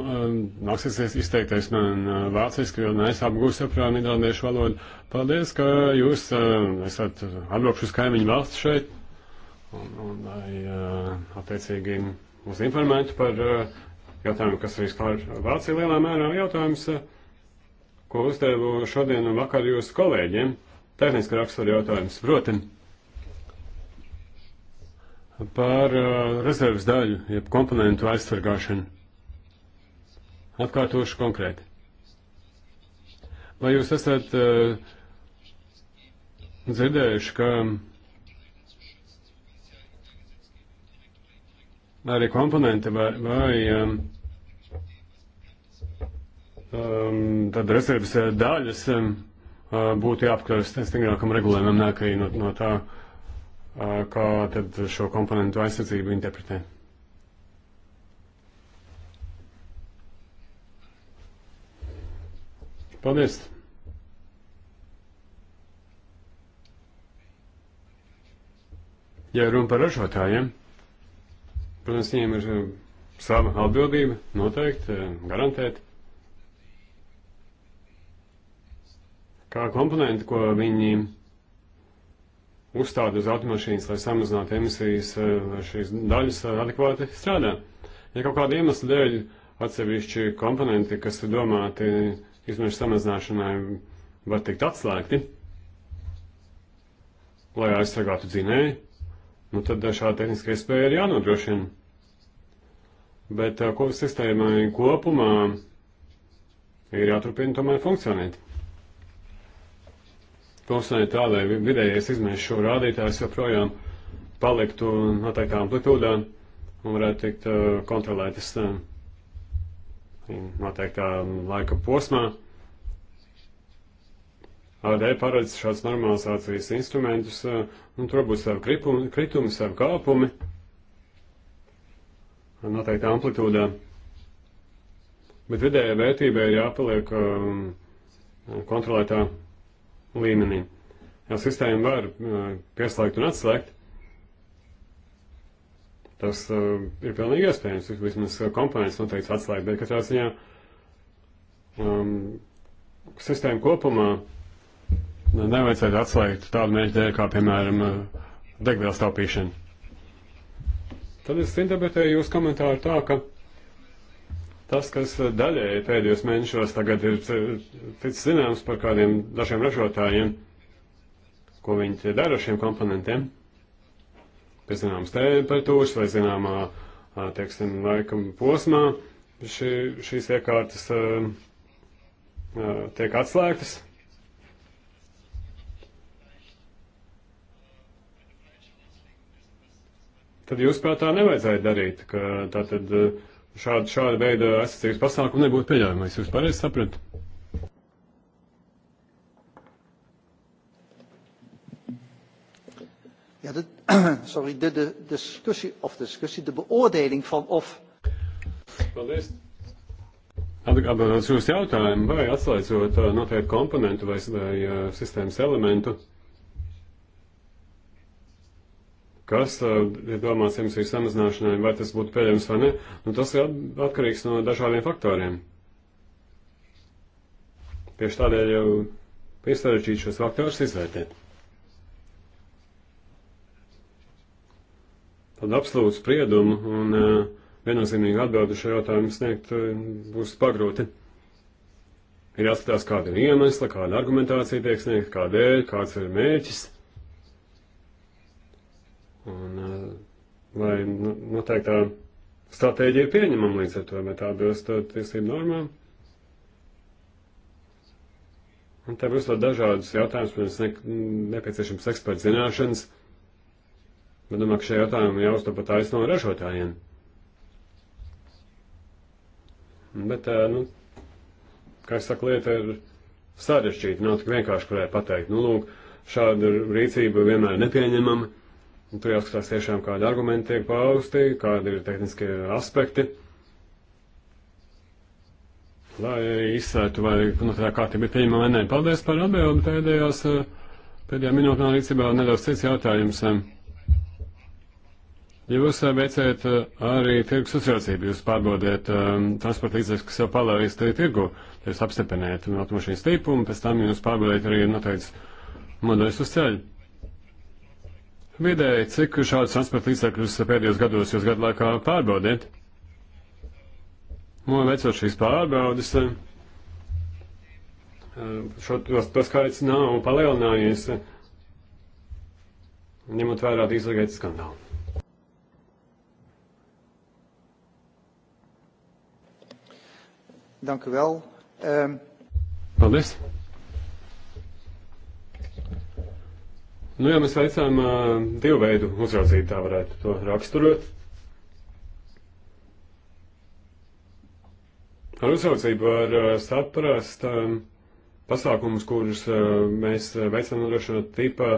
nāksies izteikties man vāciski, jo neesmu apgūst saprāt nīderlandiešu valodu. Paldies, ka jūs esat atbraukšus kaimiņu valsts šeit un, un lai attiecīgi mūs informētu par eh, jautājumu, kas arī skār Vāciju lielā mērā jautājums, eh, ko uzdevu šodien un vakar jūsu kolēģiem tehniska rakstura jautājums. Proti, par uh, rezerves daļu, jeb komponentu aizsargāšanu. Atkārtošu konkrēti. Vai jūs esat uh, dzirdējuši, ka arī komponenti vai, vai um, um, tad rezerves uh, daļas um, būtu jāapkaras stingrākam regulējumam nākai no, no tā, kā tad šo komponentu aizsardzību interpretē. Paldies! Ja runa par ražotājiem, protams, viņiem ir sava atbildība noteikti garantēt kā komponenti, ko viņi uzstāda uz automašīnas, lai samazinātu emisijas, eh, šīs daļas eh, adekvāti strādā. Ja kaut kāda iemesla dēļ atsevišķi komponenti, kas ir domāti izmešu samazināšanai, var tikt atslēgti, lai aizsargātu dzinēju, nu tad eh, šāda tehniska iespēja ir jānodrošina. Bet kopu sistēmai kopumā ir jāturpina tomēr funkcionēt konstatēt tā, lai vidējais izmērs šo rādītājs joprojām paliktu noteiktā amplitūdā un varētu tikt uh, kontrolētas uh, noteiktā laika posmā. AD e paredz šāds normalizācijas instrumentus, uh, un tur būs savi kripumi, kritumi, savi kāpumi noteiktā amplitūdā. Bet vidējā vērtībā ir jāpaliek kontrolētā līmenī. Jā, sistēma var uh, pieslēgt un atslēgt. Tas uh, ir pilnīgi iespējams. Vismaz uh, komponents noteikti atslēgt, bet katrā ziņā um, sistēma kopumā nevajadzētu atslēgt tādu mērķu dēļ, kā, piemēram, uh, degvielas taupīšana. Tad es interpretēju jūsu komentāru tā, ka Tas, kas daļēji pēdējos mēnešos tagad ir ticis zināms par kādiem dažiem ražotājiem, ko viņi dara ar šiem komponentiem, pie zināmas temperatūras vai zināmā, teiksim, laika posmā, šī, šīs iekārtas tiek atslēgtas. Tad jūs prāt tā nevajadzēja darīt, ka tā tad uh, šāda, šāda veida aizsardzības pasākumu nebūtu pieļaujama. Es jūs pareizi sapratu. Ja, de, sorry, de, de discussie, of discussie, de beoordeling van of. Paldies. Atbildot uz jūsu jautājumu, vai atslēdzot uh, noteiktu komponentu vai, vai uh, sistēmas elementu, uh, kas ir domāts emisiju samazināšanai, vai tas būtu pieļams vai ne, nu tas ir atkarīgs no dažādiem faktoriem. Tieši tādēļ jau piesarežģīt šos faktorus izvērtēt. Tad absolūtu spriedumu un uh, viennozīmīgu atbildi šo jautājumu sniegt uh, būs pagrūti. Ir jāskatās, kāda ir iemesla, kāda argumentācija tiek sniegta, kādēļ, kāds ir mērķis. Un, eh, lai nu, noteiktā stratēģija ir pieņemama līdz ar to, vai tā atbilst eh, tiesību normām. Un te būs vēl dažādas jautājumas, protams, ne, nepieciešams eksperts zināšanas. Bet domāju, ka šie jautājumi jāuztapa taisno ražotājiem. Bet, eh, nu, kā es saku, lieta ir sarežģīta. Nav tik vienkārši, kurai pateikt, nu, lūk, šāda rīcība vienmēr nepieņemama. Un tur jāskatās tiešām, kādi argumenti tiek pausti, kādi ir tehniskie aspekti. Lai izsētu, vai nu, tā kārtība ir pieņemama vai nē. Paldies par atbildi pēdējās, pēdējā minūtē rīcībā nedaudz cits jautājums. Ja jūs eh, veicējat eh, arī tirgus uzraucību, jūs pārbaudiet um, eh, transporta līdzekļus, kas jau palaist tirgu, jūs apstiprināt automašīnas tīpumu, pēc tam jūs pārbaudiet arī noteikts modeļus uz ceļu. Vidēji, cik šādu transporta līdzekļus pēdējos gados jūs gadu laikā pārbaudiet? Un nu, veicot šīs pārbaudes, eh, šo, tos, to skaits nav palielinājies, ņemot vērā dīzelgaita skandālu. Dank u wel. Um... Paldies. Nu, jā, mēs veicām uh, divu veidu uzraudzību, tā varētu to raksturot. Ar uzraudzību var uh, saprast um, pasākumus, kurus uh, mēs veicam nodrošinot tipa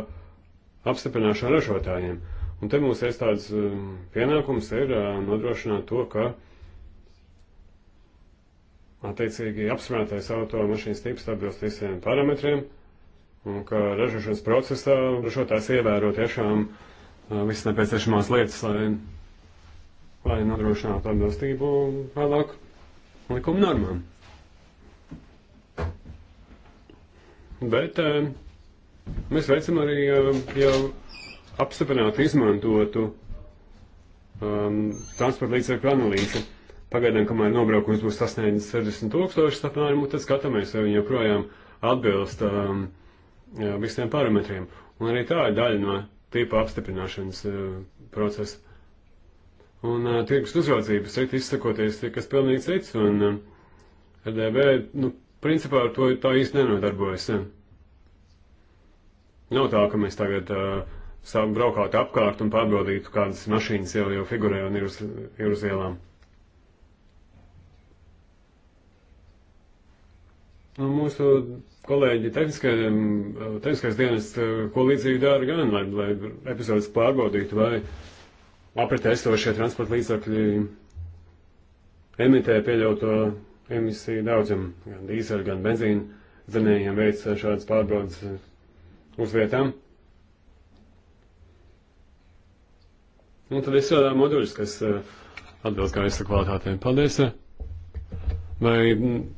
apstiprināšanu ražotājiem. Un te mūsu iestādes uh, pienākums ir uh, nodrošināt to, ka attiecīgi apstiprinātais automašīnas tips atbilst visiem parametriem. Uh, un ka ražošanas procesā ražotājs ievēro tiešām visas nepieciešamās lietas, lai, lai nodrošinātu atbilstību vēlāk likuma normām. Bet mēs veicam arī jau apstiprinātu izmantotu um, transporta līdzekļu analīzi. Pagaidām, kamēr nobraukums būs sasniedzis 60 tūkstošus apmēram, tad skatāmies, vai viņi joprojām atbilst um, visiem parametriem. Un arī tā ir daļa no tīpa apstiprināšanas procesa. Un uh, tirgus uzraudzības šeit izsakoties ir kas pilnīgi cits, un uh, RDB, nu, principā ar to tā īsti nenodarbojas. Nav tā, ka mēs tagad uh, sākam braukāt apkārt un pārbaudītu, kādas mašīnas jau, jau figurē un ir uz, ir uz ielām. Un mūsu kolēģi tehniskā, eh, tehniskais dienas, eh, ko līdzīgi dara gan, lai, lai epizodes pārbaudītu, vai apritē esošie transporta līdzakļi emitē pieļauto emisiju daudzam, gan dīzeļu, gan benzīnu dzinējiem veids eh, šādas pārbaudas uz vietām. Un nu, tad es strādāju moduļus, kas atbilst gaisa kvalitātēm. Paldies! Vai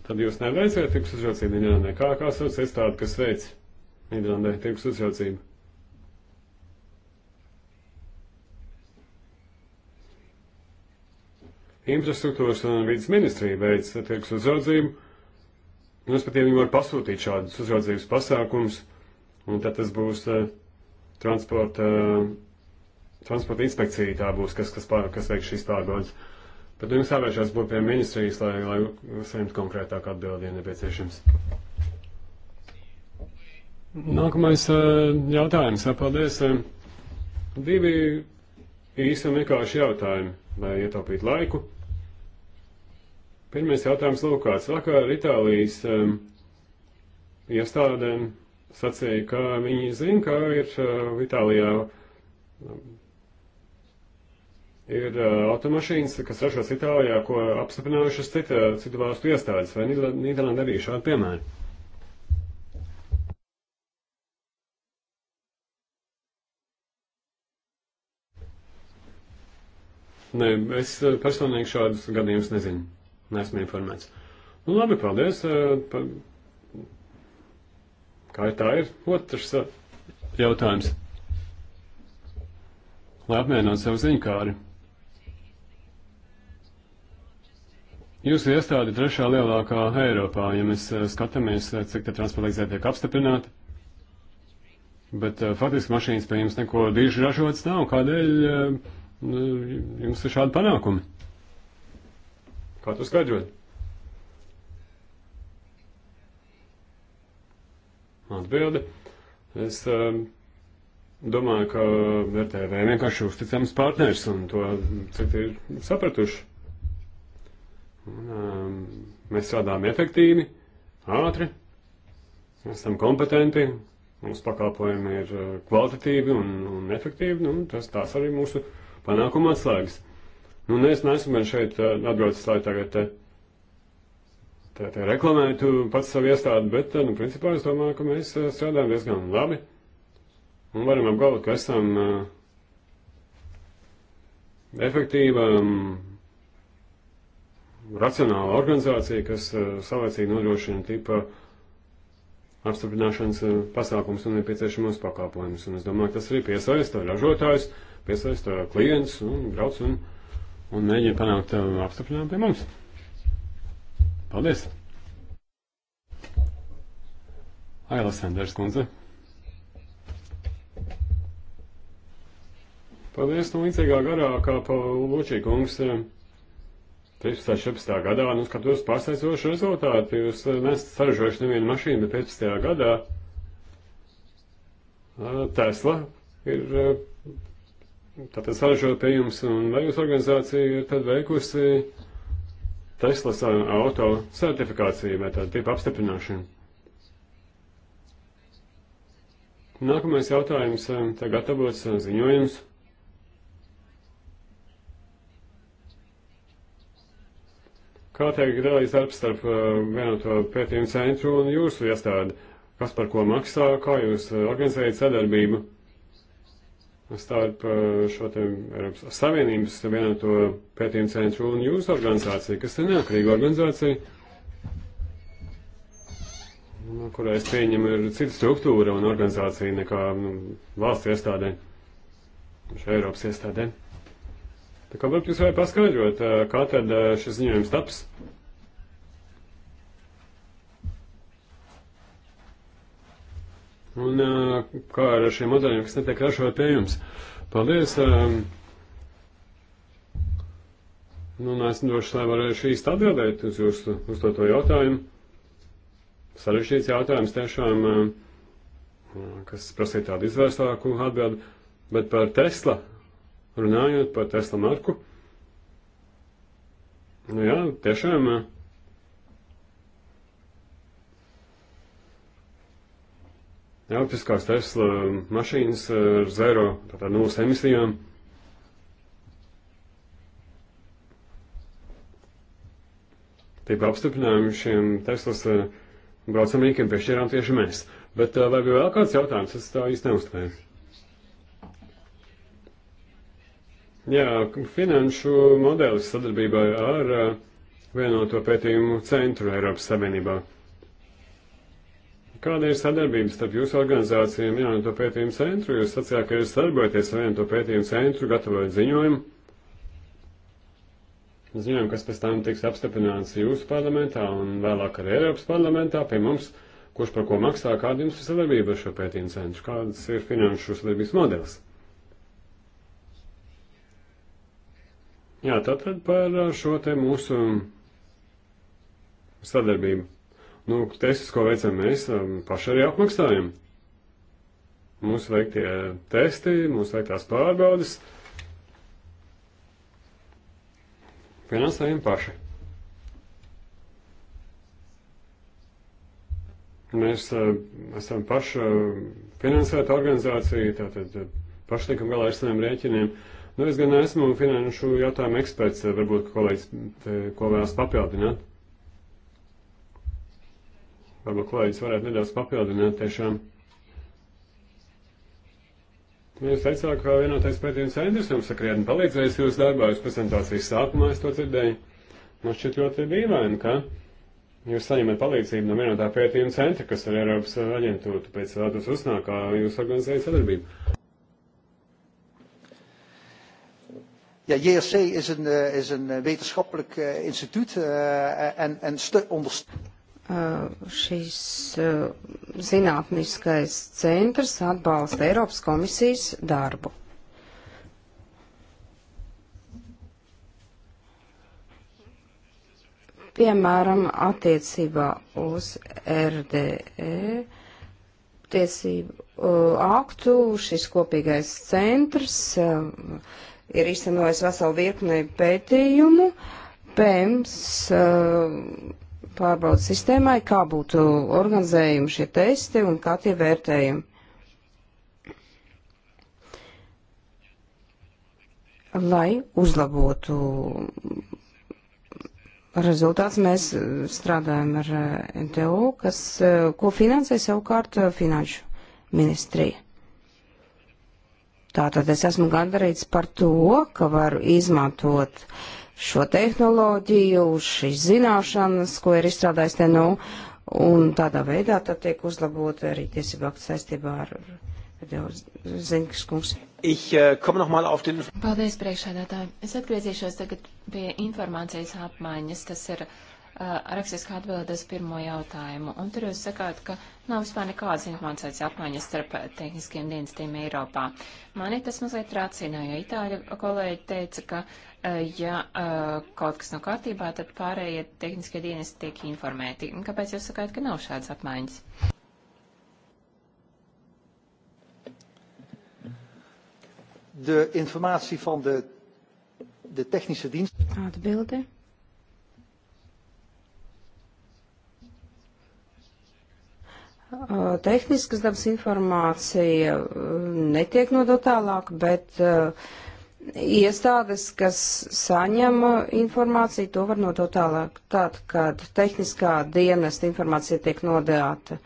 tad jūs neveicējat tirgus uzraudzību Nīderlandē? Kā, kā sauc iestādi, kas veic Nīderlandē tirgus uzraudzību? Infrastruktūras un vidas ministrija veic tirgus uzraudzību. Un nu, es pat viņiem varu pasūtīt šādus uzraudzības pasākumus, un tad tas būs uh, transporta, uh, transporta inspekcija tā būs, kas, kas, pār, kas veiks šīs pārbaudas. Uh, Tad jums nu, jāvēršās būt pie ministrijas, lai, lai saņemtu konkrētāk atbildi, ja nepieciešams. Nākamais eh, jautājums. Paldies. Eh, divi īsi un vienkārši jautājumi, lai ietaupītu laiku. Pirmais jautājums lūkāts. Vakar Itālijas um, iestādēm sacīja, ka viņi zina, ka ir uh, Itālijā um, ir uh, automašīnas, kas ražos Itālijā, ko apstiprinājušas cita, uh, citu valstu iestādes, vai Nīderlanda arī šādi piemēri. Nē, es uh, personīgi šādus gadījumus nezinu. Nesmu informēts. Nu, labi, paldies. Pa... Kā ir tā ir? Otrs jautājums. Lai apmienot savu ziņkāri. Jūsu iestāde trešā lielākā Eiropā, ja mēs eh, skatāmies, eh, cik te transporta līdzekļi tiek apstiprināti, bet uh, faktiski mašīnas pie jums neko diži ražotas nav. Kādēļ uh, jums ir šādi panākumi? Kā tu skaidrot? Atbilde. Es uh, domāju, ka RTV vienkārši uzticams partners un to citi ir sapratuši. Un, um, ehm, mēs strādājam efektīvi, ātri, esam kompetenti, mūsu pakalpojumi ir eh, kvalitatīvi un, un efektīvi, un nu, tas tās arī mūsu panākuma atslēgas. Nu, es neesmu gan šeit eh, atbraucis, lai tagad te, eh, te, te reklamētu pats savu iestādi, bet, nu, principā es domāju, ka mēs strādājam diezgan labi un varam apgalvot, ka esam uh, efektīva, um, racionāla organizācija, kas eh, savlaicīgi nodrošina tipa apstiprināšanas eh, pasākums un nepieciešamos pakalpojumus. Un es domāju, ka tas arī piesaista ražotājus, piesaista klients un brauc un, un mēģina panākt eh, apstiprinājumu pie mums. Paldies! Aila Sanders kundze. Paldies, nu līdzīgā garā kā pa Lučī kungs. Eh, 13. un 14. gadā, nu, skatos pārsteidzošu rezultātu, jūs nesat eh, saražojuši nevienu mašīnu, bet 15. gadā eh, Tesla ir eh, tātad saražot pie jums, un vai jūsu organizācija ir tad veikusi Teslas auto certifikāciju vai tādu tipu apstiprināšanu? Nākamais jautājums, tā gatavots ziņojums. Kā tiek dalīts darbs starp uh, vienoto pētījumu centru un jūsu iestādi? Kas par ko maksā? Kā jūs uh, organizējat sadarbību starp uh, šo te Eiropas Savienības vienoto pētījumu centru un jūsu organizāciju, kas ir neatkarīga organizācija, nu, kurā es pieņemu ir cita struktūra un organizācija nekā nu, valsts iestādē, šai Eiropas iestādē? Tā kā varbūt jūs varētu paskaidrot, kā tad šis ziņojums taps? Un kā ar šiem modeļiem, kas netiek ražot pie jums? Paldies! Nu, un esmu došs, lai varēšu īsti atbildēt uz jūsu uzdoto jautājumu. Sarežģīts jautājums tiešām, kas prasīja tādu izvērstāku atbildi, bet par Tesla runājot par Tesla marku. Nu jā, tiešām. Elektriskās Tesla mašīnas ar zero, tātad nulles emisijām. Tiek apstiprinājumi šiem Teslas braucamniekiem piešķirām tieši mēs. Bet vai bija vēl kāds jautājums? Es tā īsti neuzstājos. Jā, finanšu modelis sadarbībā ar uh, vienoto pētījumu centru Eiropas Savienībā. Kāda ir sadarbība starp jūsu organizācijām vienoto pētījumu centru? Jūs sacījāt, ka jūs sadarbojaties ar vienoto pētījumu centru, gatavojat ziņojumu. Ziņojumu, kas pēc tam tiks apstiprināts jūsu parlamentā un vēlāk arī Eiropas parlamentā pie mums, kurš par ko maksā, kāda jums ir sadarbība ar šo pētījumu centru, kādas ir finanšu sadarbības modelis. Jā, tātad par šo te mūsu sadarbību. Nu, testus, ko veicam mēs, paši arī apmaksājam. Mūsu veiktie testi, mūsu veiktās pārbaudas finansējam paši. Mēs esam paša finansēta organizācija, tātad paši tiekam galā ar saviem rēķiniem. Uh, Nu, es gan esmu finanšu jautājumu eksperts, varbūt kolēģis te, ko vēlas papildināt. Varbūt kolēģis varētu nedaudz papildināt tiešām. Nu, jūs teicāt, ka vienotais pētījums centrs jums sakrietni palīdzējis jūsu darbā, jūs prezentācijas sākumā es to dzirdēju. Man šķiet ļoti dīvaini, ka jūs saņemat palīdzību no vienotā pētījuma centra, kas ir Eiropas aģentūra, tāpēc tas uznāk, kā jūs organizējat sadarbību. Ja, JRC is een, uh, is een eh, wetenschappelijk uh, instituut uh, en, en ondersteunt. Uh, šis uh, zinātniskais centrs atbalsta Eiropas komisijas darbu. Piemēram, attiecībā uz RDE tiesību uh, aktu šis kopīgais centrs uh, ir izcenojis veselu virkni pētījumu PEMS uh, pārbaudas sistēmai, kā būtu organizējumi šie testi un kā tie vērtējumi. Lai uzlabotu rezultāts, mēs strādājam ar MTU, uh, kas, uh, ko finansē savukārt finanšu ministrija. Tātad es esmu gandarīts par to, ka varu izmantot šo tehnoloģiju, šīs zināšanas, ko ir izstrādājis te nu, un tādā veidā tad tiek uzlabota arī tiesība akts saistībā ar Zinkas kungs. Ich, uh, den... Paldies, priekšādātāji. Es atgriezīšos tagad pie informācijas apmaiņas, kas ir. Uh, rakstiskā atbilde uz pirmo jautājumu. Un tur jūs sakāt, ka nav vispār nekādas informācijas apmaiņas starp tehniskiem dienestiem Eiropā. Mani tas mazliet racināja, jo itāļu kolēģi teica, ka, ja kaut kas nav kārtībā, tad pārējie tehniskie dienesti tiek informēti. Kāpēc jūs sakāt, ka nav šādas apmaiņas? De informatie van de, de technische dienst. Atbilde. tehniskas dabas informācija netiek nodot tālāk, bet iestādes, kas saņem informāciju, to var nodot tālāk. Tad, kad tehniskā dienesta informācija tiek nodēta,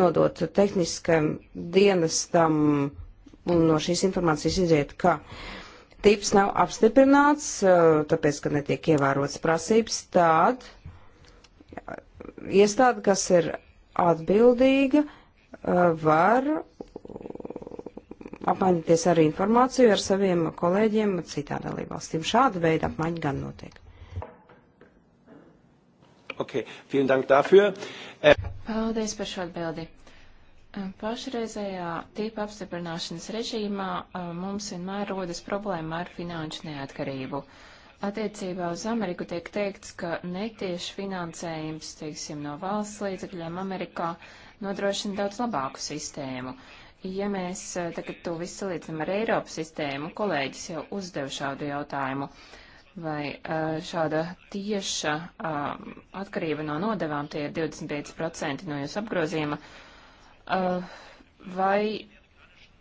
nodot tehniskam dienestam un no šīs informācijas iziet, ka tips nav apstiprināts, tāpēc, ka netiek ievērots prasības, tād iestāde, kas ir atbildīga eh, var apmainīties ar informāciju ar saviem kolēģiem citā dalībvalstīm. Šāda veida apmaiņa gan notiek. Okay, vielen Dank dafür. Äh, Paldies par šo atbildi. Äh, pašreizējā tīpa apstiprināšanas režīmā äh, mums vienmēr rodas problēma ar finanšu neatkarību. Uh, Attiecībā uz Ameriku tiek teikts, ka netieši finansējums, teiksim, no valsts līdzekļiem Amerikā nodrošina daudz labāku sistēmu. Ja mēs eh, tagad to visu salīdzinām ar Eiropas sistēmu, kolēģis jau uzdeva šādu jautājumu, vai eh, šāda tieša eh, atkarība no nodevām, tie ir 25% no jūsu apgrozījuma, vai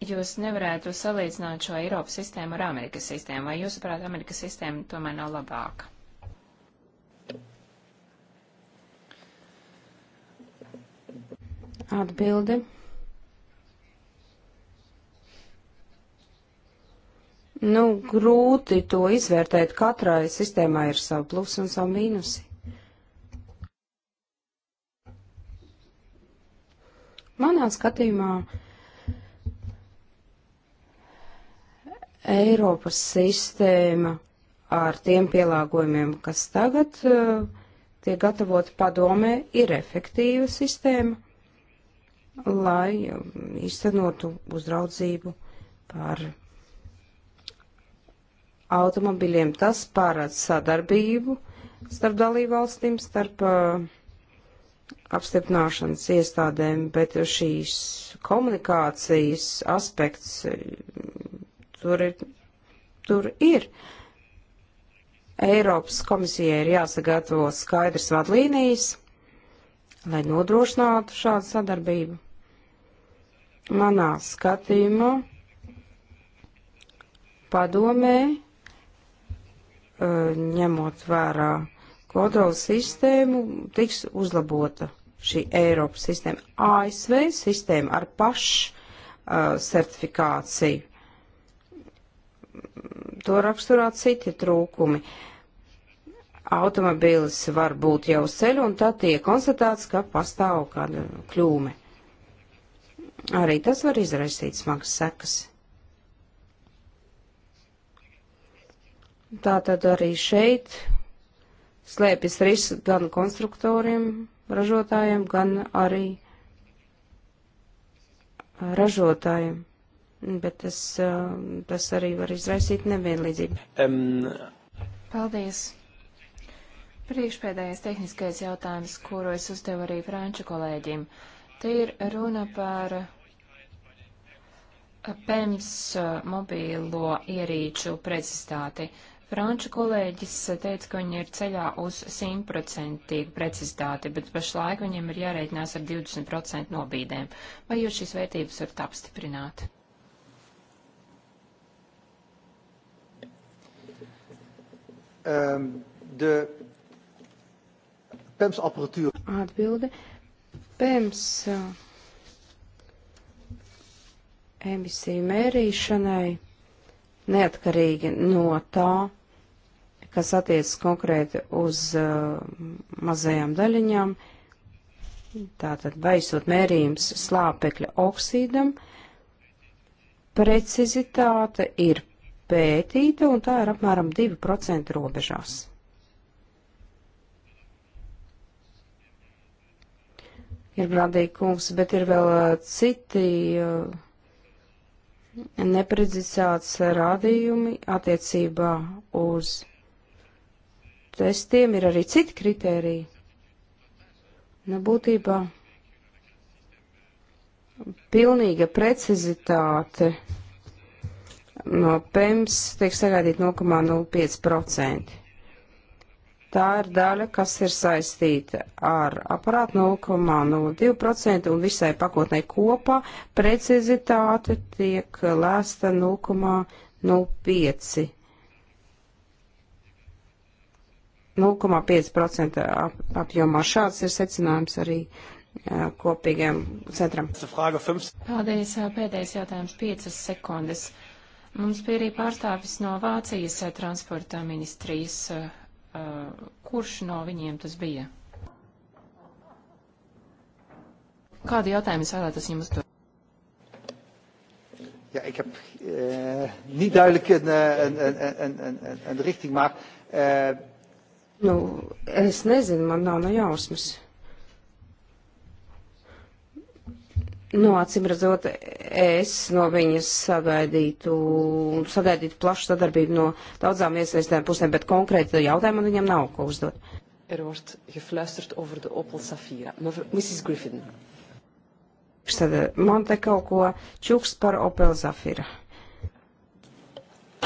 jūs nevarētu salīdzināt šo Eiropas sistēmu ar Amerikas sistēmu, vai jūsuprāt, Amerikas sistēma tomēr nav labāka? Atbildi. Nu, grūti to izvērtēt. Katrai sistēmai ir savu plusu un savu mīnusi. Manā skatījumā Eiropas sistēma ar tiem pielāgojumiem, kas tagad uh, tiek gatavot padomē, ir efektīva sistēma, lai izcenotu eh, uzraudzību par automobiļiem. Tas pārāds sadarbību starp dalībvalstīm, starp uh, apstiprināšanas iestādēm, bet šīs komunikācijas aspekts tur ir. Tur ir. Eiropas komisijai ir jāsagatavo skaidrs vadlīnijas, lai nodrošinātu šādu sadarbību. Manā skatījumā padomē, eh, ņemot vērā kontrolas sistēmu, tiks uzlabota šī Eiropas sistēma. ASV sistēma ar pašu uh, certifikāciju to raksturā citi trūkumi. Automobilis var būt jau ceļu, un tad tiek konstatēts, ka pastāv kāda kļūme. Arī tas var izraisīt smagas sekas. Tātad arī šeit slēpjas risks gan konstruktoriem, ražotājiem, gan arī ražotājiem bet tas, eh, tas arī var izraisīt nevienlīdzību. Um. Paldies! Priekšpēdējais tehniskais jautājums, kuru es uzdevu arī franču kolēģim. Te ir runa par eh, PEMS eh, mobīlo ierīču precizitāti. Franču kolēģis teica, ka viņi ir ceļā uz 100% precizitāti, bet pašlaik viņiem ir jārēķinās ar 20% nobīdēm. Vai jūs šīs vērtības varat apstiprināt? um, de PEMS apparatuur. Atbilde. PEMS eh, emisiju mērīšanai neatkarīgi no tā, kas attiec konkrēti uz uh, mazajām daļiņām, tātad baisot mērījums slāpekļa oksīdam, precizitāte ir pētīta, un tā ir apmēram 2% robežās. Ir brādīgi kungs, bet ir vēl uh, citi uh, neprecizēts rādījumi attiecībā uz testiem, ir arī citi kritēriji. Nu, būtībā pilnīga precizitāte no PEMS tiek sagaidīt 0,05%. Tā ir daļa, kas ir saistīta ar aparātu 0,02% un visai pakotnē kopā precizitāte tiek lēsta 0,05%. 0,5% ap, apjomā. Šāds ir secinājums arī jā, kopīgiem centram. Paldies. Pēdējais jautājums - 5 sekundes. Mums bija arī pārstāvis no Vācijas eh, transporta ministrijas. Eh, eh, kurš no viņiem tas bija? Kādu jautājumu es vēlētos jums uzdot? Ja, ik heb uh, niet duidelijk een, een, een, een, een, een richting, maar. Uh... Nu, es nezinu, man nav no jausmas. Nu, acīm redzot, es no viņas sagaidītu, sagaidītu plašu sadarbību no daudzām iesaistēm pusēm, bet konkrēti jautājumu viņam nav ko uzdot. Er wordt gefluisterd over de Opel Safira. Mrs. Griffin. Tad eh, man te kaut ko čuks par Opel Zafira.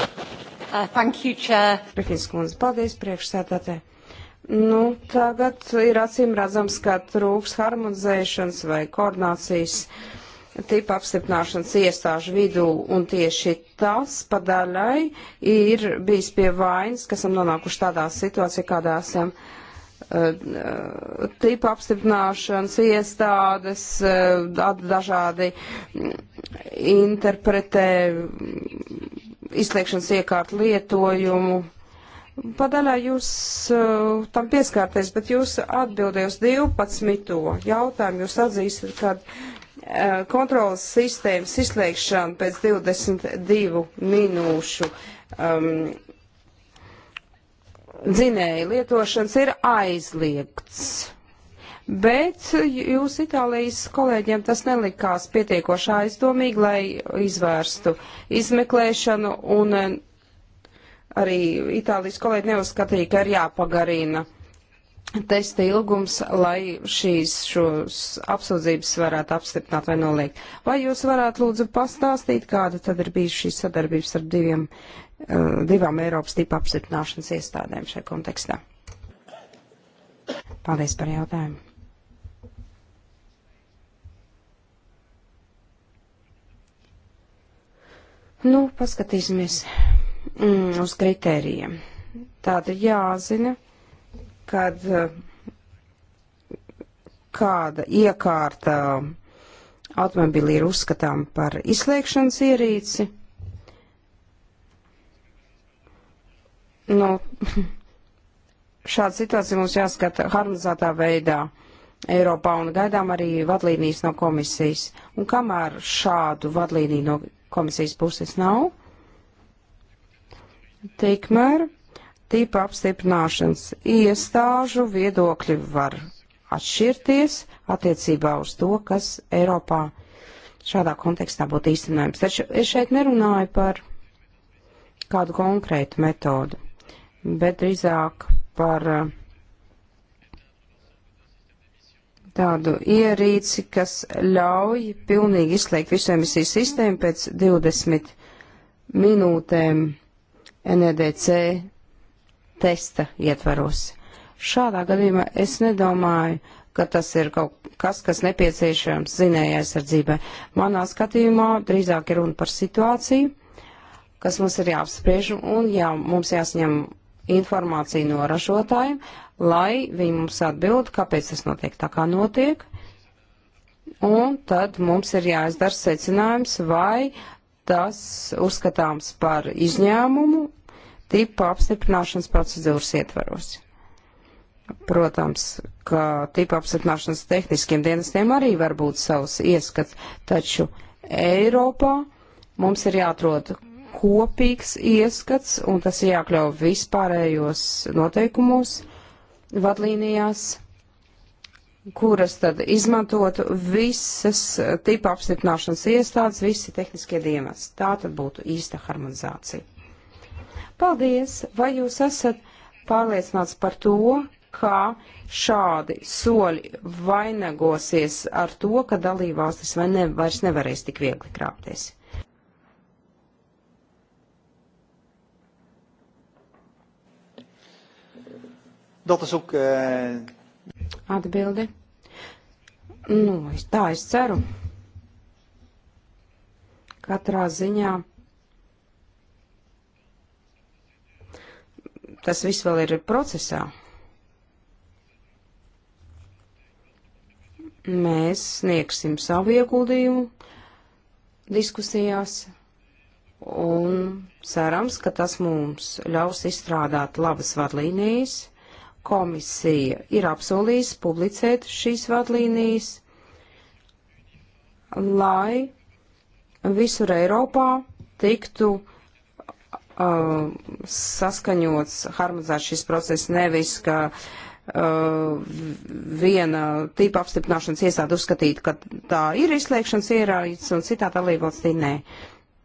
Uh, thank you, Chair. Grifins kundze, paldies priekšsēdētāji. Nu, tagad ir acīm redzams, ka trūks harmonizēšanas vai koordinācijas tipa apstiprināšanas iestāžu vidū, un tieši tas pa daļai ir bijis pie vainas, ka esam nonākuši tādā situācijā, kādā esam eh, tipa apstiprināšanas iestādes, eh, dažādi mm, interpretē mm, izslēgšanas iekārtu lietojumu Padaļā jūs uh, tam pieskārties, bet jūs atbildējat uz 12. jautājumu. Jūs atzīstat, ka uh, kontrolas sistēmas izslēgšana pēc 22 minūšu um, dzinēja lietošanas ir aizliegts. Bet jūs Itālijas kolēģiem tas nelikās pietiekoši aizdomīgi, lai izvērstu izmeklēšanu un arī Itālijas kolēģi neuzskatīja, ka ir jāpagarina testa ilgums, lai šīs šos apsūdzības varētu apstiprināt vai noliegt. Vai jūs varētu lūdzu pastāstīt, kāda tad ir bijusi šī sadarbības ar diviem, uh, divām Eiropas tipa apstiprināšanas iestādēm šajā kontekstā? Paldies par jautājumu. Nu, paskatīsimies mm, uz kritērijiem. Tāda jāzina, kad kāda iekārta automobili ir uzskatām par izslēgšanas ierīci. Nu, šāda situācija mums jāskata harmonizētā veidā Eiropā un gaidām arī vadlīnijas no komisijas. Un kamēr šādu vadlīniju no komisijas puses nav, Tikmēr tipa apstiprināšanas iestāžu viedokļi var atšķirties attiecībā uz to, kas Eiropā šādā kontekstā būtu īstenojams. Taču es šeit nerunāju par kādu konkrētu metodu, bet drīzāk par uh, tādu ierīci, kas ļauj pilnīgi izslēgt visu emisiju sistēmu pēc 20 minūtēm NEDC testa ietvaros. Šādā gadījumā es nedomāju, ka tas ir kaut kas, kas nepieciešams zinēja aizsardzībai. Manā skatījumā drīzāk ir runa par situāciju, kas mums ir jāapspriež un jā, mums jāsņem informācija no ražotājiem, lai viņi mums atbild, kāpēc tas notiek tā, kā notiek. Un tad mums ir jāizdara secinājums, vai tas uzskatāms par izņēmumu tipa apstiprināšanas procedūras ietvaros. Protams, ka tipa apstiprināšanas tehniskiem dienestiem arī var būt savs ieskats, taču Eiropā mums ir jāatrod kopīgs ieskats, un tas ir jākļauj vispārējos noteikumos, vadlīnijās kuras tad izmantotu visas tipa apstiprināšanas iestādes, visi tehniskie dienas. Tā tad būtu īsta harmonizācija. Paldies! Vai jūs esat pārliecināts par to, kā šādi soļi vainagosies ar to, ka dalībvalstis vai ne, vairs nevarēs tik viegli krāpties? Dat is ook uh, Atbildi. Nu, tā es ceru. Katrā ziņā tas viss vēl ir procesā. Mēs sniegsim savu ieguldījumu diskusijās un cerams, ka tas mums ļaus izstrādāt labas vadlīnijas komisija ir apsolījusi publicēt šīs vadlīnijas, lai visur Eiropā tiktu uh, saskaņots, harmonizēts šis process nevis, ka uh, viena tipa apstiprināšanas iestāde uzskatītu, ka tā ir izslēgšanas ierādes un citā dalībvalstī nē.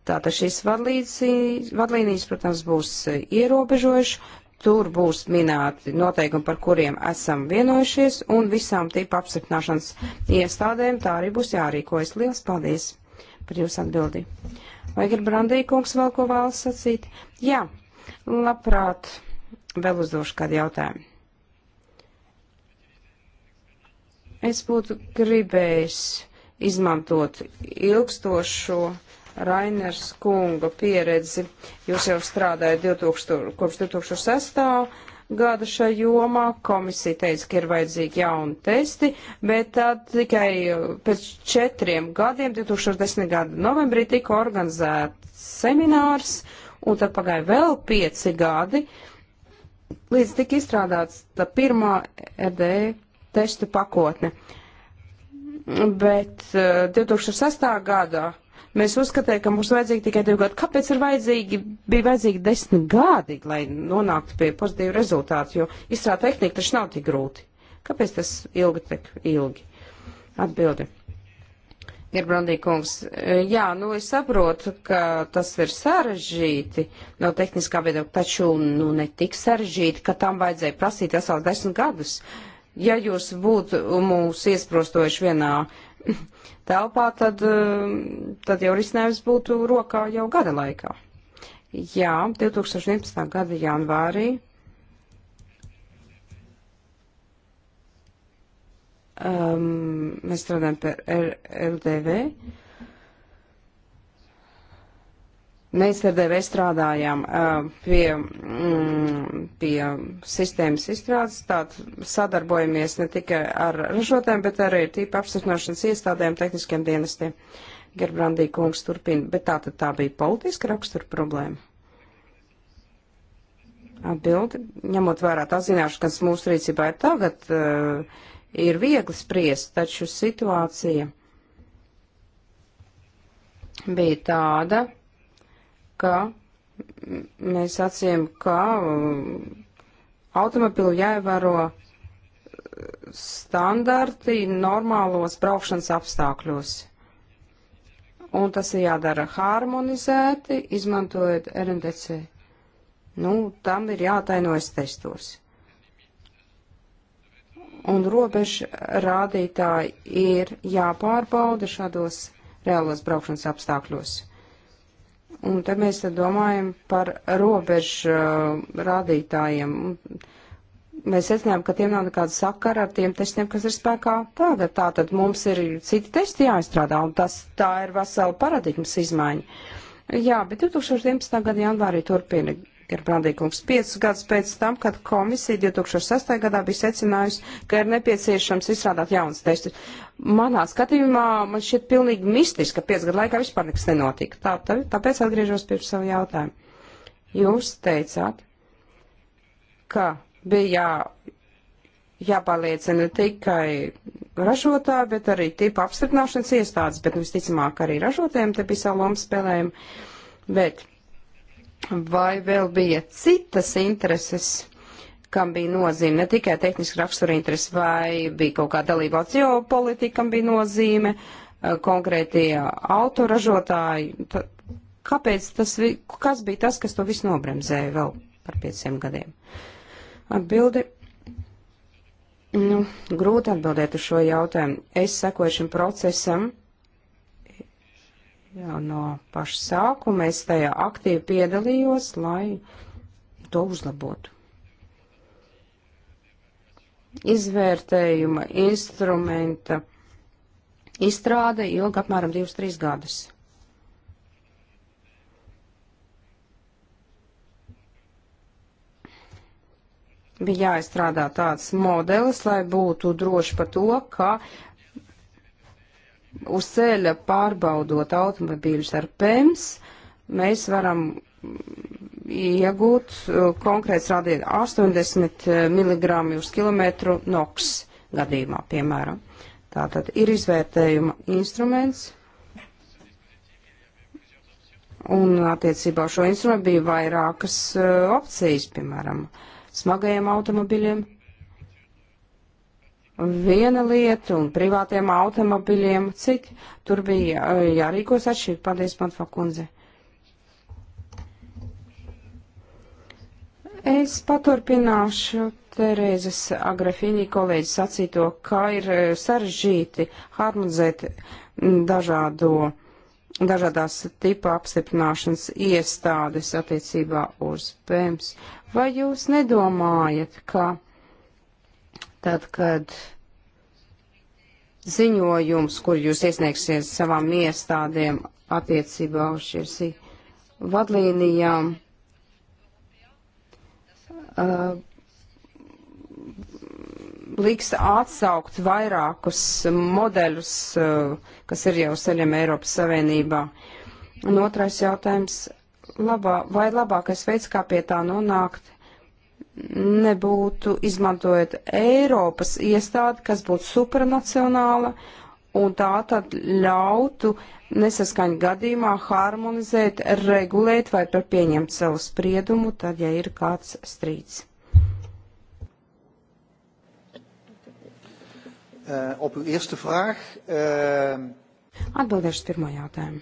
Tātad šīs vadlīnijas, protams, būs ierobežojuši, Tur būs minēti noteikumi, par kuriem esam vienojušies, un visām tipu apstiprināšanas iestādēm tā arī būs jārīkojas. Lielas paldies par jūsu atbildi. Vai ir Brandīkungs vēl ko vēlas sacīt? Jā, labprāt, vēl uzdošu kādu jautājumu. Es būtu gribējis izmantot ilgstošo Rainers kunga pieredzi. Jūs jau strādājat 2000, kopš 2006. gada šajā jomā. Komisija teica, ka ir vajadzīgi jauni testi, bet tad tikai pēc četriem gadiem, 2010. gada novembrī, tika organizēts seminārs, un tad pagāja vēl pieci gadi, līdz tika izstrādāts tā pirmā RD testu pakotne. Bet 2006. Eh, gadā Mēs uzskatījām, ka mums vajadzīgi tikai divi gadi. Kāpēc ir vajadzīgi, bija vajadzīgi desmit gadi, lai nonāktu pie pozitīvu rezultātu, jo izstrā tehnika taču nav tik grūti. Kāpēc tas ilgi tik ilgi? Atbildi. Gerbrandī kungs, jā, nu es saprotu, ka tas ir sarežģīti no tehniskā viedokļa, taču nu ne tik sarežģīti, ka tam vajadzēja prasīt veselu desmit gadus. Ja jūs būtu mūs iesprostojuši vienā telpā, tad, um, tad jau risinājums būtu rokā jau gada laikā. Jā, 2011. gada janvārī um, mēs strādājam par LDV. Mm. Mēs tādēļ strādājām pie, mm, pie sistēmas izstrādes, tātad sadarbojamies ne tikai ar ražotājiem, bet arī ar tīpa apstiprināšanas iestādēm, tehniskiem dienestiem. Gerbrandī kungs turpina, bet tātad tā bija politiska rakstura problēma. Atbildi, ņemot vērā tā zināšana, kas mūsu rīcībā ir tagad, ir viegli spriest, taču situācija bija tāda ka mēs atsiem, ka uh, automobilu jāievēro standarti normālos braukšanas apstākļos. Un tas ir jādara harmonizēti, izmantojot RNDC. Nu, tam ir jātainojas testos. Un robežu rādītāji ir jāpārbauda šādos reālos braukšanas apstākļos. Un te mēs tad domājam par robežu uh, rādītājiem. Mēs secinājām, ka tiem nav nekāda sakara ar tiem testiem, kas ir spēkā tagad. Tātad mums ir citi testi jāizstrādā, un tas tā ir vesela paradigmas izmaiņa. Jā, bet 2011. gada janvārī turpina Gerbrandīkungs, piecus gadus pēc tam, kad komisija 2006. gadā bija secinājusi, ka ir nepieciešams izstrādāt jaunas testus. Manā skatījumā man šķiet pilnīgi mistiski, ka piec gadu laikā vispār nekas nenotika. Tā, tā, tāpēc atgriežos pie savu jautājumu. Jūs teicāt, ka bija jā, jāpaliecina tikai ražotāji, bet arī tipa apstiprināšanas iestādes, bet nu, visticamāk arī ražotājiem te bija savu lomu spēlējumu. Bet vai vēl bija citas intereses, kam bija nozīme, ne tikai tehniski rakstura intereses, vai bija kaut kā dalībvalsts ģeopolitika, kam bija nozīme, eh, konkrētie autoražotāji. Kāpēc tas, kas bija tas, kas to visu nobremzēja vēl par pieciem gadiem? Atbildi. Nu, grūti atbildēt uz šo jautājumu. Es sekoju šim procesam jau no paša sākuma es tajā aktīvi piedalījos, lai to uzlabotu. Izvērtējuma instrumenta izstrāde ilga apmēram 2-3 gadus. bija jāizstrādā tāds modelis, lai būtu droši par to, ka uz ceļa pārbaudot automobīļus ar PEMS, mēs varam iegūt uh, konkrēts rādīt 80 uh, mg uz kilometru NOX gadījumā, piemēram. Tātad ir izvērtējuma instruments, un attiecībā šo instrumentu bija vairākas uh, opcijas, piemēram, smagajiem automobiļiem, viena lieta un privātiem automobiļiem cita. Tur bija eh, jārīkos atšķirīgi. Paldies, Matfa kundze. Es paturpināšu Terēzes Agrafīnī kolēģi sacīto, kā ir eh, sarežģīti harmonizēt mm, dažādo, dažādās tipa apstiprināšanas iestādes attiecībā uz PEMS. Vai jūs nedomājat, ka Tad, kad ziņojums, kur jūs iesniegsiet savām iestādēm attiecībā uz šīs vadlīnijām, uh, liks atsaukt vairākus modeļus, uh, kas ir jau ceļam Eiropas Savienībā. Un otrais jautājums, labā, vai labākais veids, kā pie tā nonākt, nebūtu izmantojot Eiropas iestādi, kas būtu supranacionāla, un tā tad ļautu nesaskaņu gadījumā harmonizēt, regulēt vai pat pieņemt savu spriedumu, tad, ja ir kāds strīds. Uh, op uw eerste vraag. Uh... Atbildēšu pirmo jautājumu.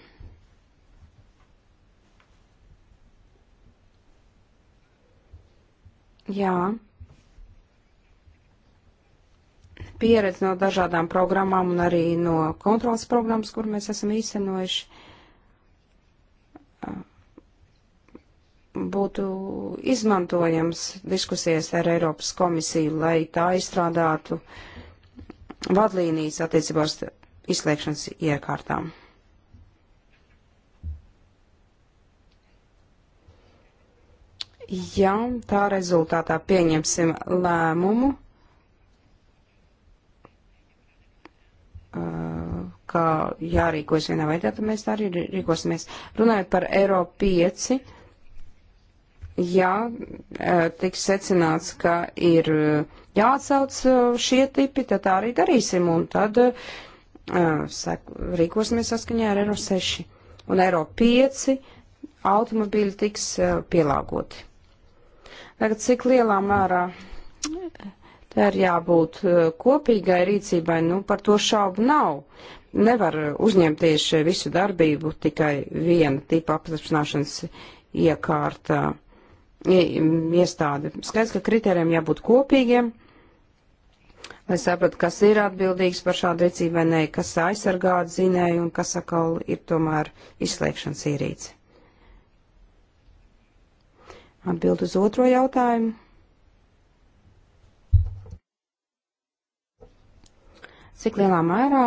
Jā. Pieredze no dažādām programmām un arī no kontrolas programmas, kur mēs esam īstenojuši, būtu izmantojams diskusijas ar Eiropas komisiju, lai tā izstrādātu vadlīnijas attiecībā uz izslēgšanas iekārtām. ja tā rezultātā pieņemsim lēmumu, ka jārīkojas vienā veidā, tad mēs tā arī rīkosimies. Runājot par Eiro 5, ja tiks secināts, ka ir jāatsauc šie tipi, tad tā arī darīsim, un tad rīkosimies saskaņā ar Eiro 6. Un Eiro 5 automobīļi tiks pielāgoti. Tagad cik lielā mērā tā ir jābūt eh, kopīgai rīcībai, nu par to šaubu nav. Nevar uzņemties visu darbību tikai viena tipa apstiprināšanas iekārta iestāde. Skaidrs, ka kritērijiem jābūt kopīgiem, lai saprastu, kas ir atbildīgs par šādu rīcību vai nē, kas aizsargā dzinēju un kas atkal ir tomēr izslēgšanas ierīce. Atbild uz otro jautājumu. Cik lielā mērā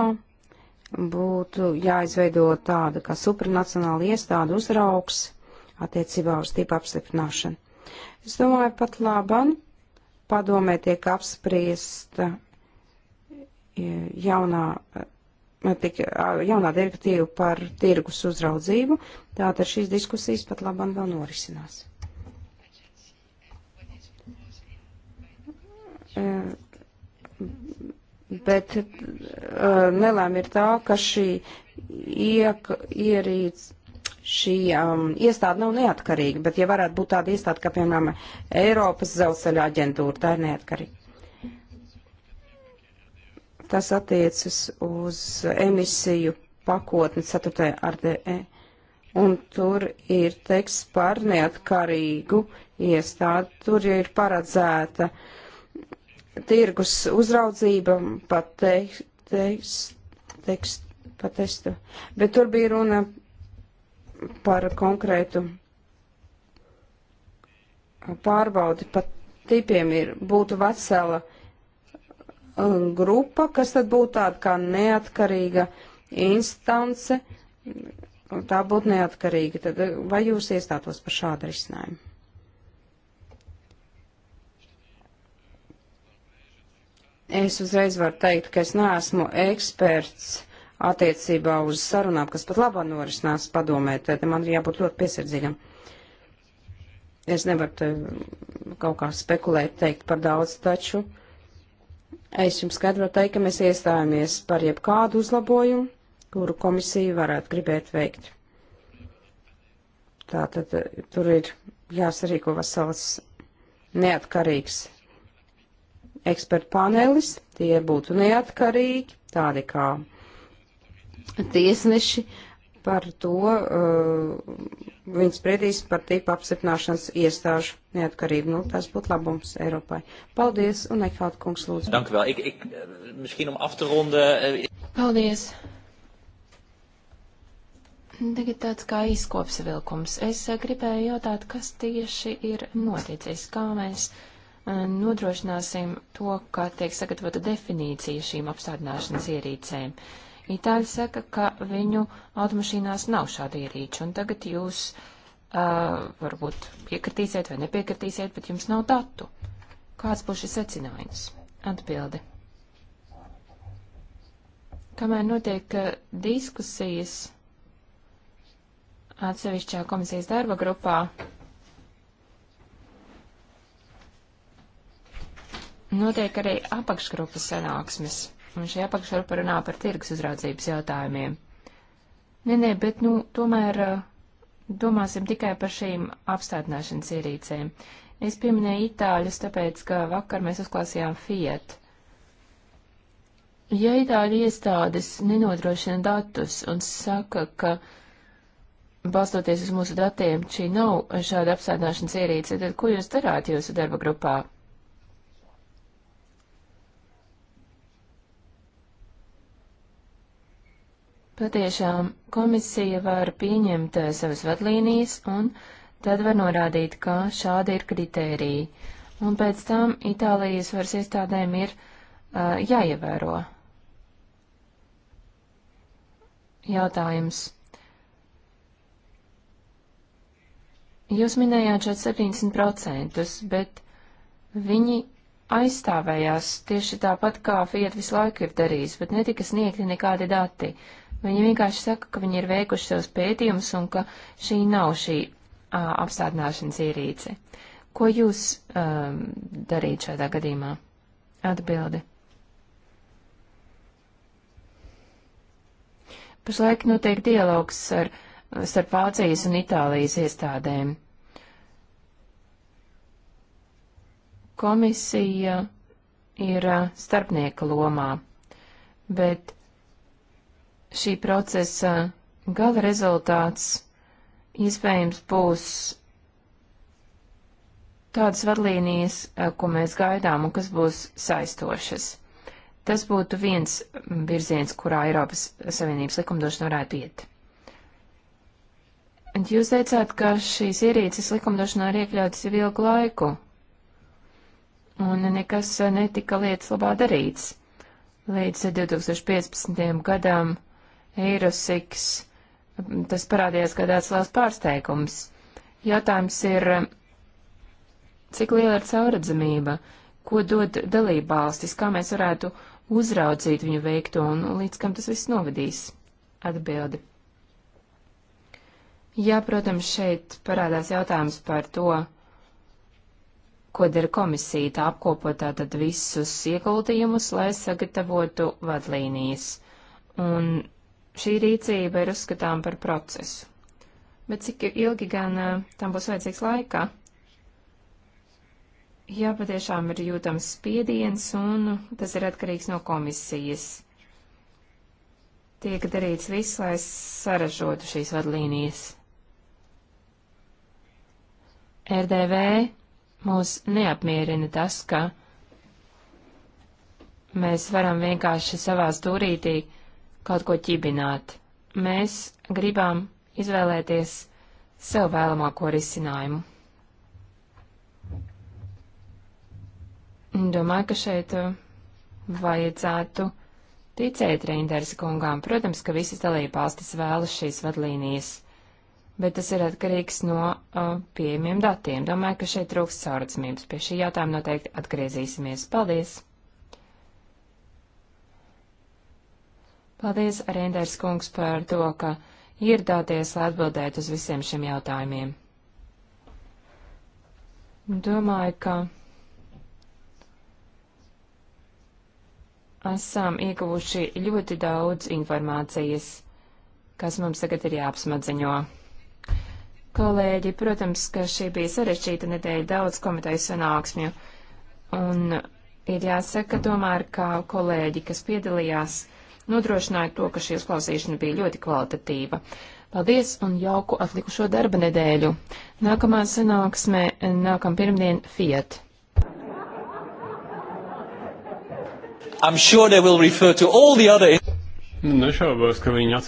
būtu jāizveido tāda kā supranacionāla iestāde uzraugs attiecībā uz tipu apstiprināšanu? Es domāju, pat labam padomē tiek apspriesta e, jaunā, e, tik, jaunā direktīva par tirgus uzraudzību, tātad šīs diskusijas pat labam vēl norisinās. Bet uh, nelēma ir tā, ka šī iek, ierīce šī um, iestāde nav neatkarīga, bet ja varētu būt tāda iestāde, kā piemēram Eiropas dzelzceļa aģentūra, tā ir neatkarīga. Tas attiecas uz emisiju pakotni 4. RDE. Un tur ir teksts par neatkarīgu iestādi. Tur ir paredzēta uh, tirgus uzraudzība pa, teiks, teiks, teiks, pa testu. Bet tur bija runa par konkrētu pārbaudi. Pa tipiem ir, būtu vesela uh, grupa, kas tad būtu tāda kā neatkarīga instance. Tā būtu neatkarīga. Tad uh, vai jūs iestātos par šādu risinājumu? Es uzreiz varu teikt, ka es neesmu eksperts attiecībā uz sarunām, kas pat labā norisinās padomē, tad man ir jābūt ļoti piesardzīgam. Es nevaru te kaut kā spekulēt, teikt par daudz, taču es jums skaidru varu teikt, ka mēs iestājāmies par jebkādu uzlabojumu, kuru komisija varētu gribēt veikt. Tātad eh, tur ir jāsarīko vesels neatkarīgs ekspertu panelis, tie būtu neatkarīgi, tādi kā tiesneši par to, uh, viņi spriedīs par tipu apstiprināšanas iestāžu neatkarību. Nu, tas būtu labums Eiropai. Paldies, un Ekhaut kungs lūdzu. Dank vēl. Ik, ik, eh, misschien om af te ronden. Eh, Paldies. Tagad tāds kā īskops vilkums. Es eh, gribēju jautāt, kas tieši ir noticis, kā mēs. Uh, nodrošināsim to, ka tiek sagatavota definīcija šīm apstādināšanas ierīcēm. Itāļi saka, ka viņu automašīnās nav šādu ierīču, un tagad jūs uh, varbūt piekritīsiet vai nepiekritīsiet, bet jums nav datu. Kāds būs šis secinājums? Atbildi. Kamēr notiek diskusijas atsevišķā komisijas darba grupā, notiek arī apakšgrupas sanāksmes, un šī apakšgrupa runā par tirgus uzraudzības jautājumiem. Nē, nē, bet, nu, tomēr eh, domāsim tikai par šīm apstādināšanas ierīcēm. Es pieminēju itāļus, tāpēc, ka vakar mēs uzklāsījām Fiat. Ja itāļu iestādes nenodrošina datus un saka, ka balstoties uz mūsu datiem šī nav šāda apsēdināšanas ierīce, tad ko jūs darāt jūsu darba grupā? Patiešām komisija var pieņemt eh, savas vadlīnijas un tad var norādīt, ka šādi ir kritēriji. Un pēc tam Itālijas varas iestādēm ir uh, jāievēro. Jautājums. Jūs minējāt šeit 70%, bet viņi aizstāvējās tieši tāpat, kā Fiat visu laiku ir darījis, bet netika sniegti nekādi dati. Uh, Viņi vienkārši saka, ka viņi ir veikuši savus pētījumus un ka šī nav šī a, apstādināšanas ierīce. Ko jūs a, darīt šādā gadījumā? Atbildi. Pašlaik notiek dialogs ar, starp Vācijas un Itālijas iestādēm. Komisija ir starpnieka lomā, bet šī procesa gala rezultāts iespējams būs tādas vadlīnijas, eh, ko mēs gaidām un kas būs saistošas. Tas būtu viens virziens, kurā Eiropas Savienības likumdošana varētu iet. Jūs teicāt, ka šīs ierīces likumdošanā ir iekļautas jau ilgu laiku, un nekas netika lietas labā darīts. Līdz 2015. Eh, gadam Eirosiks. Tas parādījās kā tāds liels pārsteigums. Jautājums ir, cik liela ir cauradzamība, ko dod dalībvalstis, kā mēs varētu uzraudzīt viņu veikto un līdz kam tas viss novedīs? Atbildi. Jā, protams, šeit parādās jautājums par to, ko dara komisija, tā apkopot tātad visus ieguldījumus, lai sagatavotu vadlīnijas. Un šī rīcība ir uzskatām par procesu. Bet cik ilgi gan tam būs vajadzīgs laikā? Jā, patiešām ir jūtams spiediens, un tas ir atkarīgs no komisijas. Tiek darīts viss, lai saražotu šīs vadlīnijas. RDV mūs neapmierina tas, ka mēs varam vienkārši savā stūrītī kaut ko ķibināt. Mēs gribam izvēlēties sev vēlamāko risinājumu. Domāju, ka šeit uh, vajadzētu ticēt Reinders kungām. Protams, ka visas dalībvalstis vēlas šīs vadlīnijas, bet tas ir atkarīgs no uh, pieejamiem datiem. Domāju, ka šeit trūks caurdzamības. Pie šī jautājuma noteikti atgriezīsimies. Paldies! Paldies, Rinders kungs, par to, ka ieradāties, lai atbildētu uz visiem šiem jautājumiem. Domāju, ka esam ieguvuši ļoti daudz informācijas, kas mums tagad ir jāapsmadziņo. Kolēģi, protams, ka šī bija sarežģīta nedēļa daudz komiteju sanāksmju, un ir jāsaka tomēr, ka kolēģi, kas piedalījās, nodrošināja to, ka šī uzklausīšana bija ļoti kvalitatīva. Paldies un jauku atlikušo darba nedēļu. Nākamā sanāksme nākam pirmdien Fiat. I'm sure they will refer to all the other... Nu, nešaubos, ka viņi atsauc.